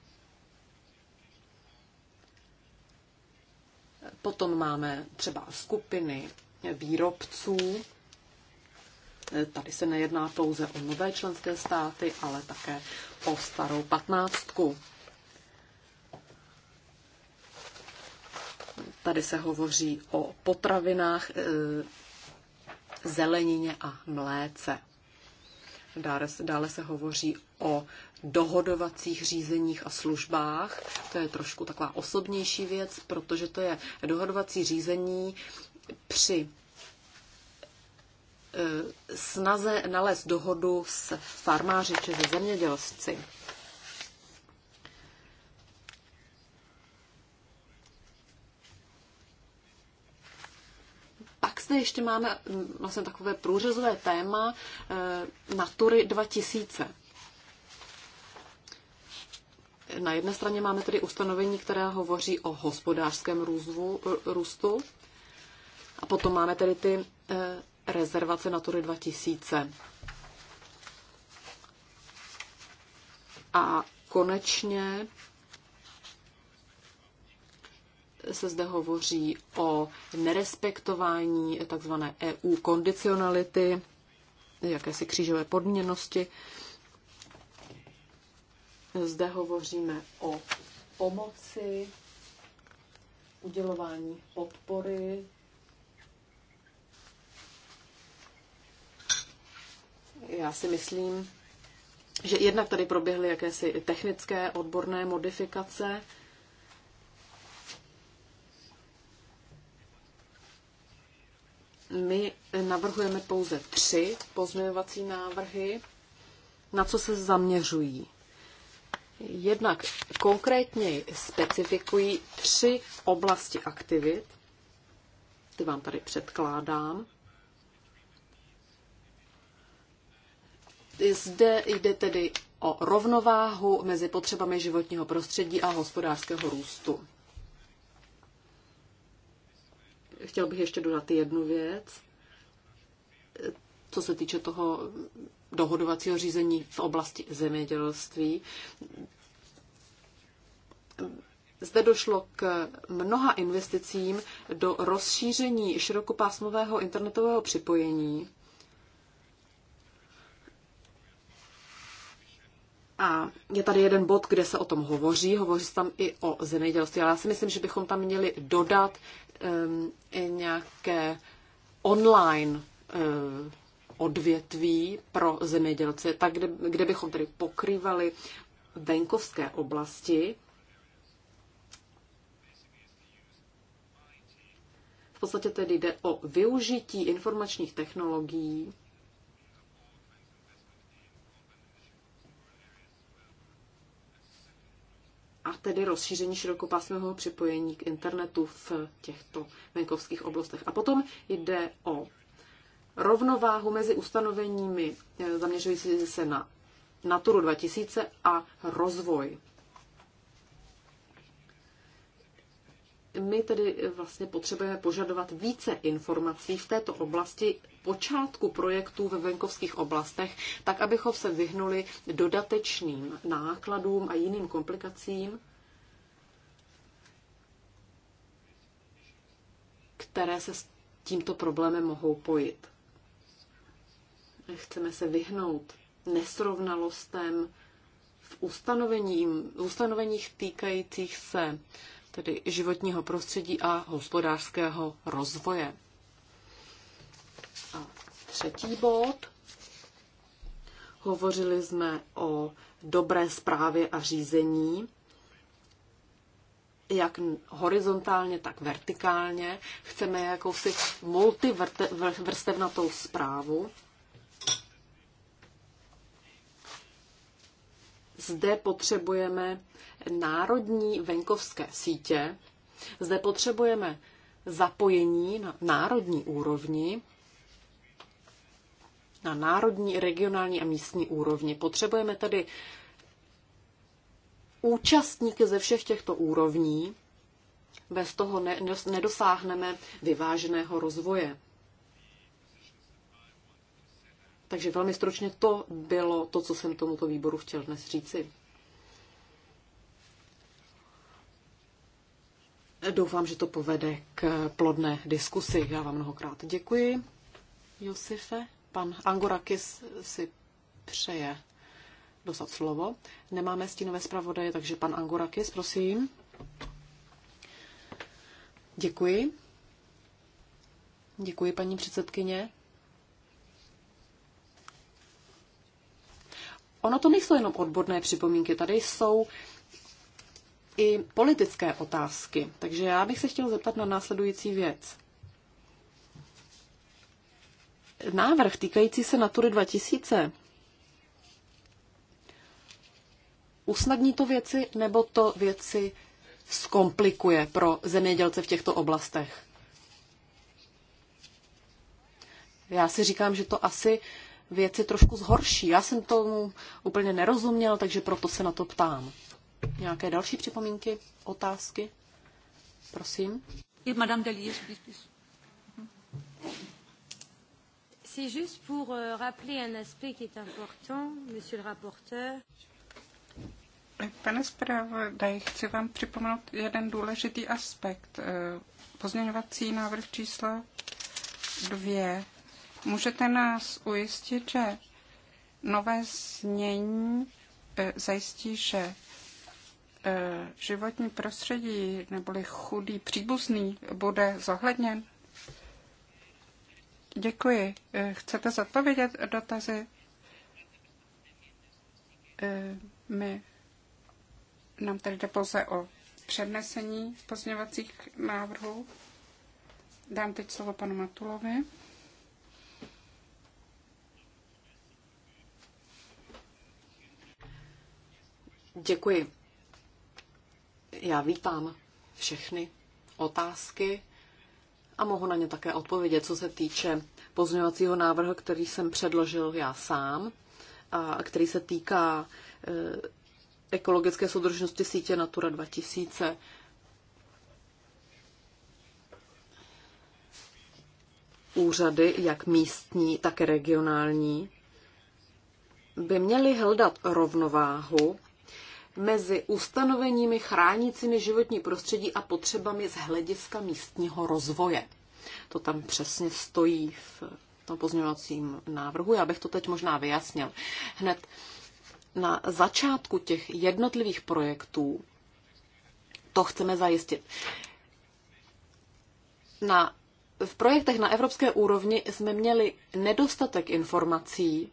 Potom máme třeba skupiny výrobců. Tady se nejedná pouze o nové členské státy, ale také o starou patnáctku. Tady se hovoří o potravinách, eh, zelenině a mléce. Dále, dále se hovoří o dohodovacích řízeních a službách. To je trošku taková osobnější věc, protože to je dohodovací řízení při e, snaze nalézt dohodu s farmáři či se zemědělci. zde ještě máme mm, vlastně takové průřezové téma eh, Natury 2000. Na jedné straně máme tedy ustanovení, které hovoří o hospodářském růzvu, eh, růstu, a potom máme tedy ty eh, rezervace Natury 2000. A konečně se zde hovoří o nerespektování tzv. EU kondicionality, jakési křížové podměnosti. Zde hovoříme o pomoci, udělování podpory, Já si myslím, že jednak tady proběhly jakési technické odborné modifikace, My navrhujeme pouze tři pozměňovací návrhy, na co se zaměřují. Jednak konkrétně specifikují tři oblasti aktivit, ty vám tady předkládám. Zde jde tedy o rovnováhu mezi potřebami životního prostředí a hospodářského růstu chtěl bych ještě dodat jednu věc. Co se týče toho dohodovacího řízení v oblasti zemědělství, zde došlo k mnoha investicím do rozšíření širokopásmového internetového připojení A je tady jeden bod, kde se o tom hovoří, hovoří se tam i o zemědělství, ale já si myslím, že bychom tam měli dodat um, i nějaké online uh, odvětví pro zemědělce, tak kde, kde bychom tedy pokrývali venkovské oblasti. V podstatě tedy jde o využití informačních technologií a tedy rozšíření širokopásmového připojení k internetu v těchto venkovských oblastech. A potom jde o rovnováhu mezi ustanoveními e, zaměřující se na Naturu 2000 a rozvoj. my tedy vlastně potřebujeme požadovat více informací v této oblasti počátku projektů ve venkovských oblastech, tak abychom se vyhnuli dodatečným nákladům a jiným komplikacím, které se s tímto problémem mohou pojit. Chceme se vyhnout nesrovnalostem v ustanovením, ustanoveních týkajících se tedy životního prostředí a hospodářského rozvoje. A třetí bod. Hovořili jsme o dobré zprávě a řízení, jak horizontálně, tak vertikálně. Chceme jakousi multivrstevnatou zprávu, Zde potřebujeme národní venkovské sítě, zde potřebujeme zapojení na národní úrovni, na národní, regionální a místní úrovni. Potřebujeme tedy účastníky ze všech těchto úrovní, bez toho nedosáhneme vyváženého rozvoje. Takže velmi stručně to bylo to, co jsem tomuto výboru chtěl dnes říci. Doufám, že to povede k plodné diskusi. Já vám mnohokrát děkuji, Josife. Pan Angorakis si přeje dostat slovo. Nemáme stínové zpravodaje, takže pan Angorakis, prosím. Děkuji. Děkuji, paní předsedkyně. ono to nejsou jenom odborné připomínky, tady jsou i politické otázky. Takže já bych se chtěl zeptat na následující věc. Návrh týkající se Natury 2000. Usnadní to věci nebo to věci zkomplikuje pro zemědělce v těchto oblastech? Já si říkám, že to asi věci trošku zhorší. Já jsem tomu úplně nerozuměl, takže proto se na to ptám. Nějaké další připomínky, otázky? Prosím. Je Madame Delis, mhm. C'est juste pour euh, rappeler un aspect qui est important, monsieur le rapporteur. Pane zpravodaj, chci vám připomenout jeden důležitý aspekt. Eh, pozměňovací návrh číslo dvě Můžete nás ujistit, že nové znění eh, zajistí, že eh, životní prostředí neboli chudý příbuzný bude zohledněn? Děkuji. Eh, chcete zodpovědět dotazy? My, nám tady jde pouze o přednesení pozměňovacích návrhů. Dám teď slovo panu Matulovi. Děkuji. Já vítám všechny otázky a mohu na ně také odpovědět, co se týče pozměňovacího návrhu, který jsem předložil já sám a který se týká eh, ekologické soudržnosti sítě Natura 2000. Úřady, jak místní, tak regionální, by měly hledat rovnováhu mezi ustanoveními chránícími životní prostředí a potřebami z hlediska místního rozvoje. To tam přesně stojí v tom pozměňovacím návrhu. Já bych to teď možná vyjasnil. Hned na začátku těch jednotlivých projektů to chceme zajistit. Na, v projektech na evropské úrovni jsme měli nedostatek informací.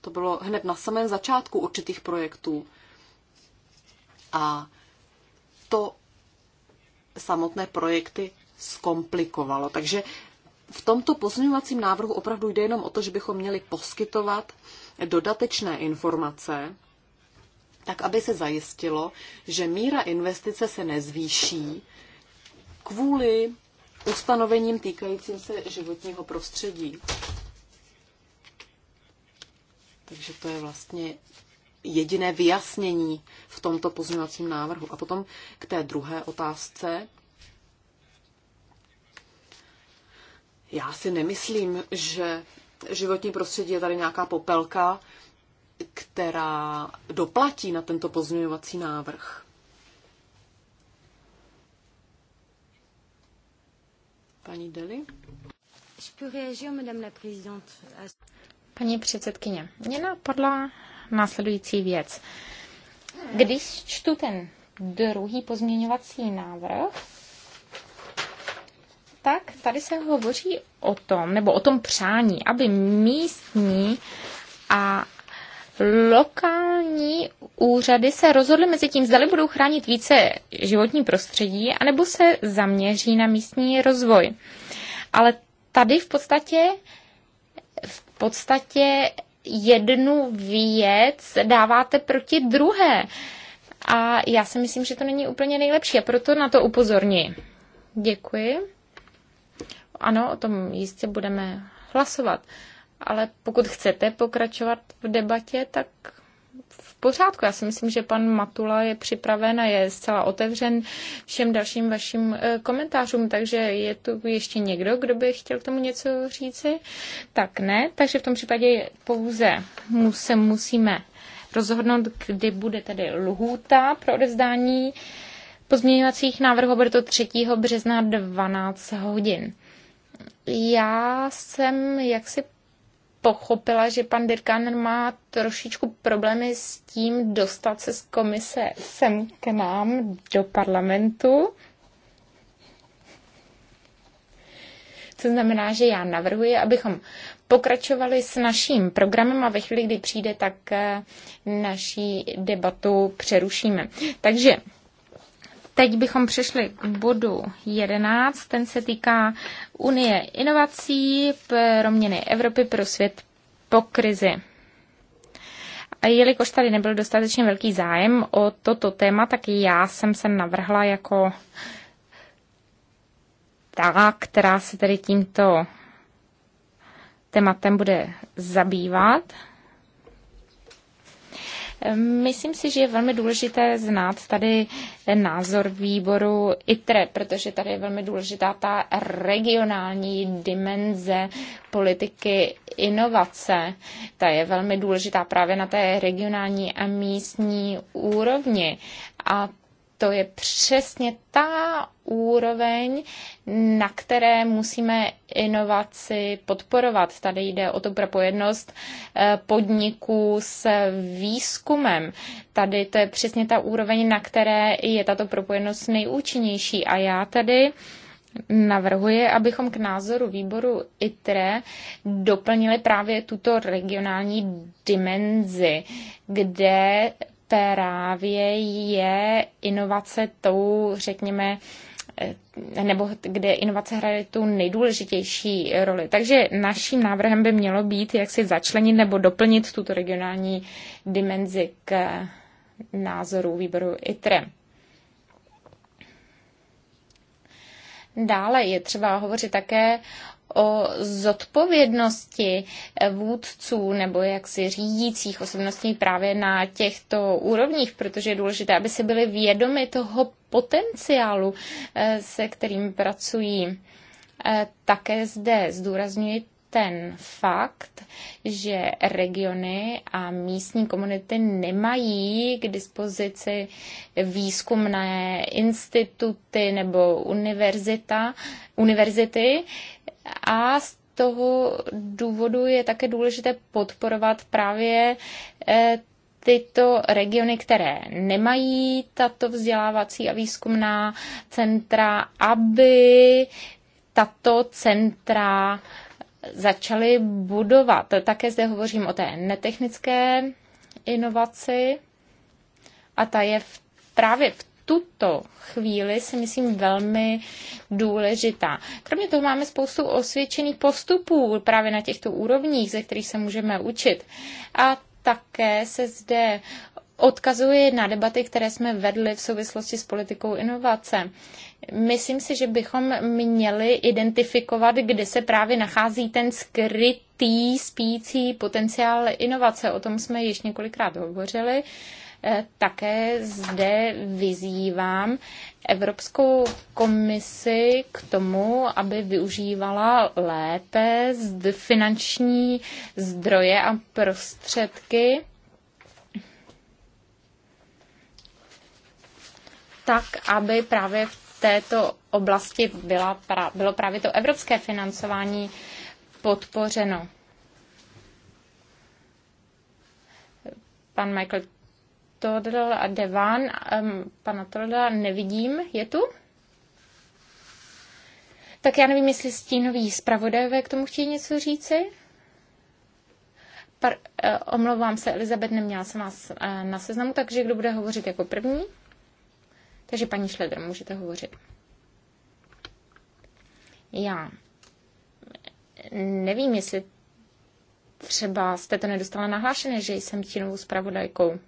To bylo hned na samém začátku určitých projektů. A to samotné projekty zkomplikovalo. Takže v tomto pozměňovacím návrhu opravdu jde jenom o to, že bychom měli poskytovat dodatečné informace, tak aby se zajistilo, že míra investice se nezvýší kvůli ustanovením týkajícím se životního prostředí. Takže to je vlastně jediné vyjasnění v tomto pozměňovacím návrhu. A potom k té druhé otázce. Já si nemyslím, že životní prostředí je tady nějaká popelka, která doplatí na tento pozměňovací návrh. Paní Deli? Paní předsedkyně, mě napadla následující věc. Když čtu ten druhý pozměňovací návrh, tak tady se hovoří o tom, nebo o tom přání, aby místní a lokální úřady se rozhodly mezi tím, zda budou chránit více životní prostředí, anebo se zaměří na místní rozvoj. Ale tady v podstatě v podstatě jednu věc dáváte proti druhé. A já si myslím, že to není úplně nejlepší a proto na to upozorní. Děkuji. Ano, o tom jistě budeme hlasovat. Ale pokud chcete pokračovat v debatě, tak pořádku. Já si myslím, že pan Matula je připraven a je zcela otevřen všem dalším vašim eh, komentářům, takže je tu ještě někdo, kdo by chtěl k tomu něco říci? Tak ne, takže v tom případě pouze se musíme rozhodnout, kdy bude tedy lhůta pro odevzdání pozměňovacích návrhů, bude to 3. března 12 hodin. Já jsem jaksi pochopila, že pan Dirkaner má trošičku problémy s tím dostat se z komise sem k nám do parlamentu. To znamená, že já navrhuji, abychom pokračovali s naším programem a ve chvíli, kdy přijde, tak eh, naší debatu přerušíme. Takže Teď bychom přešli k bodu 11, ten se týká Unie inovací pro měny Evropy pro svět po krizi. A jelikož tady nebyl dostatečně velký zájem o toto téma, tak já jsem se navrhla jako ta, která se tady tímto tématem bude zabývat. Myslím si, že je velmi důležité znát tady názor výboru ITRE, protože tady je velmi důležitá ta regionální dimenze politiky inovace. Ta je velmi důležitá právě na té regionální a místní úrovni. A to je přesně ta úroveň, na které musíme inovaci podporovat. Tady jde o tu propojenost eh, podniků s výzkumem. Tady to je přesně ta úroveň, na které je tato propojenost nejúčinnější. A já tady navrhuje, abychom k názoru výboru ITRE doplnili právě tuto regionální dimenzi, kde právě je inovace tou, řekněme, eh, nebo kde inovace hraje tu nejdůležitější roli. Takže naším návrhem by mělo být, jak si začlenit nebo doplnit tuto regionální dimenzi k názoru výboru ITRE. Dále je třeba hovořit také o zodpovědnosti vůdců nebo jaksi řídících osobností právě na těchto úrovních, protože je důležité, aby si byli vědomi toho potenciálu, eh, se kterým pracují. Eh, také zde zdůrazňuji ten fakt, že regiony a místní komunity nemají k dispozici výzkumné instituty nebo univerzita, univerzity a z toho důvodu je také důležité podporovat právě eh, tyto regiony, které nemají tato vzdělávací a výzkumná centra, aby tato centra začali budovat. Také zde hovořím o té netechnické inovaci a ta je v, právě v tuto chvíli si myslím velmi důležitá. Kromě toho máme spoustu osvědčených postupů právě na těchto úrovních, ze kterých se můžeme učit. A také se zde odkazuje na debaty, které jsme vedli v souvislosti s politikou inovace. Myslím si, že bychom měli identifikovat, kde se právě nachází ten skrytý spící potenciál inovace. O tom jsme již několikrát hovořili. Eh, také zde vyzývám Evropskou komisi k tomu, aby využívala lépe finanční zdroje a prostředky tak, aby právě v této oblasti byla, bylo právě to evropské financování podpořeno. Pan Michael Todl a Devan, um, pana Todla nevidím, je tu? Tak já nevím, jestli stínoví zpravodajové k tomu chtějí něco říci. Par, uh, omlouvám se, Elizabet, neměla jsem vás uh, eh, na seznamu, takže kdo bude hovořit jako první? Takže paní Šleder, můžete hovořit. Já nevím, jestli třeba jste to nedostala nahlášené, že jsem tínovou zpravodajkou.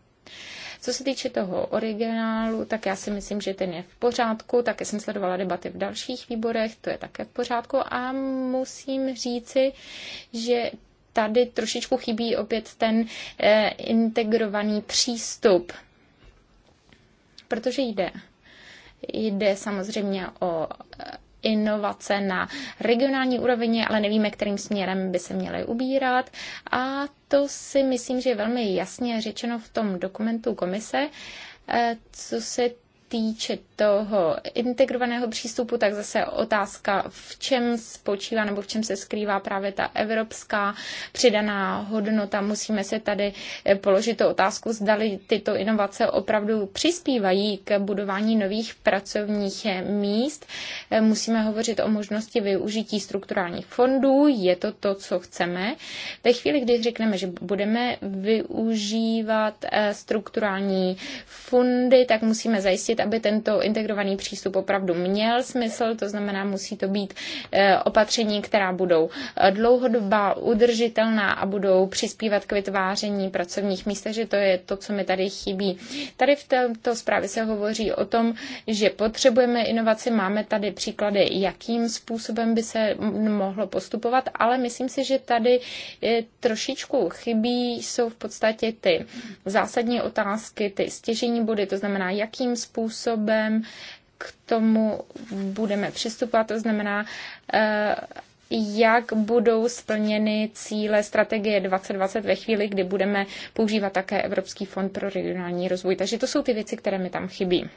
Co se týče toho originálu, tak já si myslím, že ten je v pořádku. Také jsem sledovala debaty v dalších výborech, to je také v pořádku. A musím říci, že tady trošičku chybí opět ten eh, integrovaný přístup, protože jde Jde samozřejmě o eh, inovace na regionální úrovni, ale nevíme, kterým směrem by se měly ubírat. A to si myslím, že je velmi jasně řečeno v tom dokumentu komise, eh, co se týče toho integrovaného přístupu, tak zase otázka, v čem spočívá nebo v čem se skrývá právě ta evropská přidaná hodnota. Musíme se tady eh, položit tu otázku, zdali tyto inovace opravdu přispívají k budování nových pracovních eh, míst. Eh, musíme hovořit o možnosti využití strukturálních fondů. Je to to, co chceme. Ve chvíli, kdy řekneme, že budeme využívat strukturální fondy, tak musíme zajistit, aby tento integrovaný přístup opravdu měl smysl, to znamená, musí to být eh, opatření, která budou eh, dlouhodobá, udržitelná a budou přispívat k vytváření pracovních míst, že to je to, co mi tady chybí. Tady v této zprávě se hovoří o tom, že potřebujeme inovaci, máme tady příklady, jakým způsobem by se mohlo postupovat, ale myslím si, že tady eh, trošičku chybí, jsou v podstatě ty zásadní otázky, ty stěžení body, to znamená, jakým způsobem způsobem k tomu budeme přistupovat, to znamená, eh, jak budou splněny cíle strategie 2020 ve chvíli, kdy budeme používat také Evropský fond pro regionální rozvoj. Takže to jsou ty věci, které mi tam chybí.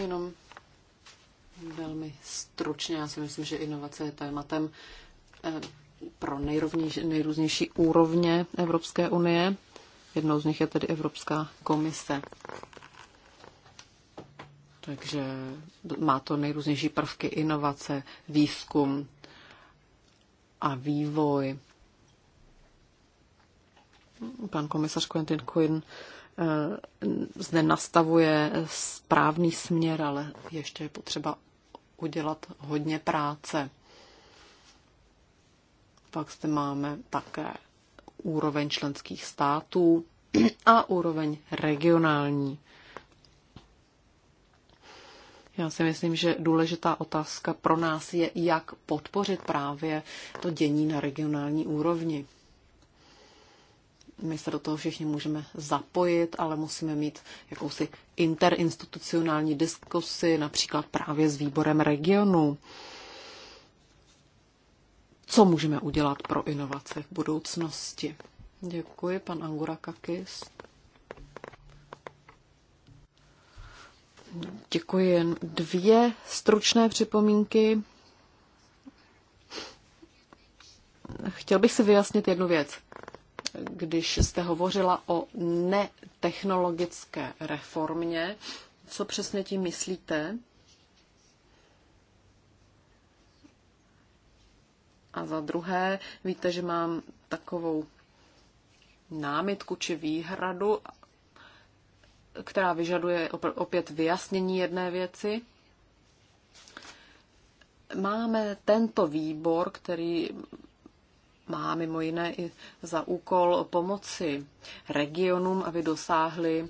Jenom velmi stručně, já si myslím, že inovace je tématem, eh, pro nejrůznější úrovně Evropské unie. Jednou z nich je tedy Evropská komise. Takže má to nejrůznější prvky inovace, výzkum a vývoj. Pan komisař Quentin Quinn eh, zde nastavuje správný směr, ale ještě je potřeba udělat hodně práce. Pak zde máme také úroveň členských států a úroveň regionální. Já si myslím, že důležitá otázka pro nás je, jak podpořit právě to dění na regionální úrovni. My se do toho všichni můžeme zapojit, ale musíme mít jakousi interinstitucionální diskusy, například právě s výborem regionu co můžeme udělat pro inovace v budoucnosti. Děkuji, pan Angura Kakis. Děkuji. Jen dvě stručné připomínky. Chtěl bych si vyjasnit jednu věc. Když jste hovořila o netechnologické reformě, co přesně tím myslíte? A za druhé, víte, že mám takovou námitku či výhradu, která vyžaduje opět vyjasnění jedné věci. Máme tento výbor, který má mimo jiné i za úkol pomoci regionům, aby dosáhli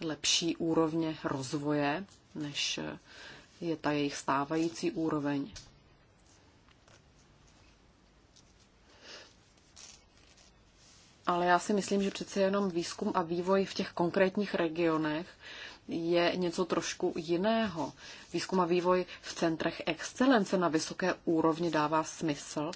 lepší úrovně rozvoje, než je ta jejich stávající úroveň. ale já si myslím, že přece jenom výzkum a vývoj v těch konkrétních regionech je něco trošku jiného. Výzkum a vývoj v centrech excelence na vysoké úrovni dává smysl.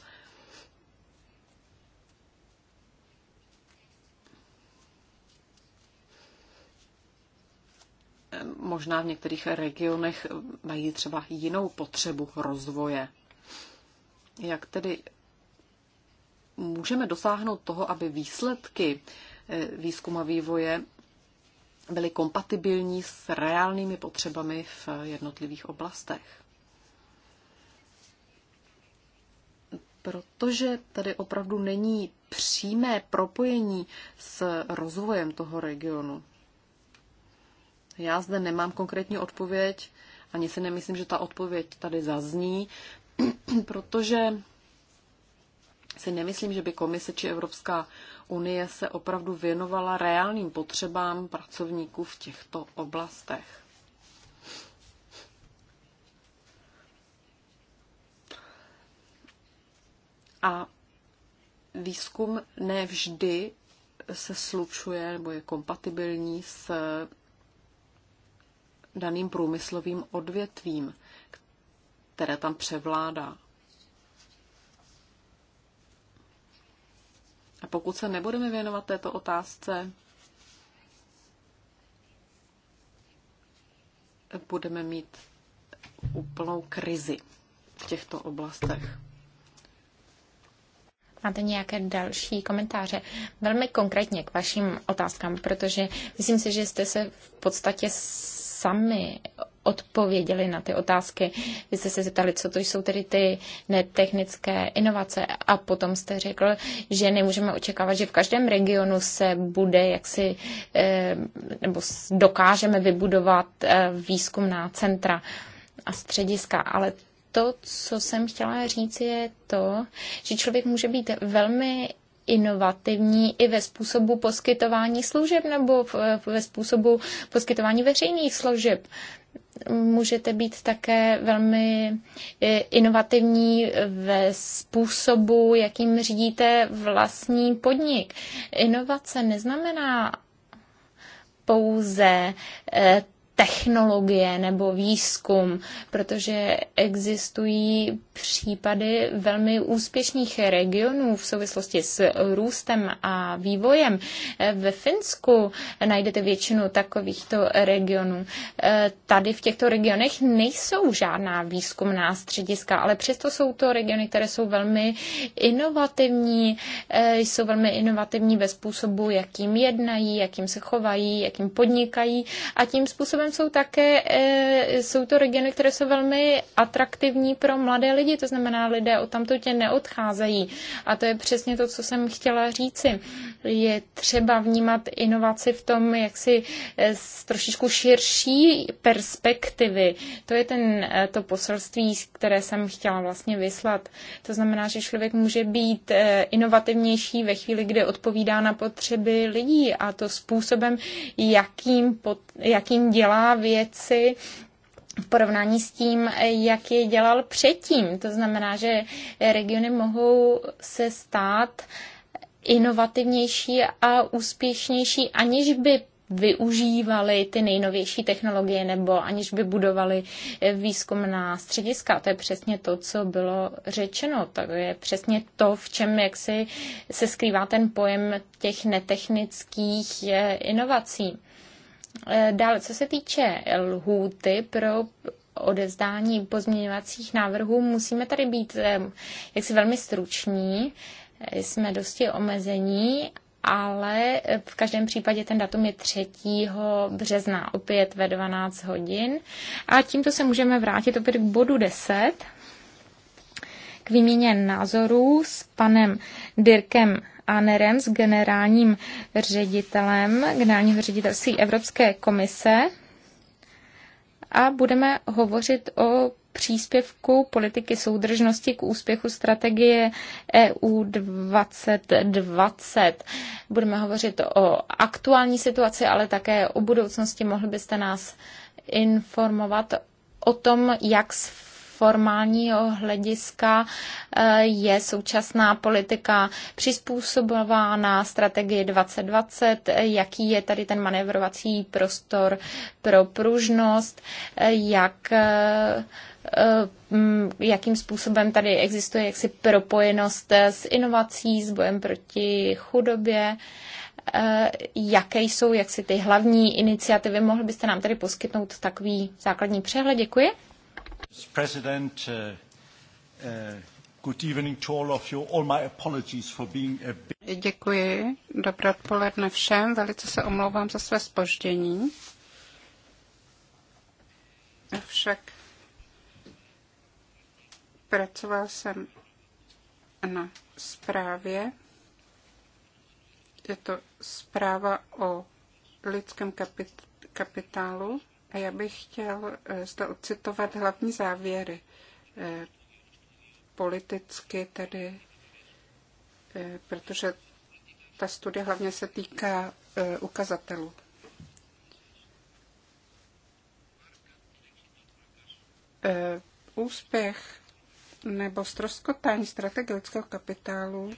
Možná v některých regionech mají třeba jinou potřebu rozvoje. Jak tedy můžeme dosáhnout toho, aby výsledky eh, výzkumu a vývoje byly kompatibilní s reálnými potřebami v jednotlivých oblastech. Protože tady opravdu není přímé propojení s rozvojem toho regionu. Já zde nemám konkrétní odpověď, ani si nemyslím, že ta odpověď tady zazní, protože si nemyslím, že by komise či Evropská unie se opravdu věnovala reálným potřebám pracovníků v těchto oblastech. A výzkum nevždy se slučuje nebo je kompatibilní s daným průmyslovým odvětvím, které tam převládá. A pokud se nebudeme věnovat této otázce, budeme mít úplnou krizi v těchto oblastech. Máte nějaké další komentáře? Velmi konkrétně k vašim otázkám, protože myslím si, že jste se v podstatě sami odpověděli na ty otázky. Vy jste se zeptali, co to jsou tedy ty netechnické inovace a potom jste řekl, že nemůžeme očekávat, že v každém regionu se bude jaksi, eh, nebo dokážeme vybudovat eh, výzkumná centra a střediska, ale to, co jsem chtěla říct, je to, že člověk může být velmi inovativní i ve způsobu poskytování služeb nebo ve způsobu poskytování veřejných služeb můžete být také velmi eh, inovativní ve způsobu, jakým řídíte vlastní podnik. Inovace neznamená pouze eh, technologie nebo výzkum, protože existují případy velmi úspěšných regionů v souvislosti s růstem a vývojem. Ve Finsku najdete většinu takovýchto regionů. E, Tady v těchto regionech nejsou žádná výzkumná střediska, ale přesto jsou to regiony, které jsou velmi inovativní, e, jsou velmi inovativní ve způsobu, jakým jednají, jakým se chovají, jakým podnikají a tím způsobem jsou také, e, jsou to regiony, které jsou velmi atraktivní pro mladé lidi lidi, to znamená lidé o tamto tě neodcházejí. A to je přesně to, co jsem chtěla říci. Je třeba vnímat inovaci v tom, jak si z eh, trošičku širší perspektivy. To je ten, eh, to poselství, které jsem chtěla vlastně vyslat. To znamená, že člověk může být eh, inovativnější ve chvíli, kdy odpovídá na potřeby lidí a to způsobem, jakým, pot, jakým dělá věci, v porovnání s tím, jak je dělal předtím. To znamená, že regiony mohou se stát inovativnější a úspěšnější, aniž by využívali ty nejnovější technologie nebo aniž by budovali výzkumná střediska. To je přesně to, co bylo řečeno. To je přesně to, v čem jak se skrývá ten pojem těch netechnických inovací. Eh, Dále, co se týče lhůty pro odezdání pozměňovacích návrhů, musíme tady být eh, jaksi velmi struční, eh, jsme dosti omezení, ale v každém případě ten datum je 3. března, opět ve 12 hodin. A tímto se můžeme vrátit opět k bodu 10, k výměně názorů s panem Dirkem Anerem, s generálním ředitelem generálního ředitelství Evropské komise a budeme hovořit o příspěvku politiky soudržnosti k úspěchu strategie EU 2020. Budeme hovořit o aktuální situaci, ale také o budoucnosti. Mohli byste nás informovat o tom, jak s formálního hlediska eh, je současná politika přizpůsobována strategii 2020, eh, jaký je tady ten manevrovací prostor pro pružnost, eh, jak jakým způsobem tady existuje jaksi propojenost s inovací, s bojem proti chudobě, jaké jsou jaksi ty hlavní iniciativy. Mohl byste nám tady poskytnout takový základní přehled? Děkuji. President, uh, uh, Good evening to all of you. All my apologies for being a bit... Děkuji. Dobré odpoledne všem. Velice se omlouvám za své spoždění. Avšak pracoval jsem na zprávě. Je to zpráva o lidském kapit- kapitálu a já bych chtěl eh, zde ocitovat hlavní závěry. Eh, politicky tedy, eh, protože ta studie hlavně se týká ukazatelů. Úspěch nebo stroskotání strategického kapitálu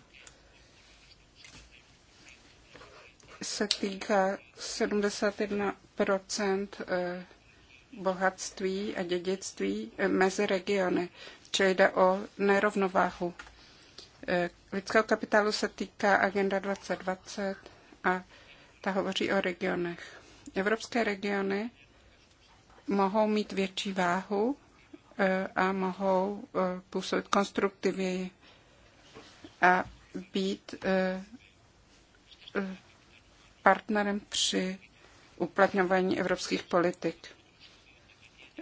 se týká 71 eh, bohatství a dědictví eh, mezi regiony, čili jde o nerovnováhu. Eh, lidského kapitálu se týká Agenda 2020 a ta hovoří o regionech. Evropské regiony mohou mít větší váhu a mohou působit konstruktivněji a být partnerem při uplatňování evropských politik.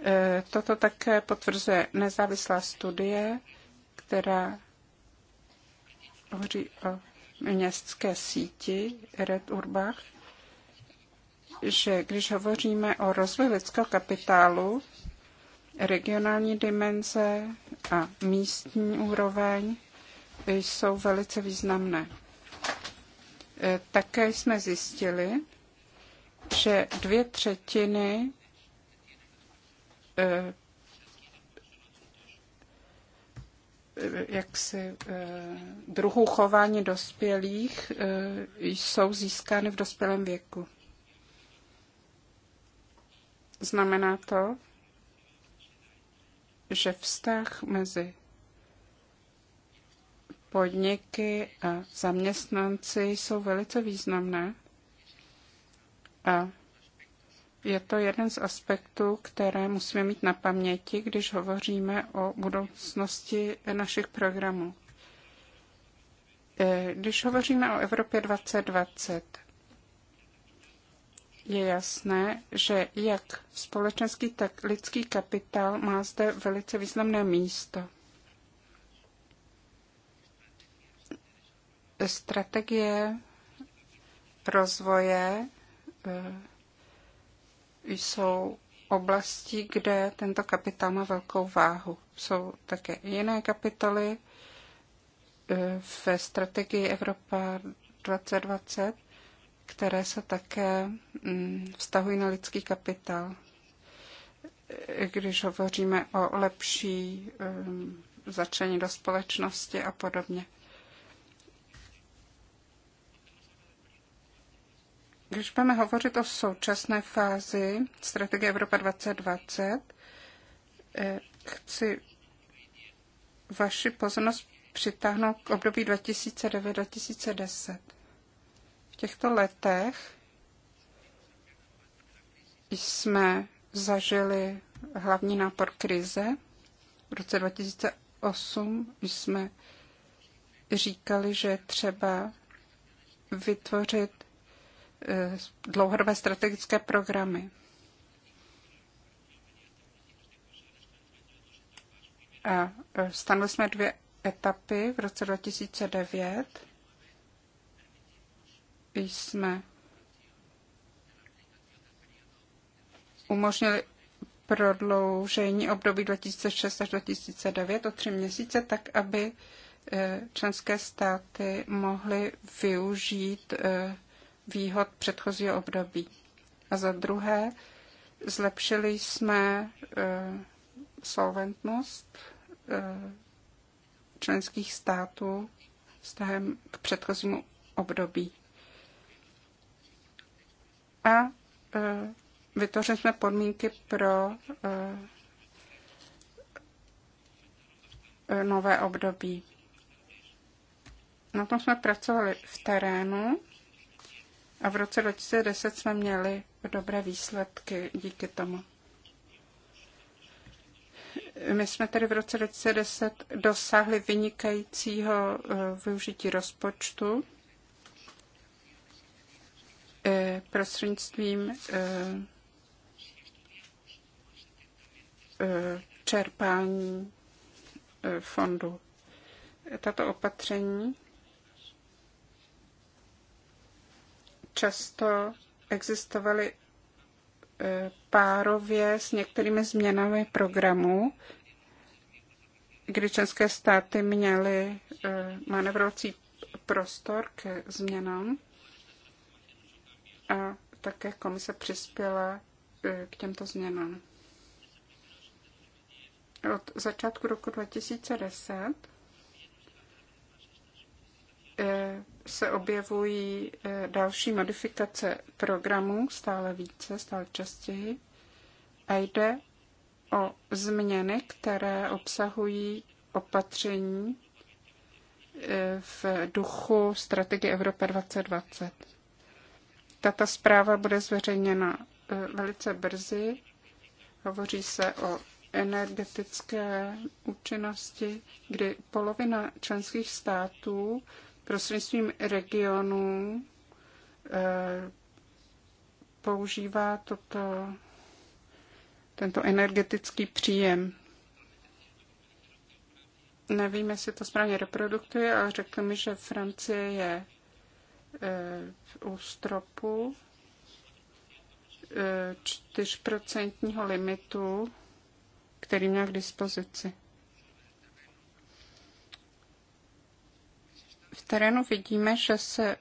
E, toto také potvrzuje nezávislá studie, která hovoří o městské síti Red Urbach, že když hovoříme o rozvoji lidského kapitálu, regionální dimenze a místní úroveň jsou velice významné. Eh, také jsme zjistili, že dvě třetiny eh, jaksi eh, druhů chování dospělých jsou získány v dospělém věku. Znamená to, že vztah mezi podniky a zaměstnanci jsou velice významné a je to jeden z aspektů, které musíme mít na paměti, když hovoříme o budoucnosti našich programů. E, když hovoříme o Evropě 2020, je jasné, že jak společenský, tak lidský kapitál má zde velice významné místo. strategie rozvoje eh, jsou oblasti, kde tento kapitál má velkou váhu. Jsou také jiné kapitoly eh, ve strategii Evropa 2020, které se také mm, vztahují na lidský kapitál. Eh, když hovoříme o lepší začlení do společnosti a podobně. Když budeme hovořit o současné fázi strategie Evropa 2020, eh, chci vaši pozornost přitáhnout k období 2009-2010. V těchto letech jsme zažili hlavní nápor krize. V roce 2008 jsme říkali, že třeba vytvořit Eh, dlouhodobé strategické programy. A eh, stanovili jsme dvě etapy v roce 2009. Jsme umožnili prodloužení období 2006 až 2009 o tři měsíce, tak aby eh, členské státy mohly využít výhod předchozího období. A za druhé, zlepšili jsme e, solventnost e, členských států vztahem k předchozímu období. A e, vytvořili jsme podmínky pro e, nové období. Na tom jsme pracovali v terénu a v roce 2010 jsme měli dobré výsledky díky tomu. My jsme tedy v roce 2010 dosáhli vynikajícího eh, využití rozpočtu eh, prostřednictvím eh, čerpání fondu. Tato opatření často existovaly eh, párově s některými změnami programů, kdy české státy měly eh, manevrovací prostor ke změnám a také komise přispěla eh, k těmto změnám. Od začátku roku 2010 se objevují eh, další modifikace programů stále více, stále častěji a jde o změny, které obsahují opatření eh, v duchu strategie Evropa 2020. Tato zpráva bude zveřejněna eh, velice brzy. Hovoří se o energetické účinnosti, kdy polovina členských států prostřednictvím regionů eh, používá toto, tento energetický příjem. Nevím, jestli to správně reproduktuje, ale řekl mi, že Francie je eh, u stropu 4% eh, limitu, který měl k dispozici. terénu vidíme, že se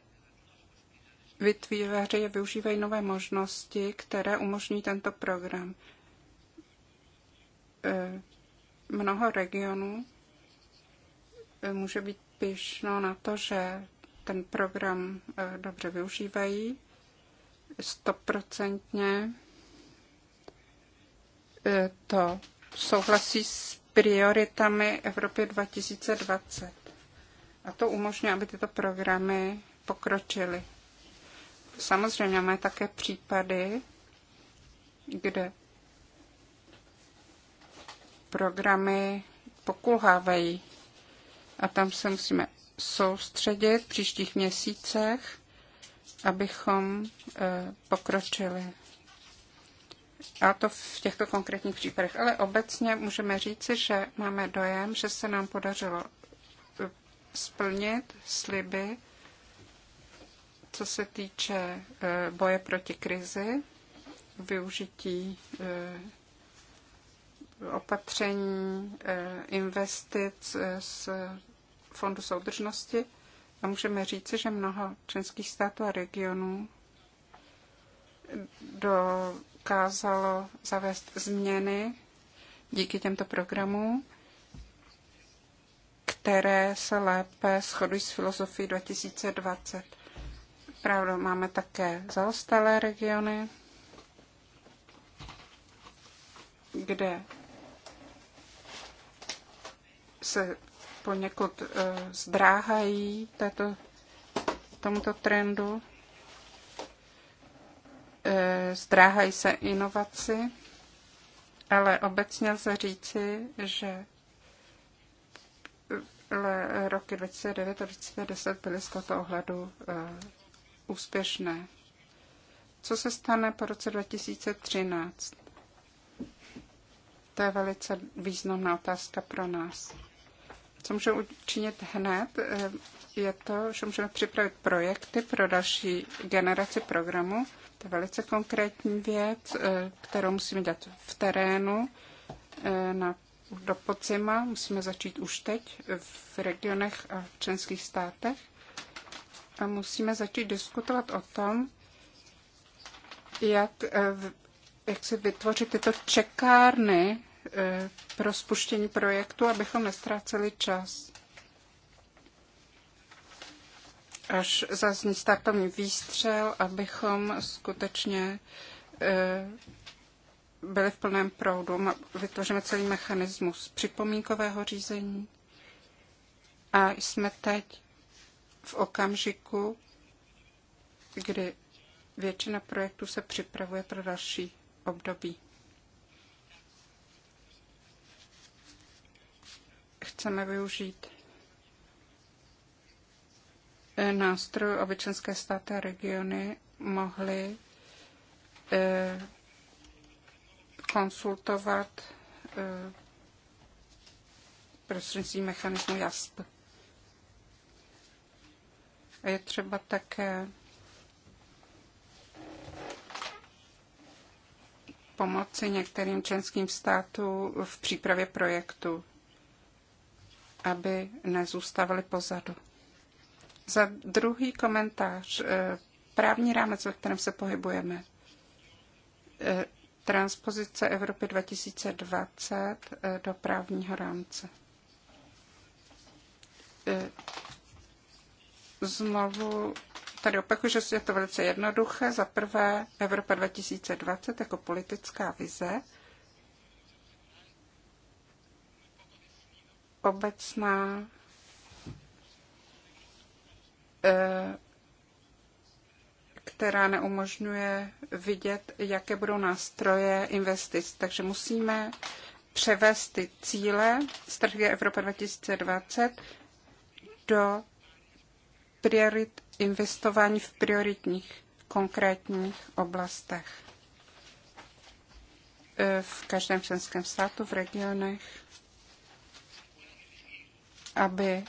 a využívají nové možnosti, které umožní tento program. E, mnoho regionů e, může být pišno na to, že ten program e, dobře využívají, stoprocentně to souhlasí s prioritami Evropy 2020. A to umožňuje, aby tyto programy pokročily. Samozřejmě máme také případy, kde programy pokulhávají a tam se musíme soustředit v příštích měsících, abychom eh, pokročili. A to v těchto konkrétních případech. Ale obecně můžeme říci, že máme dojem, že se nám podařilo splnit sliby, co se týče eh, boje proti krizi, využití eh, opatření, eh, investic z Fondu soudržnosti. A můžeme říci, že mnoho členských států a regionů dokázalo zavést změny díky těmto programům které se lépe shodují s filozofií 2020. Pravda, máme také zaostalé regiony, kde se poněkud uh, zdráhají této, tomuto trendu, e, zdráhají se inovaci, ale obecně lze říci, že Eh, roky 2009 a 2010 byly z tohoto ohledu eh, úspěšné. Co se stane po roce 2013? To je velice významná otázka pro nás. Co můžeme učinit hned, eh, je to, že můžeme připravit projekty pro další generaci programu. To je velice konkrétní věc, kterou musíme dělat v terénu, na do podzima, musíme začít už teď v regionech a v členských státech a musíme začít diskutovat o tom, jak, eh, jak si vytvořit tyto čekárny eh, pro spuštění projektu, abychom nestráceli čas. Až zazní startovní výstřel, abychom skutečně eh, byly v plném proudu. Vytvoříme celý mechanismus připomínkového řízení a jsme teď v okamžiku, kdy většina projektů se připravuje pro další období. Chceme využít e, nástrojů, aby členské státy a regiony mohly e, konsultovat eh, prostřednictvím mechanismu JASP. A je třeba také pomoci některým členským státům v přípravě projektu, aby nezůstavili pozadu. Za druhý komentář, eh, právní rámec, ve kterém se pohybujeme. Eh, transpozice Evropy 2020 eh, do právního rámce. Eh, znovu tady opakuju, že je to velice jednoduché. Za prvé Evropa 2020 jako politická vize. Obecná eh, která neumožňuje vidět, jaké budou nástroje investic. Takže musíme převést ty cíle strategie Evropa 2020 do priorit investování v prioritních konkrétních oblastech v každém členském státu, v regionech, aby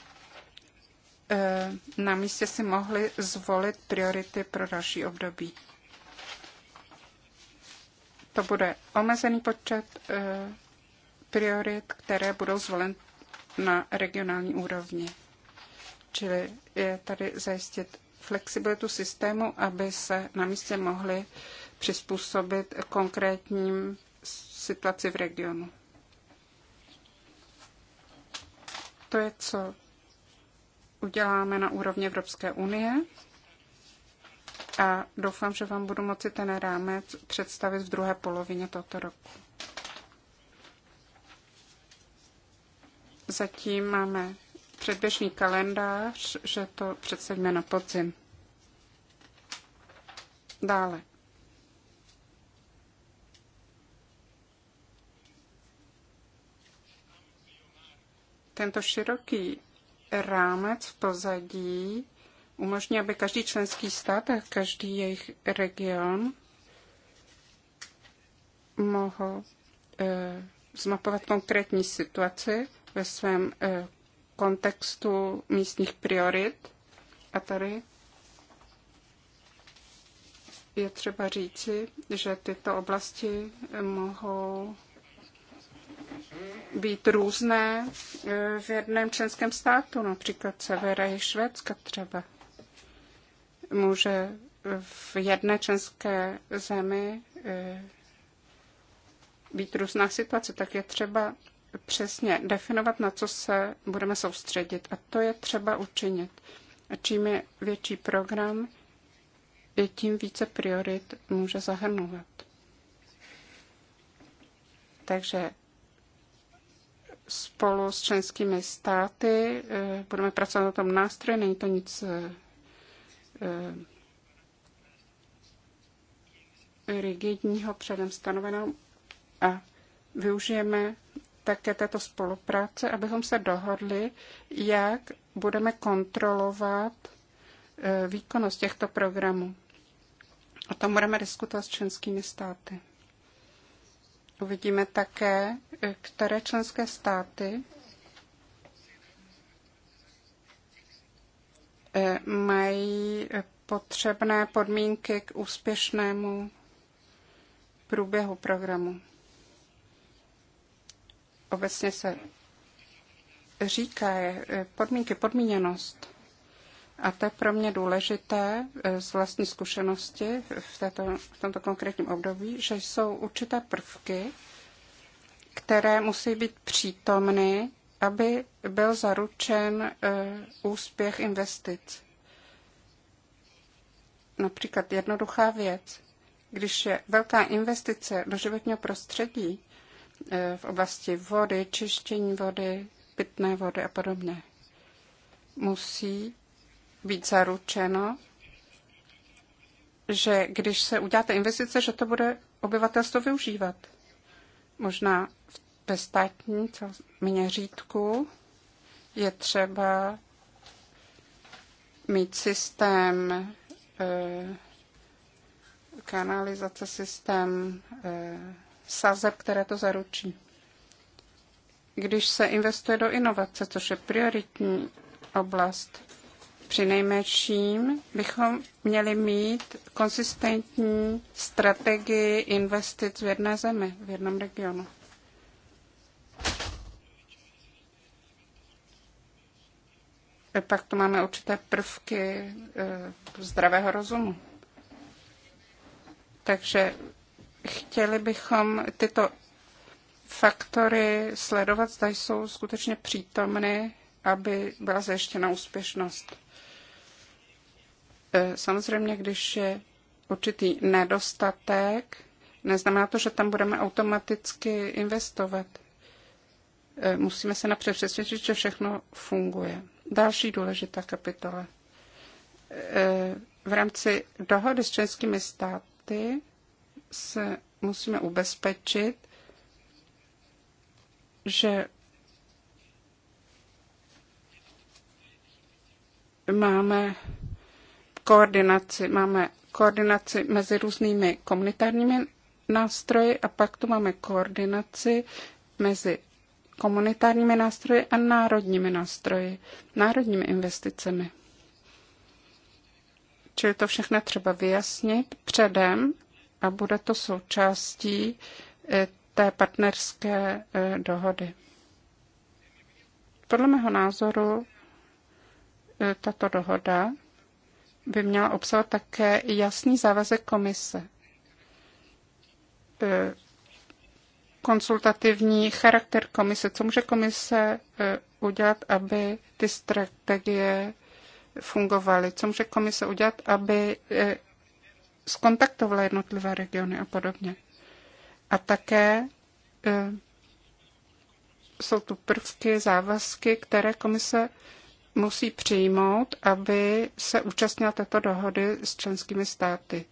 Eh, na místě si mohli zvolit priority pro další období. To bude omezený počet eh, priorit, které budou zvolen na regionální úrovni. Čili je tady zajistit flexibilitu systému, aby se na místě mohli přizpůsobit konkrétním situaci v regionu. To je, co uděláme na úrovni Evropské unie a doufám, že vám budu moci ten rámec představit v druhé polovině tohoto roku. Zatím máme předběžný kalendář, že to představíme na podzim. Dále. Tento široký rámec v pozadí umožní, aby každý členský stát a každý jejich region mohl e, zmapovat konkrétní situaci ve svém e, kontextu místních priorit. A tady je třeba říci, že tyto oblasti mohou být různé e, v jednom členském státu, například Severa i Švédska třeba. Může v jedné členské zemi e, být různá situace, tak je třeba přesně definovat, na co se budeme soustředit. A to je třeba učinit. A čím je větší program, je tím více priorit může zahrnovat. Takže spolu s členskými státy. Eh, budeme pracovat na tom nástroji, není to nic eh, eh, rigidního předem stanoveného a využijeme také této spolupráce, abychom se dohodli, jak budeme kontrolovat výkonnost těchto programů. O tom budeme diskutovat s členskými státy. Uvidíme také, které členské státy eh, mají potřebné podmínky k úspěšnému průběhu programu. Obecně se říká je eh, podmínky, podmíněnost. A to je pro mě důležité eh, z vlastní zkušenosti v, této, v tomto konkrétním období, že jsou určité prvky, které musí být přítomny, aby byl zaručen eh, úspěch investic. Například jednoduchá věc. Když je velká investice do životního prostředí eh, v oblasti vody, čištění vody, pitné vody a podobně, musí být zaručeno, že když se uděláte investice, že to bude obyvatelstvo využívat. Možná ve státní měřítku je třeba mít systém eh, kanalizace, systém eh, sazeb, které to zaručí. Když se investuje do inovace, což je prioritní oblast při nejmenším bychom měli mít konsistentní strategii investic v jedné zemi, v jednom regionu. A Pak tu máme určité prvky e, zdravého rozumu. Takže chtěli bychom tyto faktory sledovat, zda jsou skutečně přítomny, aby byla zajištěna úspěšnost. Eh, samozřejmě, když je určitý nedostatek, neznamená to, že tam budeme automaticky investovat. Eh, musíme se napřed přesvědčit, že všechno funguje. Další důležitá kapitola. Eh, v rámci dohody s českými státy se musíme ubezpečit, že máme koordinaci. Máme koordinaci mezi různými komunitárními nástroji a pak tu máme koordinaci mezi komunitárními nástroji a národními nástroji, národními investicemi. Čili to všechno třeba vyjasnit předem a bude to součástí eh, té partnerské eh, dohody. Podle mého názoru eh, tato dohoda by měla obsahovat také jasný závazek komise. E, konsultativní charakter komise. Co může komise e, udělat, aby ty strategie fungovaly? Co může komise udělat, aby e, skontaktovala jednotlivé regiony a podobně? A také jsou tu prvky, závazky, které komise musí přijmout, aby se účastnila této dohody s členskými státy.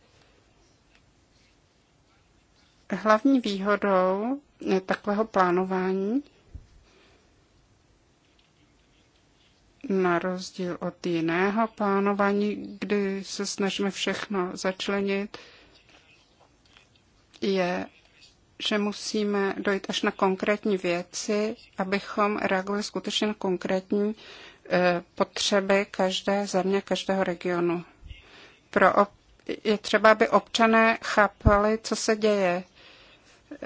Hlavní výhodou takového plánování, na rozdíl od jiného plánování, kdy se snažíme všechno začlenit, je, že musíme dojít až na konkrétní věci, abychom reagovali skutečně na konkrétní Eh, potřeby každé země, každého regionu. Pro je třeba, aby občané chápali, co se děje,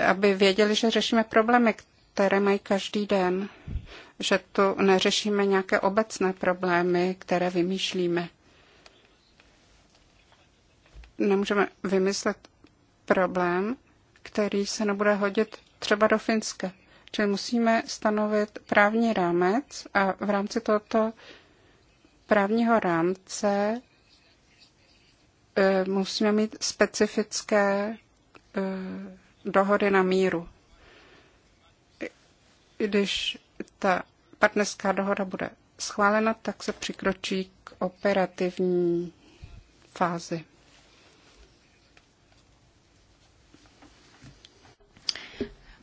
aby věděli, že řešíme problémy, které mají každý den, že tu neřešíme nějaké obecné problémy, které vymýšlíme. Nemůžeme vymyslet problém, který se nebude hodit třeba do Finska. Čili musíme stanovit právní rámec a v rámci tohoto právního rámce eh, musíme mít specifické eh, dohody na míru. Když ta partnerská dohoda bude schválena, tak se přikročí k operativní fázi.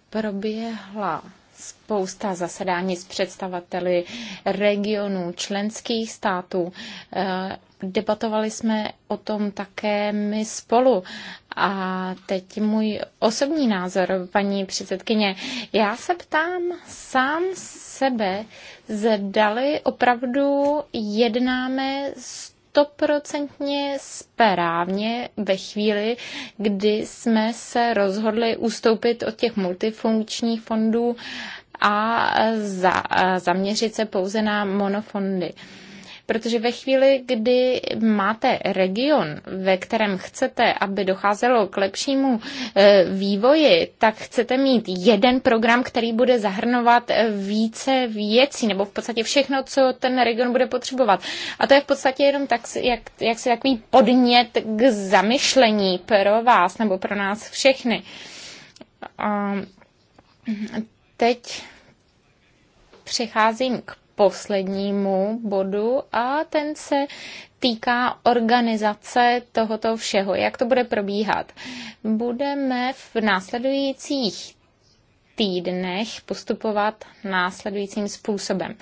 proběhla spousta zasedání s představateli regionů, členských států. Eh, debatovali jsme o tom také my spolu. A teď můj osobní názor, paní předsedkyně. Já se ptám sám sebe, zdali opravdu jednáme s stoprocentně správně ve chvíli, kdy jsme se rozhodli ustoupit od těch multifunkčních fondů a, za, a zaměřit se pouze na monofondy. Protože ve chvíli, kdy máte region, ve kterém chcete, aby docházelo k lepšímu e, vývoji, tak chcete mít jeden program, který bude zahrnovat e, více věcí, nebo v podstatě všechno, co ten region bude potřebovat. A to je v podstatě jenom tak, jak, jak se takový podnět k zamyšlení pro vás nebo pro nás všechny. A teď přecházím k poslednímu bodu a ten se týká organizace tohoto všeho. Jak to bude probíhat? Budeme v následujících týdnech postupovat následujícím způsobem.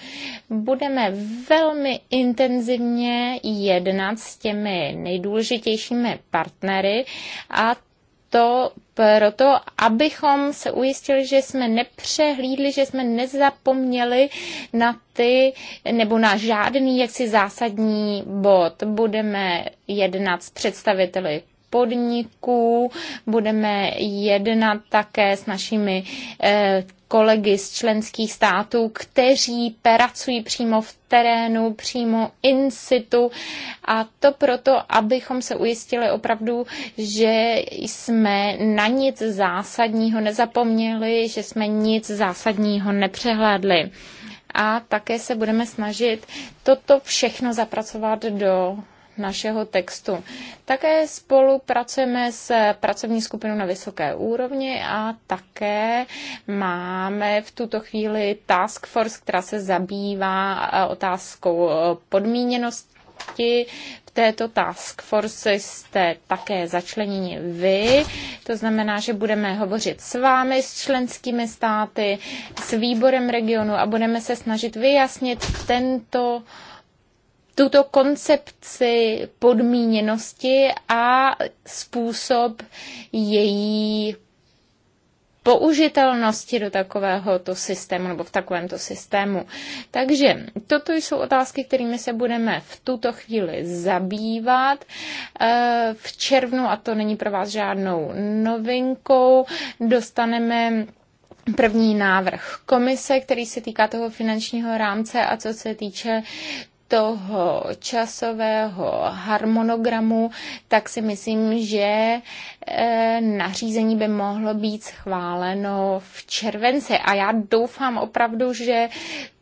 Budeme velmi intenzivně jednat s těmi nejdůležitějšími partnery a to proto, abychom se ujistili, že jsme nepřehlídli, že jsme nezapomněli na ty nebo na žádný jaksi zásadní bod. Budeme jednat s představiteli podniků. Budeme jednat také s našimi eh, kolegy z členských států, kteří pracují přímo v terénu, přímo in situ a to proto, abychom se ujistili opravdu, že jsme na nic zásadního nezapomněli, že jsme nic zásadního nepřehlédli. A také se budeme snažit toto všechno zapracovat do našeho textu. Také spolupracujeme s pracovní skupinou na vysoké úrovni a také máme v tuto chvíli task force, která se zabývá eh, otázkou eh, podmíněnosti v této task force jste také začleněni vy. To znamená, že budeme hovořit s vámi, s členskými státy, s výborem regionu a budeme se snažit vyjasnit tento tuto koncepci podmíněnosti a způsob její použitelnosti do takovéhoto systému nebo v takovémto systému. Takže toto jsou otázky, kterými se budeme v tuto chvíli zabývat. Eh, v červnu, a to není pro vás žádnou novinkou, dostaneme první návrh komise, který se týká toho finančního rámce a co se týče toho časového harmonogramu, tak si myslím, že e, nařízení by mohlo být schváleno v červenci. A já doufám opravdu, že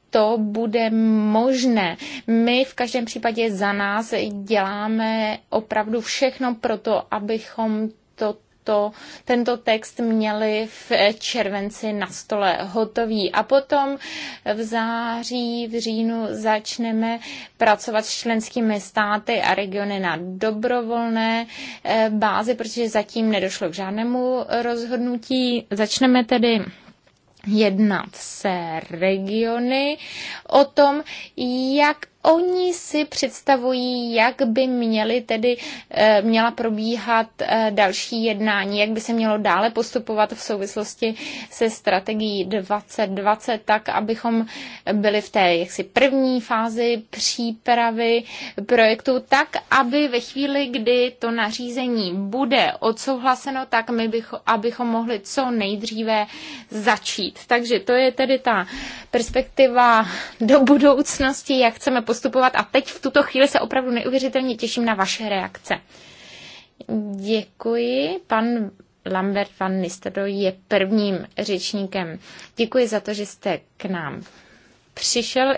to bude možné. My v každém případě za nás děláme opravdu všechno pro to, abychom to to, tento text měli v červenci na stole hotový. A potom v září, v říjnu začneme pracovat s členskými státy a regiony na dobrovolné eh, bázi, protože zatím nedošlo k žádnému rozhodnutí. Začneme tedy jednat se regiony o tom, jak oni si představují, jak by měli tedy, eh, měla probíhat eh, další jednání, jak by se mělo dále postupovat v souvislosti se strategií 2020, tak abychom byli v té jaksi první fázi přípravy projektu, tak aby ve chvíli, kdy to nařízení bude odsouhlaseno, tak my bych, abychom mohli co nejdříve začít. Takže to je tedy ta perspektiva do budoucnosti, jak chceme postupovat postupovat a teď v tuto chvíli se opravdu neuvěřitelně těším na vaše reakce. Děkuji. Pan Lambert van Nistado je prvním řečníkem. Děkuji za to, že jste k nám přišel.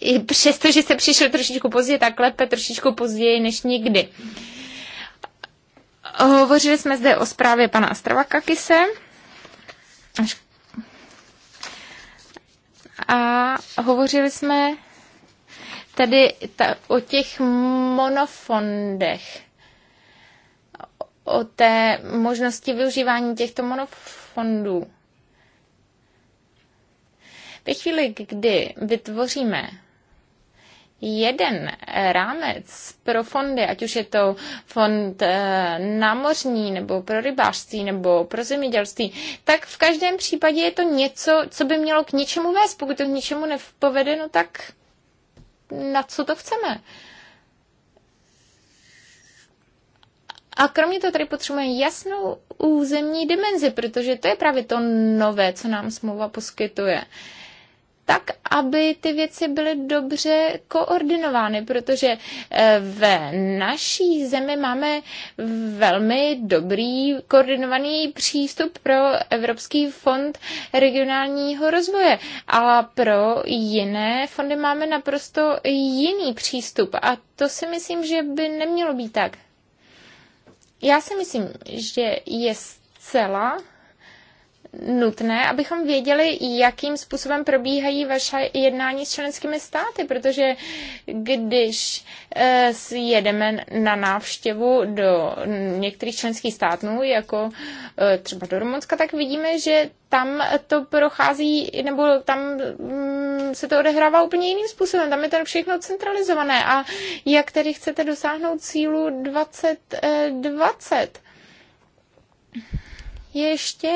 I přesto, že jste přišel trošičku později, tak lépe trošičku později než nikdy. Hovořili jsme zde o zprávě pana Kakise. A hovořili jsme tedy ta, o těch monofondech, o té možnosti využívání těchto monofondů. Ve chvíli, kdy vytvoříme jeden rámec pro fondy, ať už je to fond eh, námořní, nebo pro rybářství, nebo pro zemědělství, tak v každém případě je to něco, co by mělo k něčemu vést. Pokud to k něčemu nepovede, no tak na co to chceme. A kromě toho tady potřebujeme jasnou územní dimenzi, protože to je právě to nové, co nám smlouva poskytuje. Uh, tak, aby ty věci byly dobře koordinovány, protože eh, ve naší zemi máme velmi dobrý koordinovaný přístup pro Evropský fond regionálního rozvoje, ale pro jiné fondy máme naprosto jiný přístup a to si myslím, že by nemělo být tak. Já si myslím, že je zcela nutné, abychom věděli, jakým způsobem probíhají vaše jednání s členskými státy, protože když eh, jedeme na návštěvu do některých členských států, jako eh, třeba do Rumunska, tak vidíme, že tam to prochází, nebo tam mm, se to odehrává úplně jiným způsobem. Tam je to všechno centralizované. A jak tedy chcete dosáhnout cílu 2020? ještě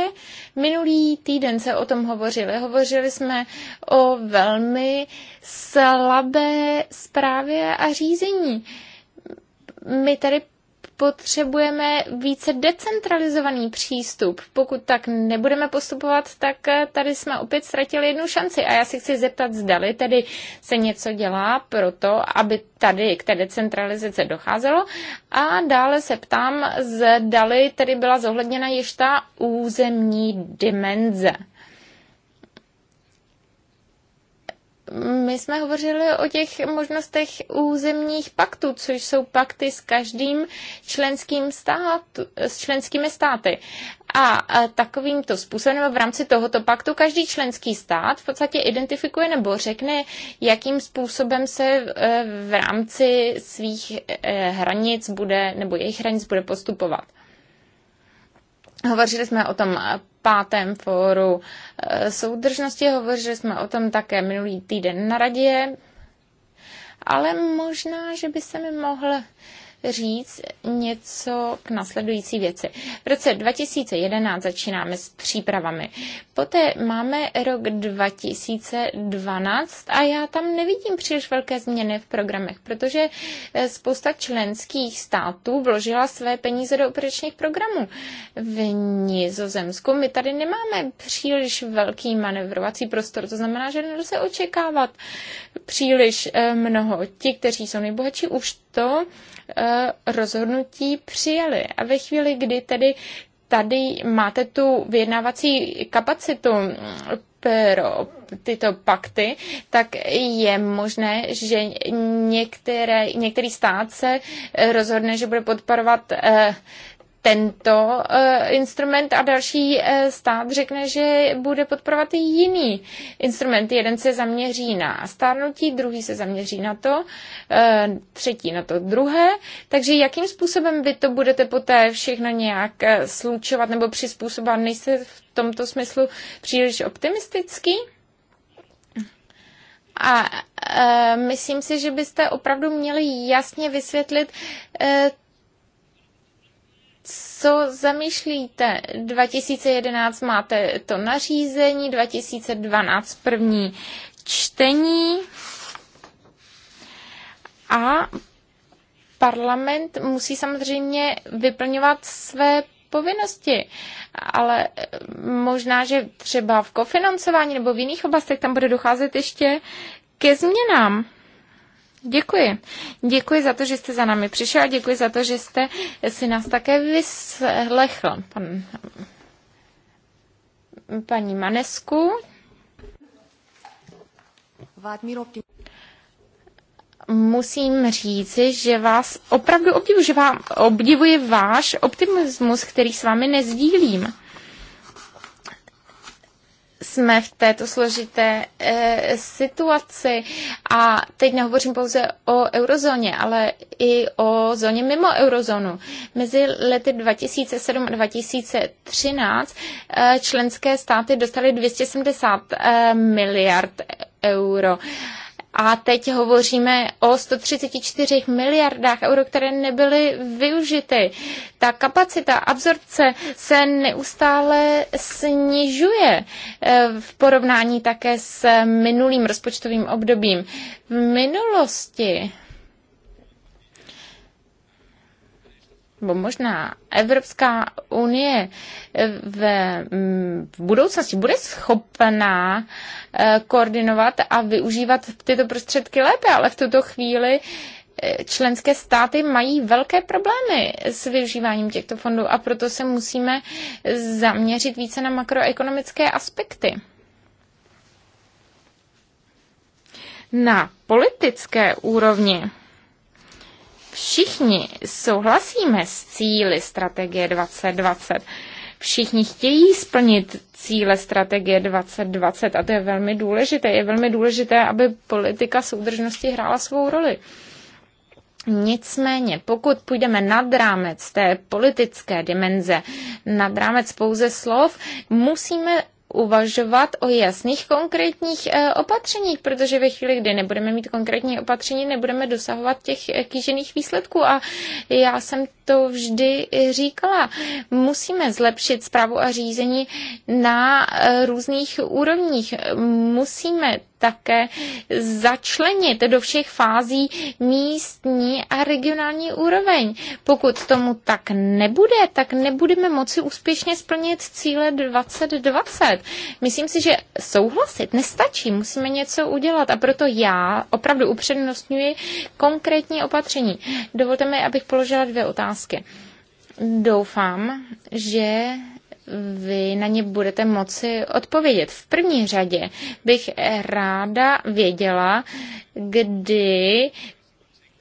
minulý týden se o tom hovořili. Hovořili jsme o velmi slabé zprávě a řízení. My tady potřebujeme více decentralizovaný přístup. Pokud tak nebudeme postupovat, tak eh, tady jsme opět ztratili jednu šanci. A já si chci zeptat, zdali tedy se něco dělá pro to, aby tady k té decentralizaci docházelo. A dále se ptám, zdali tedy byla zohledněna již ta územní dimenze. My jsme hovořili o těch možnostech územních paktů, což jsou pakty s každým členským státu, s členskými státy. A takovýmto způsobem v rámci tohoto paktu každý členský stát v podstatě identifikuje nebo řekne, jakým způsobem se e, v rámci svých e, hranic bude, nebo jejich hranic bude postupovat. Hovořili jsme o tom pátém fóru eh, soudržnosti, hovořili jsme o tom také minulý týden na radě, ale možná, že by se mi mohl říct něco k nasledující věci. V roce 2011 začínáme s přípravami. Poté máme rok 2012 a já tam nevidím příliš velké změny v programech, protože eh, spousta členských států vložila své peníze do operačních programů. V Nizozemsku my tady nemáme příliš velký manevrovací prostor, to znamená, že se očekávat příliš eh, mnoho. Ti, kteří jsou nejbohatší, už to eh, Eh, rozhodnutí přijali. A ve chvíli, kdy tedy tady máte tu vyjednávací kapacitu mm, pro tyto pakty, tak je možné, že některé, některý stát se rozhodne, že bude podporovat eh, tento eh, instrument a další eh, stát řekne, že bude podporovat i jiný instrument. Jeden se zaměří na stárnutí, druhý se zaměří na to, eh, třetí na to druhé. Takže jakým způsobem vy to budete poté všechno nějak slučovat nebo přizpůsobovat? Nejste v tomto smyslu příliš optimistický? A uh, myslím si, že byste opravdu měli jasně vysvětlit uh, co zamýšlíte? 2011 máte to nařízení, 2012 první čtení a parlament musí samozřejmě vyplňovat své povinnosti, ale eh, možná, že třeba v kofinancování nebo v jiných oblastech tam bude docházet ještě ke změnám. Děkuji. Děkuji za to, že jste za námi přišel a děkuji za to, že jste si nás také vyslechl. Pan, paní Manesku. Musím říci, že vás opravdu obdivuji, že vám obdivuji váš optimismus, který s vámi nezdílím jsme v této složité e, situaci a teď nehovořím pouze o eurozóně, ale i o zóně mimo eurozónu. Mezi lety 2007 a 2013 e, eh, členské státy dostaly 270 e, eh, miliard euro. A teď hovoříme o 134 miliardách euro, které nebyly využity. Ta kapacita absorpce se neustále snižuje eh, v porovnání také s minulým rozpočtovým obdobím. V minulosti nebo možná Evropská unie eh, v, mm, v budoucnosti bude schopná eh, koordinovat a využívat tyto prostředky lépe, ale v tuto chvíli eh, členské státy mají velké problémy s využíváním těchto fondů a proto se musíme zaměřit více na makroekonomické aspekty. Na politické úrovni Všichni souhlasíme s cíly strategie 2020. Všichni chtějí splnit cíle strategie 2020 a to je velmi důležité. Je velmi důležité, aby politika soudržnosti hrála svou roli. Nicméně, pokud půjdeme nad rámec té politické dimenze, nad rámec pouze slov, musíme uvažovat o jasných konkrétních eh, opatřeních, protože ve chvíli, kdy nebudeme mít konkrétní opatření, nebudeme dosahovat těch eh, kýžených výsledků. A já jsem to vždy říkala. Musíme zlepšit zprávu a řízení na eh, různých úrovních. Musíme také začlenit do všech fází místní a regionální úroveň. Pokud tomu tak nebude, tak nebudeme moci úspěšně splnit cíle 2020. Myslím si, že souhlasit nestačí, musíme něco udělat a proto já opravdu upřednostňuji konkrétní opatření. Dovolte mi, abych položila dvě otázky. Doufám, že vy na ně budete moci odpovědět. V první řadě bych ráda věděla, kdy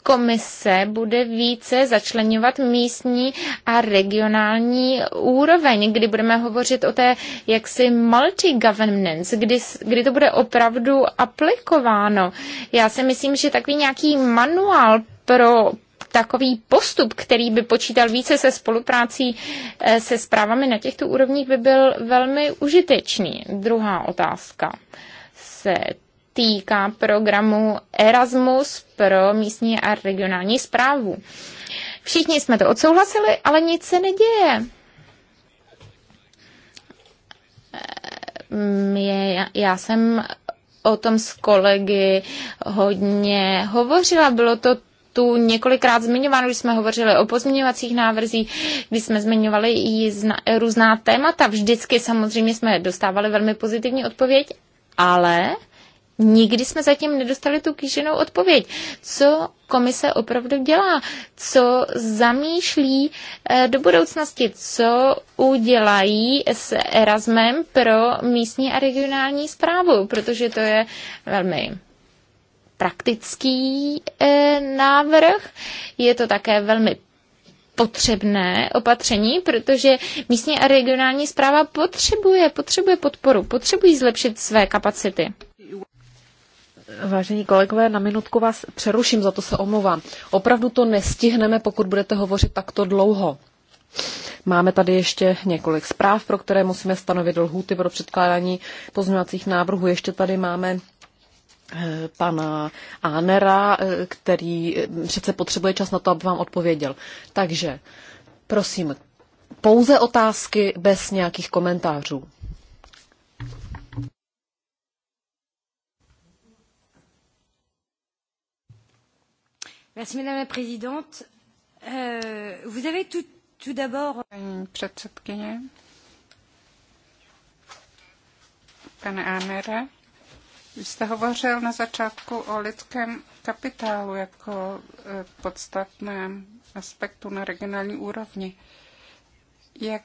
komise bude více začlenovat místní a regionální úroveň, kdy budeme hovořit o té jaksi multi-governance, kdy, kdy to bude opravdu aplikováno. Já si myslím, že takový nějaký manuál pro takový postup, který by počítal více se spoluprácí eh, se zprávami na těchto úrovních, by byl velmi užitečný. Druhá otázka se týká programu Erasmus pro místní a regionální zprávu. Všichni jsme to odsouhlasili, ale nic se neděje. Mě, eh, já jsem o tom s kolegy hodně hovořila. Bylo to tu několikrát zmiňováno, když jsme hovořili o pozměňovacích návrzích, když jsme zmiňovali i různá témata. Vždycky samozřejmě jsme dostávali velmi pozitivní odpověď, ale Nikdy jsme zatím nedostali tu kýženou odpověď. Co komise opravdu dělá? Co zamýšlí eh, do budoucnosti? Co udělají s Erasmem pro místní a regionální zprávu? Protože to je velmi praktický e, návrh. Je to také velmi potřebné opatření, protože místní a regionální zpráva potřebuje, potřebuje podporu, potřebují zlepšit své kapacity. Vážení kolegové, na minutku vás přeruším, za to se omluvám. Opravdu to nestihneme, pokud budete hovořit takto dlouho. Máme tady ještě několik zpráv, pro které musíme stanovit lhůty pro předkládání pozměňovacích návrhů. Ještě tady máme pana Ánera, který přece potřebuje čas na to, aby vám odpověděl. Takže prosím, pouze otázky bez nějakých komentářů. Merci, madame la présidente. Euh, vous avez tout, tout d'abord... Paní předsedkyně, pane Ánere, vy jste hovořil na začátku o lidském kapitálu jako e, podstatném aspektu na regionální úrovni. Jak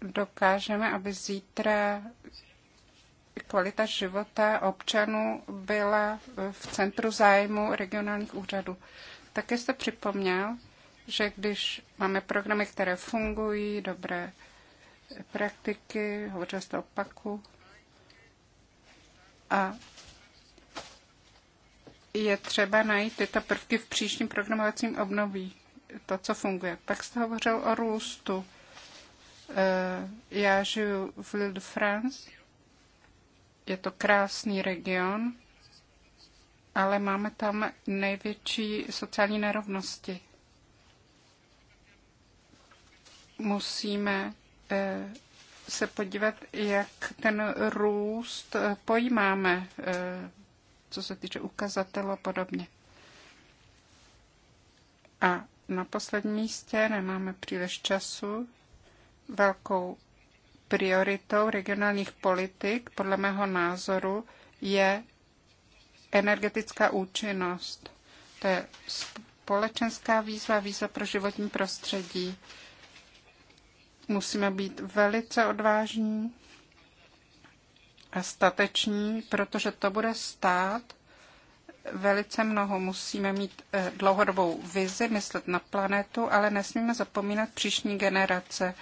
dokážeme, aby zítra kvalita života občanů byla v centru zájmu regionálních úřadů? Také jste připomněl, že když máme programy, které fungují, dobré praktiky, hovořil jste o paku, a je třeba najít tyto prvky v příštím programovacím obnoví, to, co funguje. Pak jste hovořil o růstu. E, já žiju v Lille de France, je to krásný region, ale máme tam největší sociální nerovnosti. Musíme e, se podívat, jak ten růst e, pojímáme co se týče ukazatelů a podobně. A na posledním místě nemáme příliš času. Velkou prioritou regionálních politik, podle mého názoru, je energetická účinnost. To je společenská výzva, výzva pro životní prostředí. Musíme být velice odvážní stateční, protože to bude stát velice mnoho. Musíme mít eh, dlouhodobou vizi, myslet na planetu, ale nesmíme zapomínat příští generace.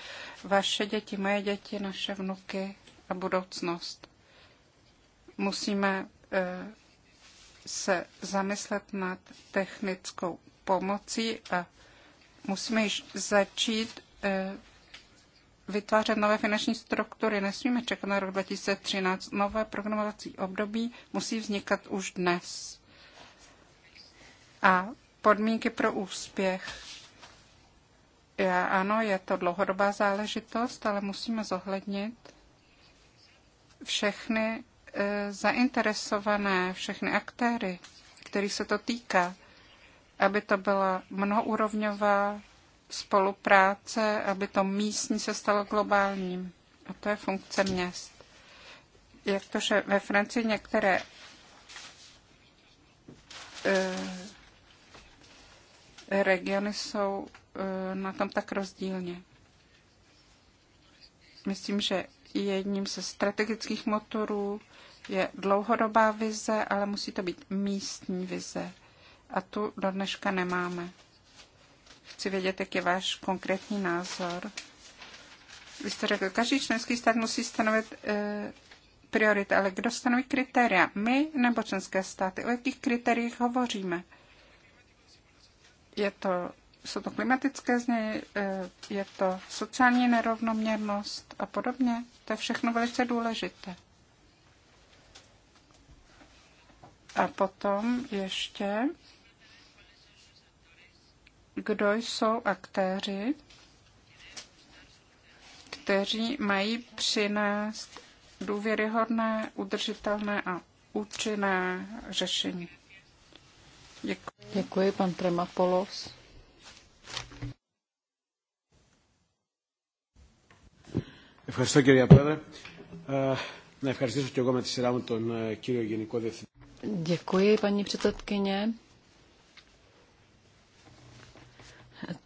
Vaše děti, moje děti, naše vnuky a budoucnost. Musíme eh, se zamyslet nad technickou pomocí a musíme již začít eh, vytvářet nové finanční struktury. Nesmíme čekat na rok 2013. Nové programovací období musí vznikat už dnes. A podmínky pro úspěch. Já, ano, je to dlouhodobá záležitost, ale musíme zohlednit všechny e, zainteresované, všechny aktéry, který se to týká, aby to byla mnohourovňová spolupráce, aby to místní se stalo globálním. A to je funkce měst. Jak to, že ve Francii některé e, regiony jsou e, na tom tak rozdílně. Myslím, že jedním ze strategických motorů je dlouhodobá vize, ale musí to být místní vize. A tu do dneška nemáme. Chci vědět, jak je váš konkrétní názor. Vy jste řekl, každý členský stát musí stanovit e, priority, ale kdo stanoví kritéria? My nebo členské státy? O jakých kritériích hovoříme? Je to, jsou to klimatické změny, e, je to sociální nerovnoměrnost a podobně? To je všechno velice důležité. A potom ještě kdo jsou aktéři, kteří mají přinést důvěryhodné, udržitelné a účinné řešení. Děkuji. Děkuji, pan Tremapolos. Děkuji, paní předsedkyně.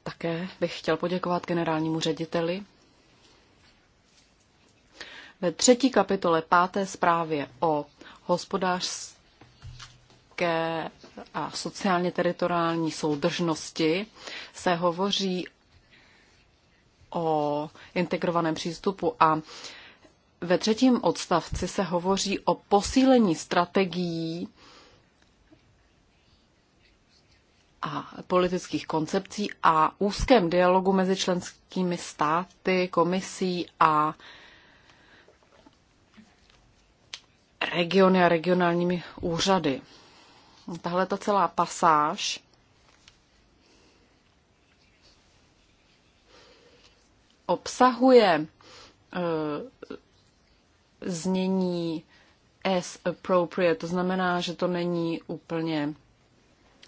Také bych chtěl poděkovat generálnímu řediteli. Ve třetí kapitole páté zprávě o hospodářské a sociálně teritoriální soudržnosti se hovoří o integrovaném přístupu a ve třetím odstavci se hovoří o posílení strategií a politických koncepcí a úzkém dialogu mezi členskými státy, komisí a regiony a regionálními úřady. Tahle ta celá pasáž obsahuje uh, znění as appropriate, to znamená, že to není úplně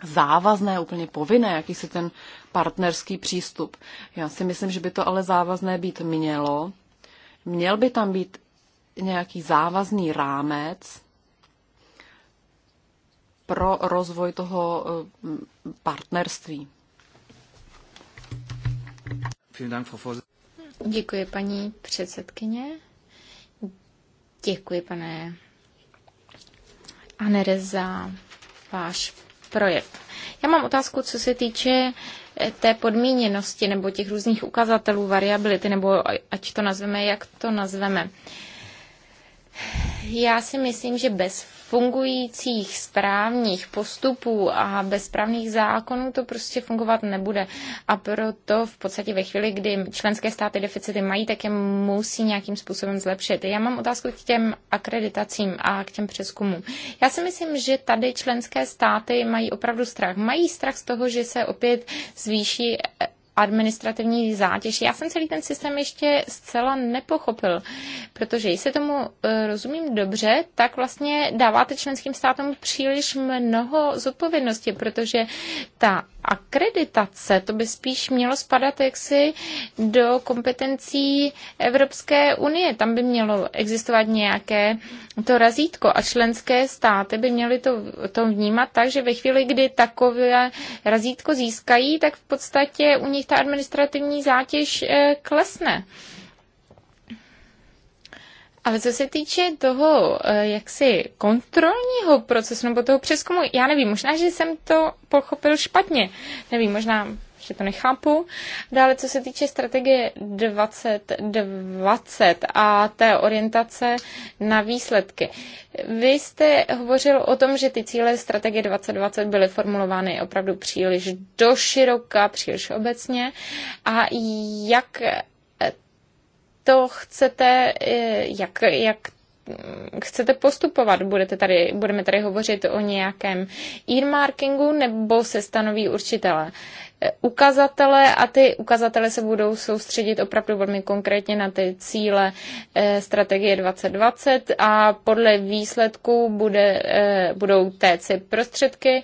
závazné, úplně povinné, jaký si ten partnerský přístup. Já si myslím, že by to ale závazné být mělo. Měl by tam být nějaký závazný rámec pro rozvoj toho eh, partnerství. Děkuji, paní předsedkyně. Děkuji, pane Anere, za váš projekt. Já mám otázku, co se týče eh, té podmíněnosti nebo těch různých ukazatelů, variability, nebo ať to nazveme, jak to nazveme. Já si myslím, že bez fungujících správních postupů a bez správných zákonů to prostě fungovat nebude. A proto v podstatě ve chvíli, kdy členské státy deficity mají, tak je musí nějakým způsobem zlepšit. Já mám otázku k těm akreditacím a k těm přeskumům. Já si myslím, že tady členské státy mají opravdu strach. Mají strach z toho, že se opět zvýší administrativní zátěž. Já jsem celý ten systém ještě zcela nepochopil, protože jestli tomu eh, rozumím dobře, tak vlastně dáváte členským státům příliš mnoho zodpovědnosti, protože ta akreditace, to by spíš mělo spadat jaksi do kompetencí Evropské unie. Tam by mělo existovat nějaké to razítko a členské státy by měly to, to vnímat tak, že ve chvíli, kdy takové razítko získají, tak v podstatě u nich ta administrativní zátěž eh, klesne. Ale co se týče toho eh, jaksi kontrolního procesu nebo toho přeskumu, já nevím, možná, že jsem to pochopil špatně. Nevím, možná, že to nechápu. Dále, co se týče strategie 2020 a té orientace na výsledky. Vy jste hovořil o tom, že ty cíle strategie 2020 byly formulovány opravdu příliš doširoka, příliš obecně. A jak to chcete, eh, jak, jak chcete postupovat? Budete tady, budeme tady hovořit o nějakém earmarkingu nebo se stanoví určitele eh, ukazatele a ty ukazatele se budou soustředit opravdu velmi konkrétně na ty cíle eh, strategie 2020 a podle výsledků bude, eh, budou téci prostředky.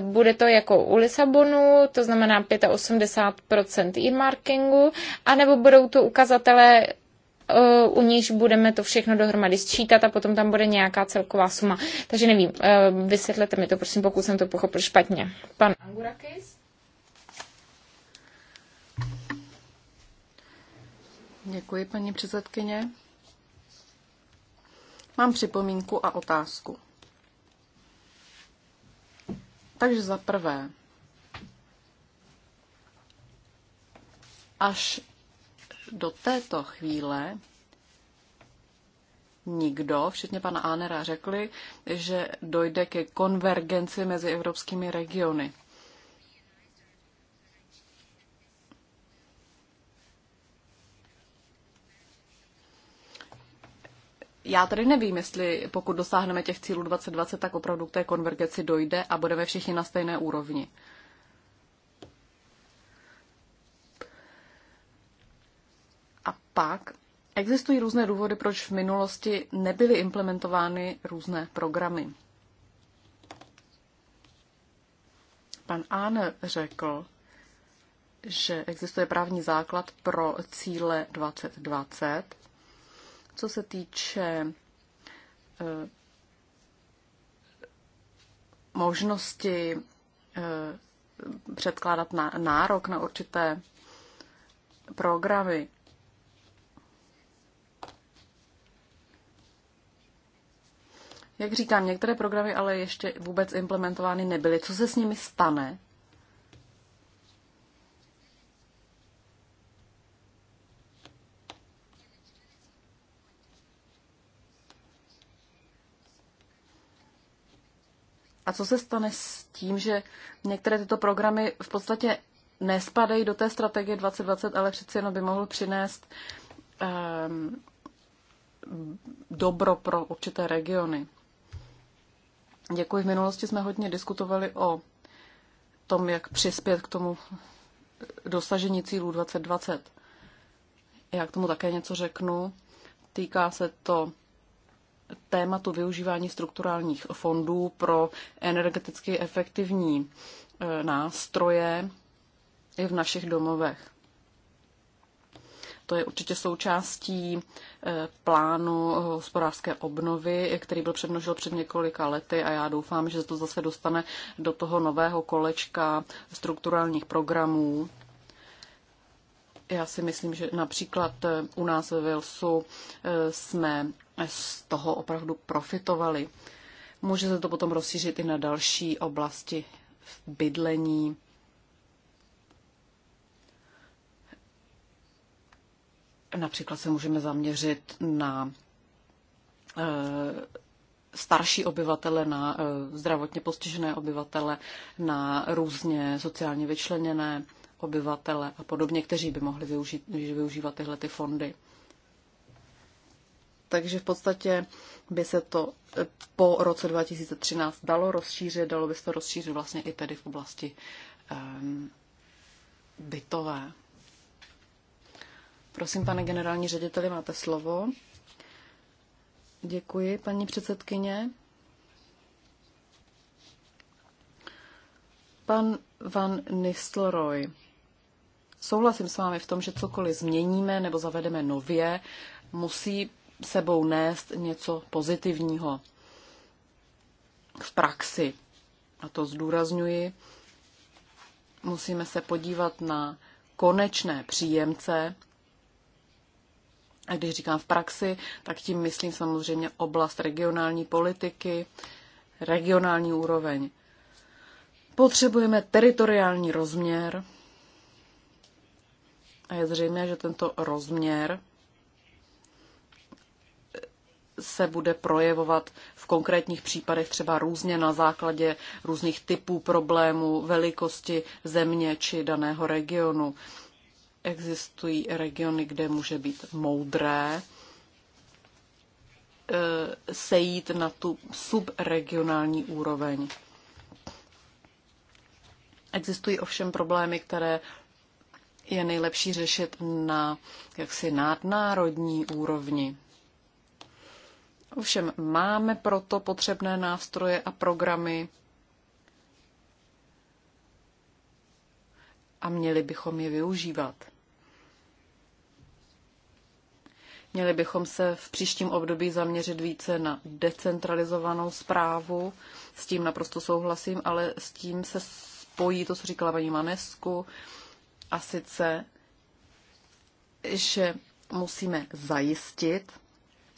Bude to jako u Lisabonu, to znamená 85% e-markingu, anebo budou to ukazatele Eh, u níž budeme to všechno dohromady sčítat a potom tam bude nějaká celková suma. Takže nevím, eh, vysvětlete mi to, prosím, pokud jsem to pochopil špatně. Pan Angurakis? Děkuji, paní předsedkyně. Mám připomínku a otázku. Takže za prvé, až do této chvíle nikdo, včetně pana Ánera, řekli, že dojde ke konvergenci mezi evropskými regiony. Já tady nevím, jestli pokud dosáhneme těch cílů 2020, tak opravdu k té konvergenci dojde a budeme všichni na stejné úrovni. pak existují různé důvody, proč v minulosti nebyly implementovány různé programy. Pan Án řekl, že existuje právní základ pro cíle 2020. Co se týče eh, možnosti eh, předkládat nárok na určité programy, Jak říkám, některé programy ale ještě vůbec implementovány nebyly. Co se s nimi stane? A co se stane s tím, že některé tyto programy v podstatě nespadají do té strategie 2020, ale přeci jenom by mohl přinést um, dobro pro určité regiony? Děkuji. V minulosti jsme hodně diskutovali o tom, jak přispět k tomu dosažení cílů 2020. Já k tomu také něco řeknu. Týká se to tématu využívání strukturálních fondů pro energeticky efektivní e, nástroje i v našich domovech. To je určitě součástí eh, plánu eh, hospodářské obnovy, který byl přednožil před několika lety a já doufám, že se to zase dostane do toho nového kolečka strukturálních programů. Já si myslím, že například eh, u nás ve Walesu jsme z toho opravdu profitovali. Může se to potom rozšířit i na další oblasti bydlení Například se můžeme zaměřit na eh, starší obyvatele, na eh, zdravotně postižené obyvatele, na různě sociálně vyčleněné obyvatele a podobně, kteří by mohli využít, využívat tyhle ty fondy. Takže v podstatě by se to eh, po roce 2013 dalo rozšířit, dalo by se to rozšířit vlastně i tedy v oblasti um, bytové. Prosím, pane generální řediteli, máte slovo. Děkuji, paní předsedkyně. Pan Van Nistelrooy, souhlasím s vámi v tom, že cokoliv změníme nebo zavedeme nově, musí sebou nést něco pozitivního v praxi. A to zdůrazňuji. Musíme se podívat na konečné příjemce a když říkám v praxi, tak tím myslím samozřejmě oblast regionální politiky, regionální úroveň. Potřebujeme teritoriální rozměr a je zřejmé, že tento rozměr se bude projevovat v konkrétních případech třeba různě na základě různých typů problémů, velikosti země či daného regionu existují regiony, kde může být moudré eh, sejít na tu subregionální úroveň. Existují ovšem problémy, které je nejlepší řešit na jaksi nadnárodní úrovni. Ovšem máme proto potřebné nástroje a programy a měli bychom je využívat. Měli bychom se v příštím období zaměřit více na decentralizovanou zprávu. S tím naprosto souhlasím, ale s tím se spojí to, co říkala paní Manesku, a sice, že musíme zajistit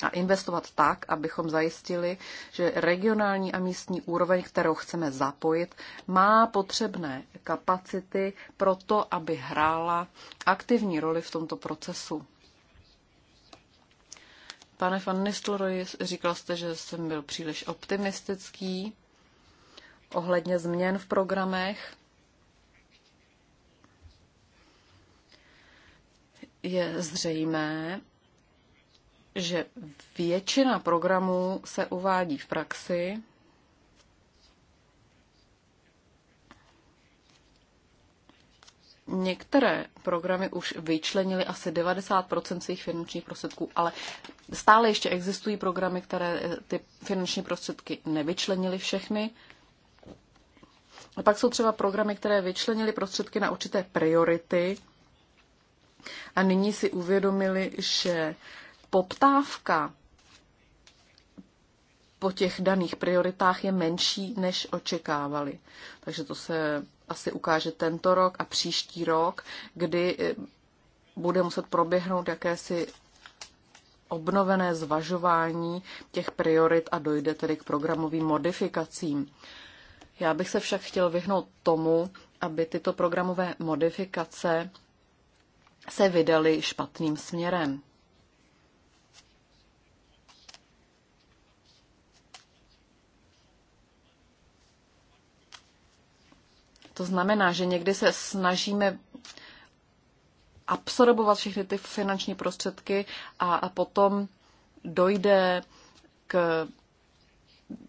a investovat tak, abychom zajistili, že regionální a místní úroveň, kterou chceme zapojit, má potřebné kapacity pro to, aby hrála aktivní roli v tomto procesu. Pane van Nistelrooy, říkal jste, že jsem byl příliš optimistický ohledně změn v programech. Je zřejmé, že většina programů se uvádí v praxi Některé programy už vyčlenily asi 90 svých finančních prostředků, ale stále ještě existují programy, které eh, ty finanční prostředky nevyčlenily všechny. A pak jsou třeba programy, které vyčlenily prostředky na určité priority a nyní si uvědomili, že poptávka po těch daných prioritách je menší, než očekávali. Takže to se asi ukáže tento rok a příští rok, kdy eh, bude muset proběhnout jakési obnovené zvažování těch priorit a dojde tedy k programovým modifikacím. Já bych se však chtěl vyhnout tomu, aby tyto programové modifikace se vydaly špatným směrem. To znamená, že někdy se snažíme absorbovat všechny ty finanční prostředky a, a potom dojde k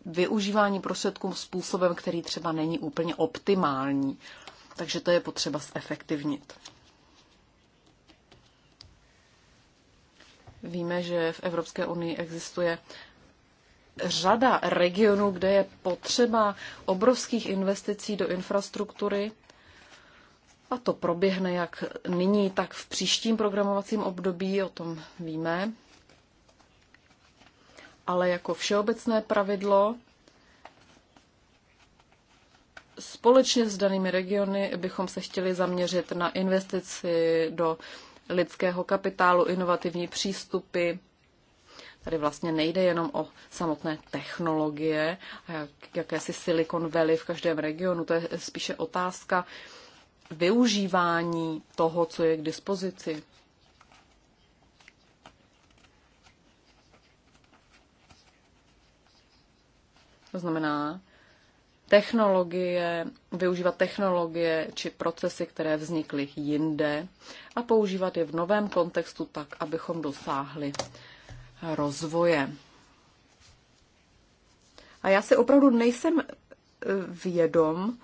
využívání prostředků způsobem, který třeba není úplně optimální. Takže to je potřeba zefektivnit. Víme, že v Evropské unii existuje řada regionů, kde je potřeba obrovských investicí do infrastruktury. A to proběhne jak nyní, tak v příštím programovacím období, o tom víme. Ale jako všeobecné pravidlo společně s danými regiony bychom se chtěli zaměřit na investici do lidského kapitálu, inovativní přístupy, Tady vlastně nejde jenom o samotné technologie a jak, jakési Silicon Valley v každém regionu. To je spíše otázka využívání toho, co je k dispozici. To znamená technologie, využívat technologie či procesy, které vznikly jinde a používat je v novém kontextu tak, abychom dosáhli rozvoje. A já si opravdu nejsem e, vědom,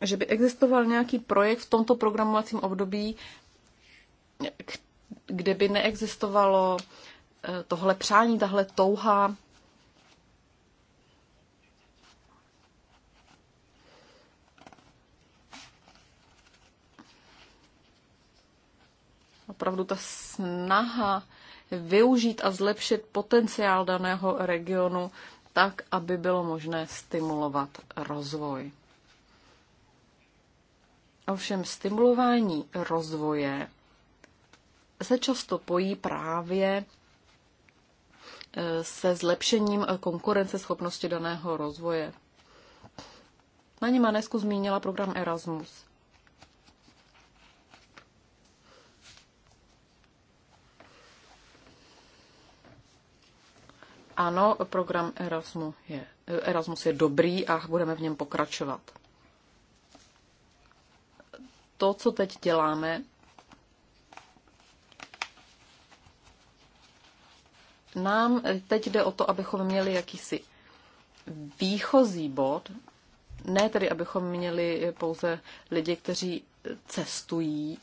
že by existoval nějaký projekt v tomto programovacím období, kde by neexistovalo e, tohle přání, tahle touha. Opravdu ta snaha využít a zlepšit potenciál daného regionu tak, aby bylo možné stimulovat rozvoj. Ovšem stimulování rozvoje se často pojí právě e, se zlepšením konkurenceschopnosti daného rozvoje. Paní Manesku zmínila program Erasmus. Ano, program Erasmus je, Erasmus je dobrý a budeme v něm pokračovat. To, co teď děláme, nám teď jde o to, abychom měli jakýsi výchozí bod, ne tedy, abychom měli pouze lidi, kteří cestují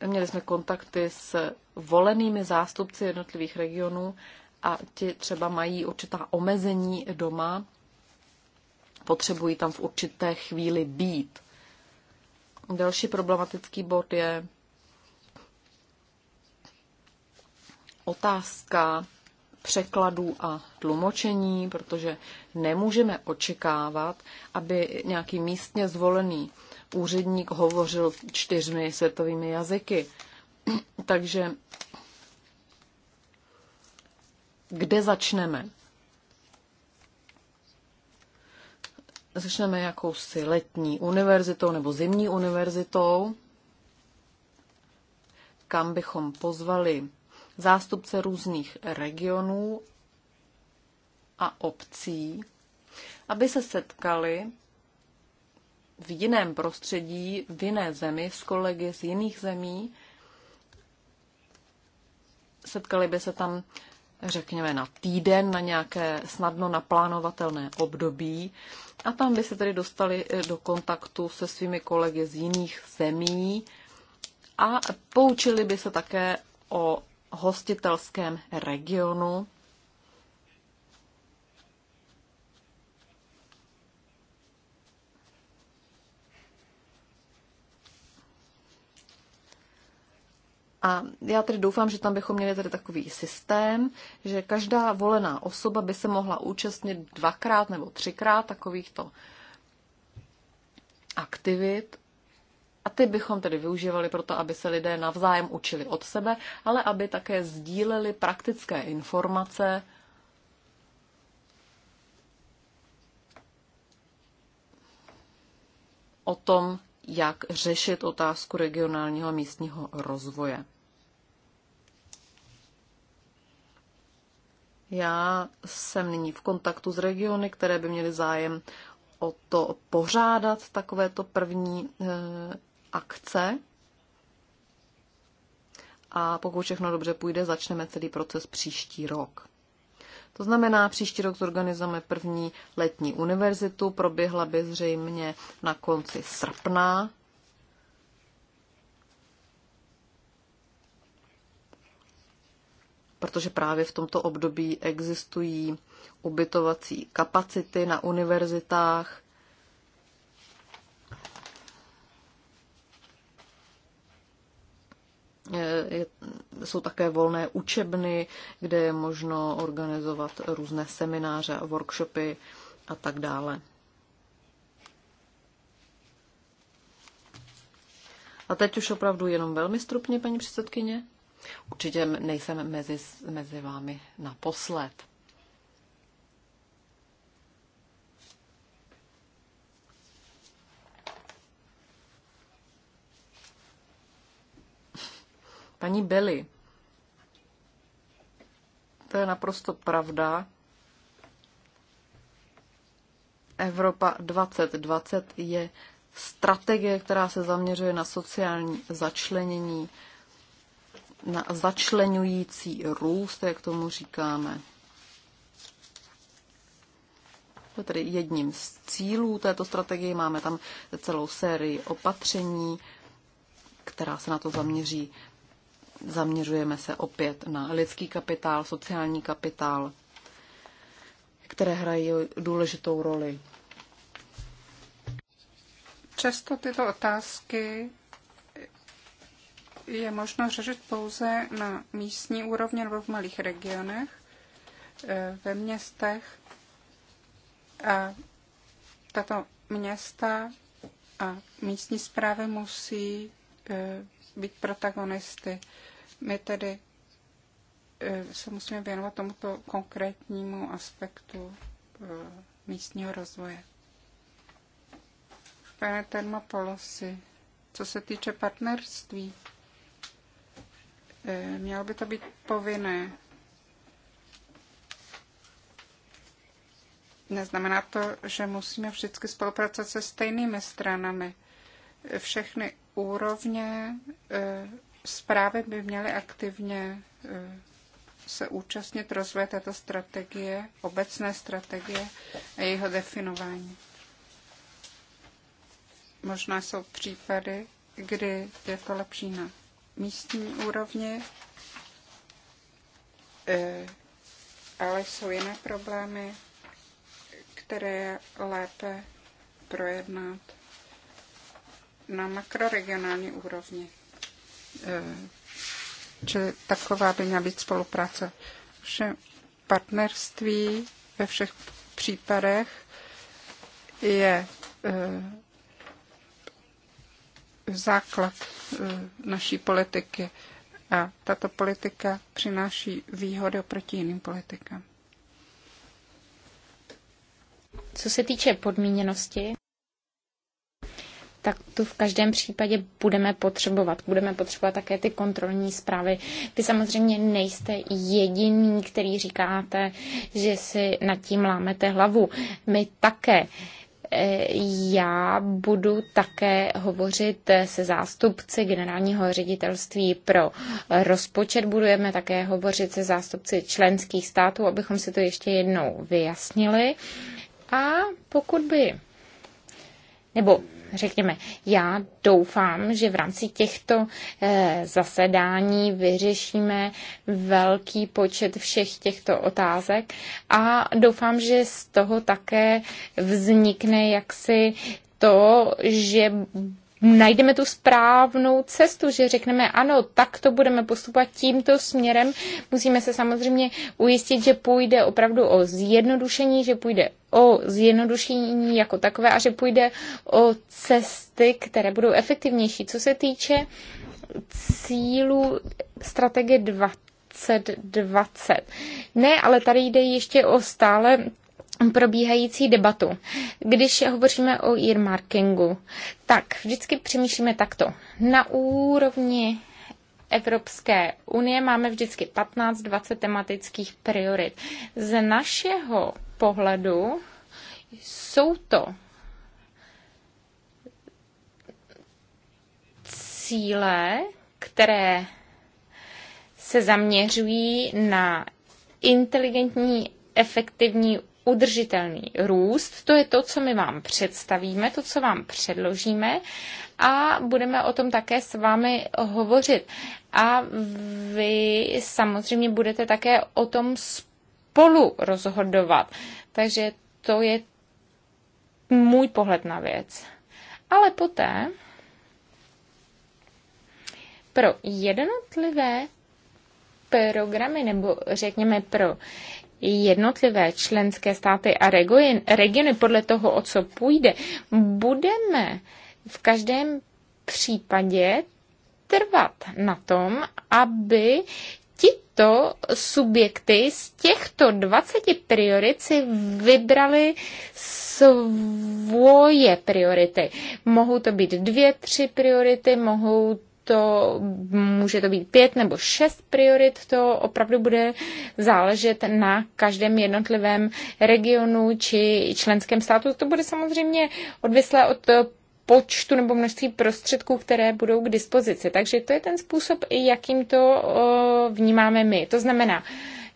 Měli jsme kontakty s volenými zástupci jednotlivých regionů a ti třeba mají určitá omezení doma, potřebují tam v určité chvíli být. Další problematický bod je otázka překladů a tlumočení, protože nemůžeme očekávat, aby nějaký místně zvolený úředník hovořil čtyřmi světovými jazyky. Takže kde začneme? Začneme jakousi letní univerzitou nebo zimní univerzitou, kam bychom pozvali zástupce různých regionů a obcí, aby se setkali v jiném prostředí, v jiné zemi, s kolegy z jiných zemí. Setkali by se tam, řekněme, na týden, na nějaké snadno naplánovatelné období a tam by se tedy dostali eh, do kontaktu se svými kolegy z jiných zemí a poučili by se také o hostitelském regionu A já tedy doufám, že tam bychom měli tedy takový systém, že každá volená osoba by se mohla účastnit dvakrát nebo třikrát takovýchto aktivit. A ty bychom tedy využívali proto, aby se lidé navzájem učili od sebe, ale aby také sdíleli praktické informace, o tom, jak řešit otázku regionálního a místního rozvoje. Já jsem nyní v kontaktu s regiony, které by měly zájem o to pořádat takovéto první e, akce. A pokud všechno dobře půjde, začneme celý proces příští rok. To znamená, příští rok zorganizujeme první letní univerzitu, proběhla by zřejmě na konci srpna protože právě v tomto období existují ubytovací kapacity na univerzitách. jsou také volné učebny, kde je možno organizovat různé semináře a workshopy a tak dále. A teď už opravdu jenom velmi strupně, paní předsedkyně. Určitě nejsem mezi, mezi vámi naposled. Paní Billy, to je naprosto pravda. Evropa 2020 je strategie, která se zaměřuje na sociální začlenění na začlenující růst, jak tomu říkáme. To je tedy jedním z cílů této strategie. Máme tam celou sérii opatření, která se na to zaměří. Zaměřujeme se opět na lidský kapitál, sociální kapitál, které hrají důležitou roli. Často tyto otázky je možno řešit pouze na místní úrovni nebo v malých regionech, eh, ve městech. A tato města a místní zprávy musí eh, být protagonisty. My tedy eh, se musíme věnovat tomuto konkrétnímu aspektu místního rozvoje. Pane Termopolosi, co se týče partnerství, Eh, mělo by to být povinné. Neznamená to, že musíme vždycky spolupracovat se stejnými stranami. Všechny úrovně eh, zprávy by měly aktivně eh, se účastnit rozvoje této strategie, obecné strategie a jejího definování. Možná jsou případy, kdy je to lepší na místní úrovni, eh, ale jsou jiné problémy, které je lépe projednat na makroregionální úrovni. Eh, čili taková by měla být spolupráce. Vše partnerství ve všech případech je eh, základ eh, naší politiky a tato politika přináší výhody oproti jiným politikám. Co se týče podmíněnosti, tak tu v každém případě budeme potřebovat. Budeme potřebovat také ty kontrolní zprávy. Vy samozřejmě nejste jediný, který říkáte, že si nad tím lámete hlavu. My také já budu také hovořit se zástupci generálního ředitelství pro rozpočet. Budujeme také hovořit se zástupci členských států, abychom si to ještě jednou vyjasnili. A pokud by, nebo řekněme, já doufám, že v rámci těchto eh, zasedání vyřešíme velký počet všech těchto otázek a doufám, že z toho také vznikne jaksi to, že najdeme tu správnou cestu, že řekneme ano, tak to budeme postupovat tímto směrem. Musíme se samozřejmě ujistit, že půjde opravdu o zjednodušení, že půjde o zjednodušení jako takové a že půjde o cesty, které budou efektivnější. Co se týče cílu strategie 2020. Ne, ale tady jde ještě o stále probíhající debatu. Když hovoříme o earmarkingu, tak vždycky přemýšlíme takto. Na úrovni Evropské unie máme vždycky 15-20 tematických priorit. Z našeho pohledu jsou to cíle, které se zaměřují na inteligentní, efektivní, udržitelný růst. To je to, co my vám představíme, to, co vám předložíme a budeme o tom také s vámi hovořit. A vy samozřejmě budete také o tom spolu spolu rozhodovat. Takže to je můj pohled na věc. Ale poté pro jednotlivé programy, nebo řekněme pro jednotlivé členské státy a regiony podle toho, o co půjde, budeme v každém případě trvat na tom, aby tito subjekty z těchto 20 priorit si vybrali svoje priority. Mohou to být dvě, tři priority, mohou to, může to být pět nebo šest priorit, to opravdu bude záležet na každém jednotlivém regionu či členském státu. To bude samozřejmě odvislé od počtu nebo množství prostředků, které budou k dispozici. Takže to je ten způsob, jakým to vnímáme my. To znamená,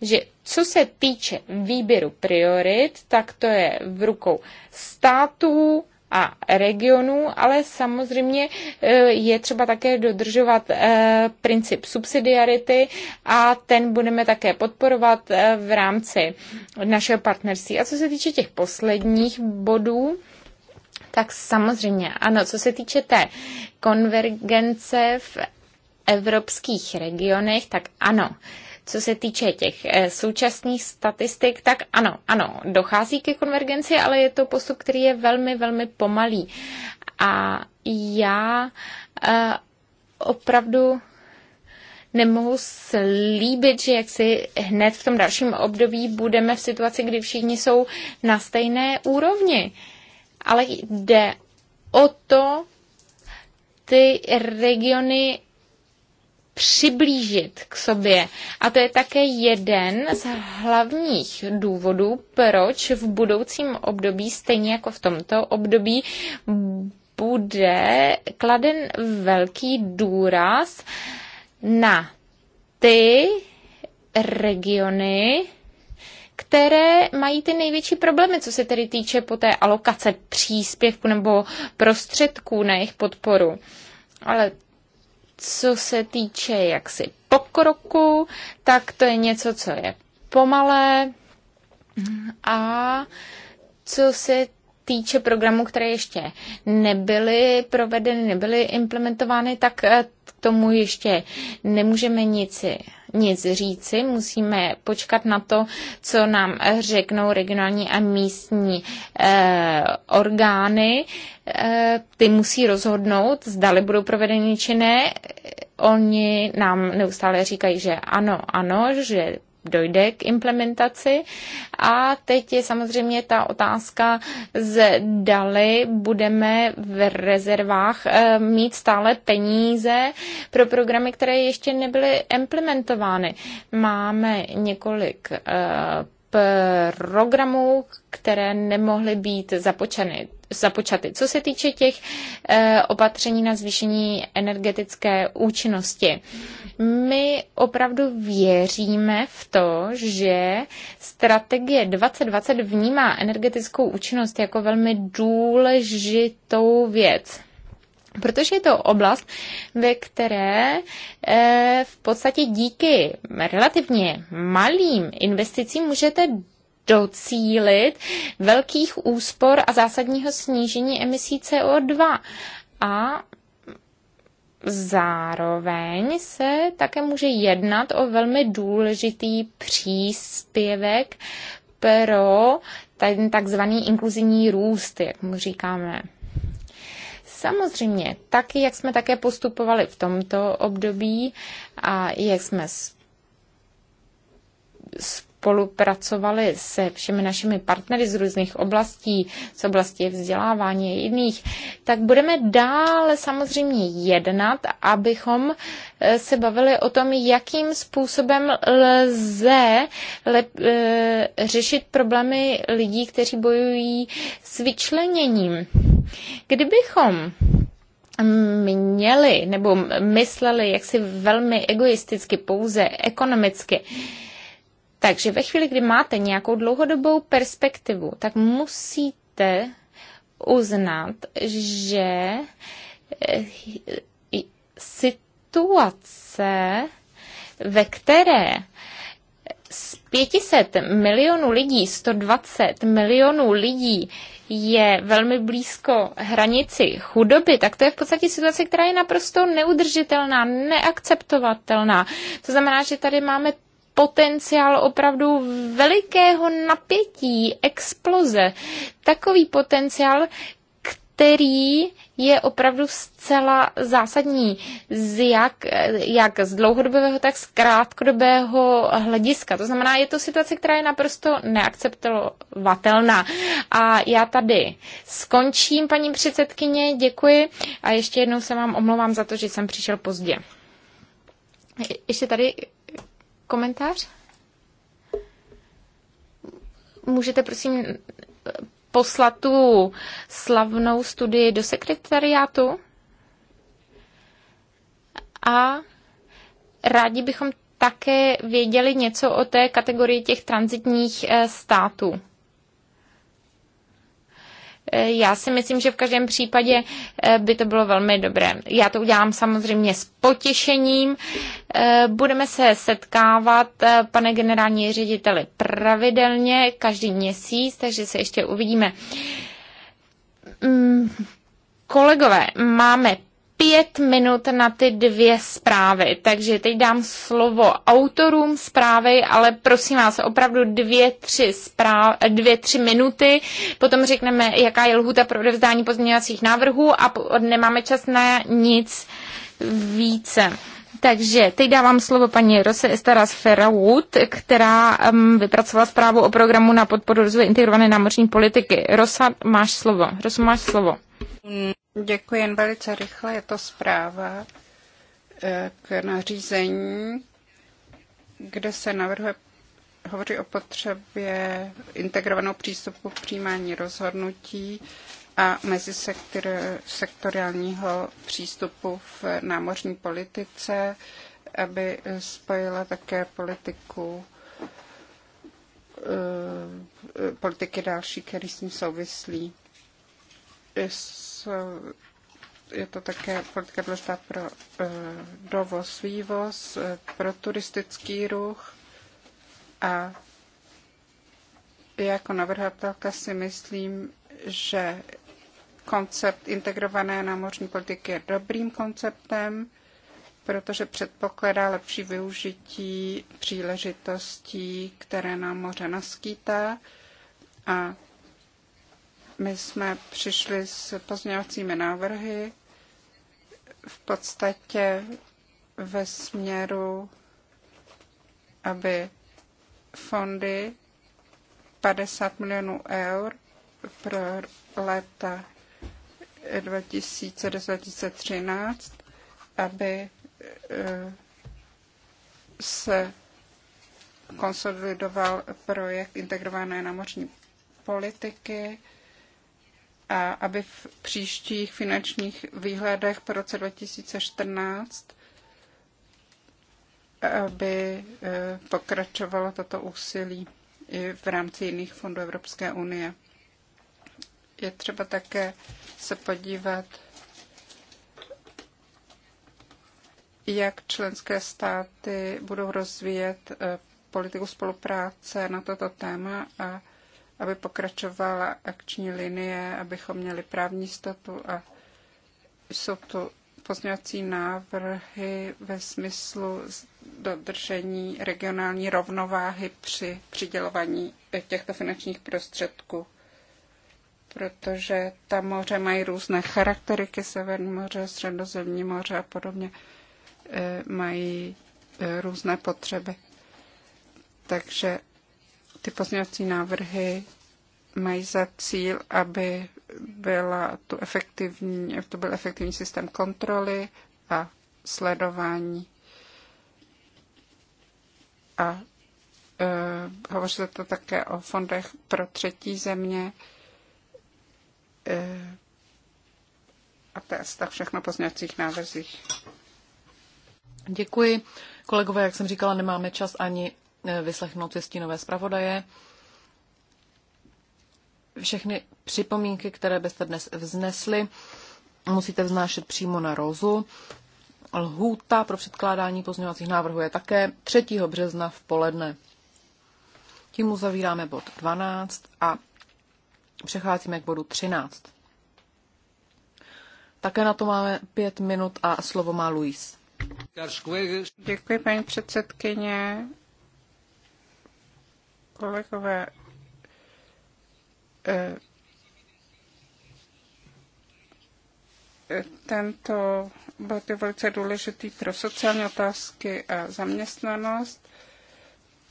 že co se týče výběru priorit, tak to je v rukou států, a regionů, ale samozřejmě e, je třeba také dodržovat e, princip subsidiarity a ten budeme také podporovat e, v rámci našeho partnerství. A co se týče těch posledních bodů, tak samozřejmě, ano, co se týče té konvergence v evropských regionech, tak ano. Co se týče těch eh, současných statistik, tak ano, ano, dochází ke konvergenci, ale je to postup, který je velmi, velmi pomalý. A já eh, opravdu nemohu slíbit, že jak si hned v tom dalším období budeme v situaci, kdy všichni jsou na stejné úrovni. Uh, ale jde o to ty regiony přiblížit k sobě. A to je také jeden z hlavních důvodů, proč v budoucím období, stejně jako v tomto období, bude kladen velký důraz na ty regiony, které mají ty největší problémy, co se tedy týče po té alokace příspěvku nebo prostředků na jejich podporu. Ale co se týče jaksi pokroku, tak to je něco, co je pomalé. A co se týče programů, které ještě nebyly provedeny, nebyly implementovány, tak eh, tomu ještě nemůžeme nic, nic říci, musíme počkat na to, co nám řeknou regionální a místní eh, orgány. Eh, ty musí rozhodnout, zdali budou provedeny či ne. Oni nám neustále říkají, že ano, ano, že dojde k implementaci. A teď je samozřejmě ta otázka, zdali budeme v rezervách eh, mít stále peníze pro programy, které ještě nebyly implementovány. Máme několik eh, programů, které nemohly být započeny započaty. Co se týče těch eh, opatření na zvýšení energetické účinnosti, my opravdu věříme v to, že strategie 2020 vnímá energetickou účinnost jako velmi důležitou věc. Protože je to oblast, ve které eh, v podstatě díky relativně malým investicím můžete docílit velkých úspor a zásadního snížení emisí CO2. A Zároveň se také může jednat o velmi důležitý příspěvek pro ten takzvaný inkluzivní růst, jak mu říkáme. Samozřejmě, taky jak jsme také postupovali v tomto období a jak jsme spolupracovali se všemi našimi partnery z různých oblastí, z oblasti vzdělávání a jiných, tak budeme dále samozřejmě jednat, abychom eh, se bavili o tom, jakým způsobem lze lep, eh, řešit problémy lidí, kteří bojují s vyčleněním. Kdybychom měli nebo mysleli jaksi velmi egoisticky, pouze ekonomicky, takže ve chvíli, kdy máte nějakou dlouhodobou perspektivu, tak musíte uznat, že eh, situace, ve které z 500 milionů lidí, 120 milionů lidí je velmi blízko hranici chudoby, tak to je v podstatě situace, která je naprosto neudržitelná, neakceptovatelná. To znamená, že tady máme potenciál opravdu velikého napětí, exploze. Takový potenciál, který je opravdu zcela zásadní, z jak, jak z dlouhodobého, tak z krátkodobého hlediska. To znamená, je to situace, která je naprosto neakceptovatelná. A já tady skončím, paní předsedkyně, děkuji a ještě jednou se vám omlouvám za to, že jsem přišel pozdě. Je, ještě tady komentář? Můžete prosím poslat tu slavnou studii do sekretariátu? A rádi bychom také věděli něco o té kategorii těch transitních eh, států. Já si myslím, že v každém případě eh, by to bylo velmi dobré. Já to udělám samozřejmě s potěšením. Eh, Budeme se setkávat, eh, pane generální řediteli, pravidelně každý měsíc, takže se ještě uvidíme mm, kolegové, máme pět minut na ty dvě zprávy. Takže teď dám slovo autorům zprávy, ale prosím vás, opravdu dvě, tři, zpráv, dvě, tři minuty. Potom řekneme, jaká je lhuta pro odevzdání pozměňovacích návrhů a nemáme čas na nic více. Takže teď dávám slovo paní Rose Estaras Ferraud, která um, vypracovala zprávu o programu na podporu rozvoje integrované námořní politiky. Rosa, máš slovo. Rosa, máš slovo. Děkuji jen velice rychle. Je to zpráva eh, k nařízení, kde se navrhuje hovoří o potřebě integrovaného přístupu k přijímání rozhodnutí a mezisektoriálního přístupu v námořní politice, aby spojila také politiku eh, politiky další, které s tím souvislí Eh, je to také politika důležitá pro eh, dovoz, vývoz, eh, pro turistický ruch a já jako navrhatelka si myslím, že koncept integrované námořní politiky je dobrým konceptem, protože předpokládá lepší využití příležitostí, které nám moře naskýtá a my jsme přišli s pozměňovacími návrhy v podstatě ve směru, aby fondy 50 milionů eur pro léta 2010-2013, aby eh, se konsolidoval projekt integrované námořní politiky, a aby v příštích finančních výhledech po roce 2014 aby eh, pokračovalo toto úsilí i v rámci jiných fondů Evropské unie. Je třeba také se podívat, jak členské státy budou rozvíjet eh, politiku spolupráce na toto téma a aby pokračovala akční linie, abychom měli právní statu a jsou to pozměňovací návrhy ve smyslu dodržení regionální rovnováhy při přidělování těchto finančních prostředků, protože ta moře mají různé charakteriky, Severní moře, Středozemní moře a podobně, eh, mají eh, různé potřeby. Takže ty pozměňovací návrhy mají za cíl, aby byla tu efektivní, to byl efektivní systém kontroly a sledování. A e, se to také o fondech pro třetí země. E, a to je tak všechno pozměňovacích návrzích. Děkuji. Kolegové, jak jsem říkala, nemáme čas ani Eh, vyslechnout si stínové zpravodaje. Všechny připomínky, které byste dnes vznesli, musíte vznášet přímo na rozu. Lhůta pro předkládání pozměňovacích návrhů je také 3. března v poledne. Tím uzavíráme bod 12 a přecházíme k bodu 13. Také na to máme pět minut a slovo má Luis. Děkuji, paní předsedkyně. Kolegové, eh, tento bod je velice důležitý pro sociální otázky a zaměstnanost.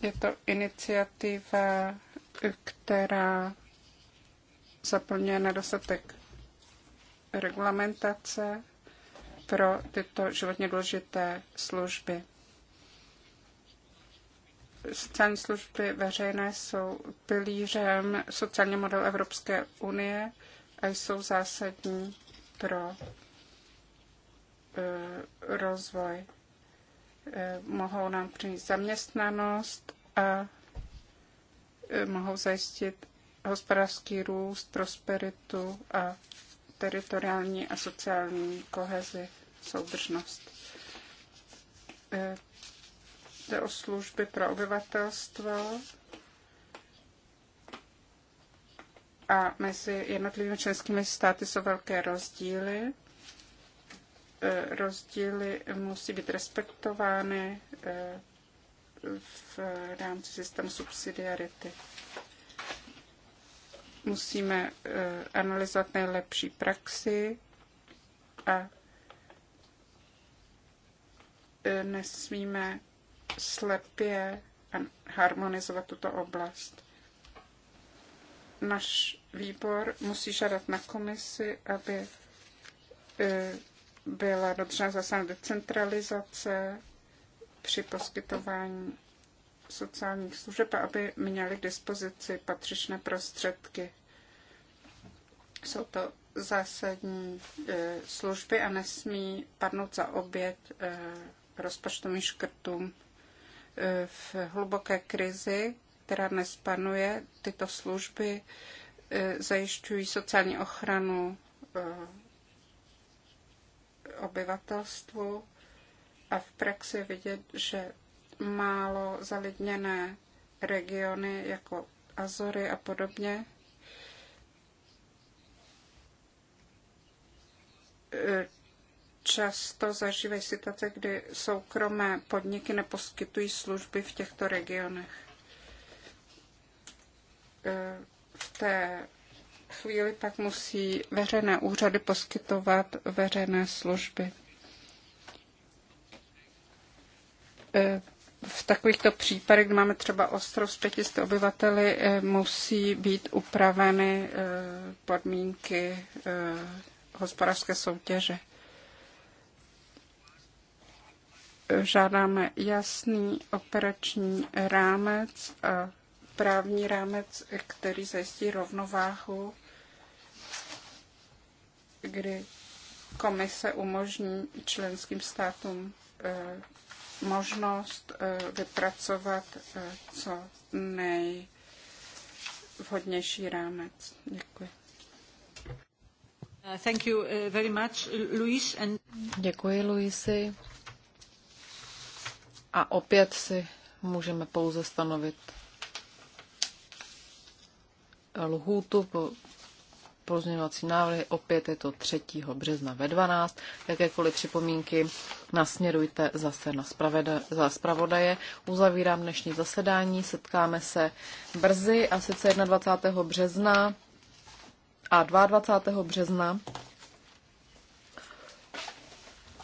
Je to iniciativa, která zaplňuje nedostatek regulamentace pro tyto životně důležité služby sociální služby veřejné jsou pilířem sociální model Evropské unie a jsou zásadní pro eh, rozvoj. Eh, mohou nám přinést zaměstnanost a eh, mohou zajistit hospodářský růst, prosperitu a teritoriální a sociální kohezi, soudržnost jde o služby pro obyvatelstvo a mezi jednotlivými členskými státy jsou velké rozdíly. E, rozdíly musí být respektovány e, v rámci systému subsidiarity. Musíme e, analyzovat nejlepší praxi a nesmíme slepě harmonizovat tuto oblast. Náš výbor musí žádat na komisi, aby e, byla dodržena zásada decentralizace při poskytování sociálních služeb, aby měli k dispozici patřičné prostředky. Jsou to zásadní e, služby a nesmí padnout za oběť e, rozpočtovým škrtům v hluboké krizi, která dnes panuje, tyto služby e, zajišťují sociální ochranu e, obyvatelstvu a v praxi je vidět, že málo zalidněné regiony jako Azory a podobně e, často zažívají situace, kdy soukromé podniky neposkytují služby v těchto regionech. E, v té chvíli pak musí veřejné úřady poskytovat veřejné služby. E, v takovýchto případech, kdy máme třeba ostrov s 500 obyvateli, e, musí být upraveny podmínky hospodářské soutěže. žádáme jasný operační rámec a právní rámec, který zajistí rovnováhu, kdy komise umožní členským státům eh, možnost eh, vypracovat eh, co nejvhodnější rámec. Děkuji. Uh, thank you uh, very much, Luis. And... Děkuji, Luisi. A opět si můžeme pouze stanovit lhůtu po pozměňovací návrhy. Opět je to 3. března ve 12. Jakékoliv připomínky nasměrujte zase na spravede, za zpravodaje. Uzavírám dnešní zasedání, setkáme se brzy a sice 21. března a 22. března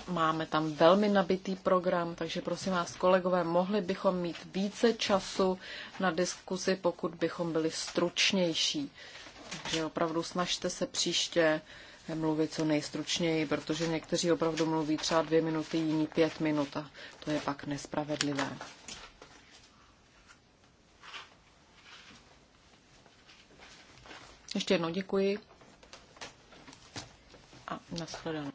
Máme tam velmi nabitý program, takže prosím vás, kolegové, mohli bychom mít více času na diskuzi, pokud bychom byli stručnější. Takže opravdu snažte se příště mluvit co nejstručněji, protože někteří opravdu mluví třeba dvě minuty, jiní pět minut a to je pak nespravedlivé. Ještě jednou děkuji a nashledanou.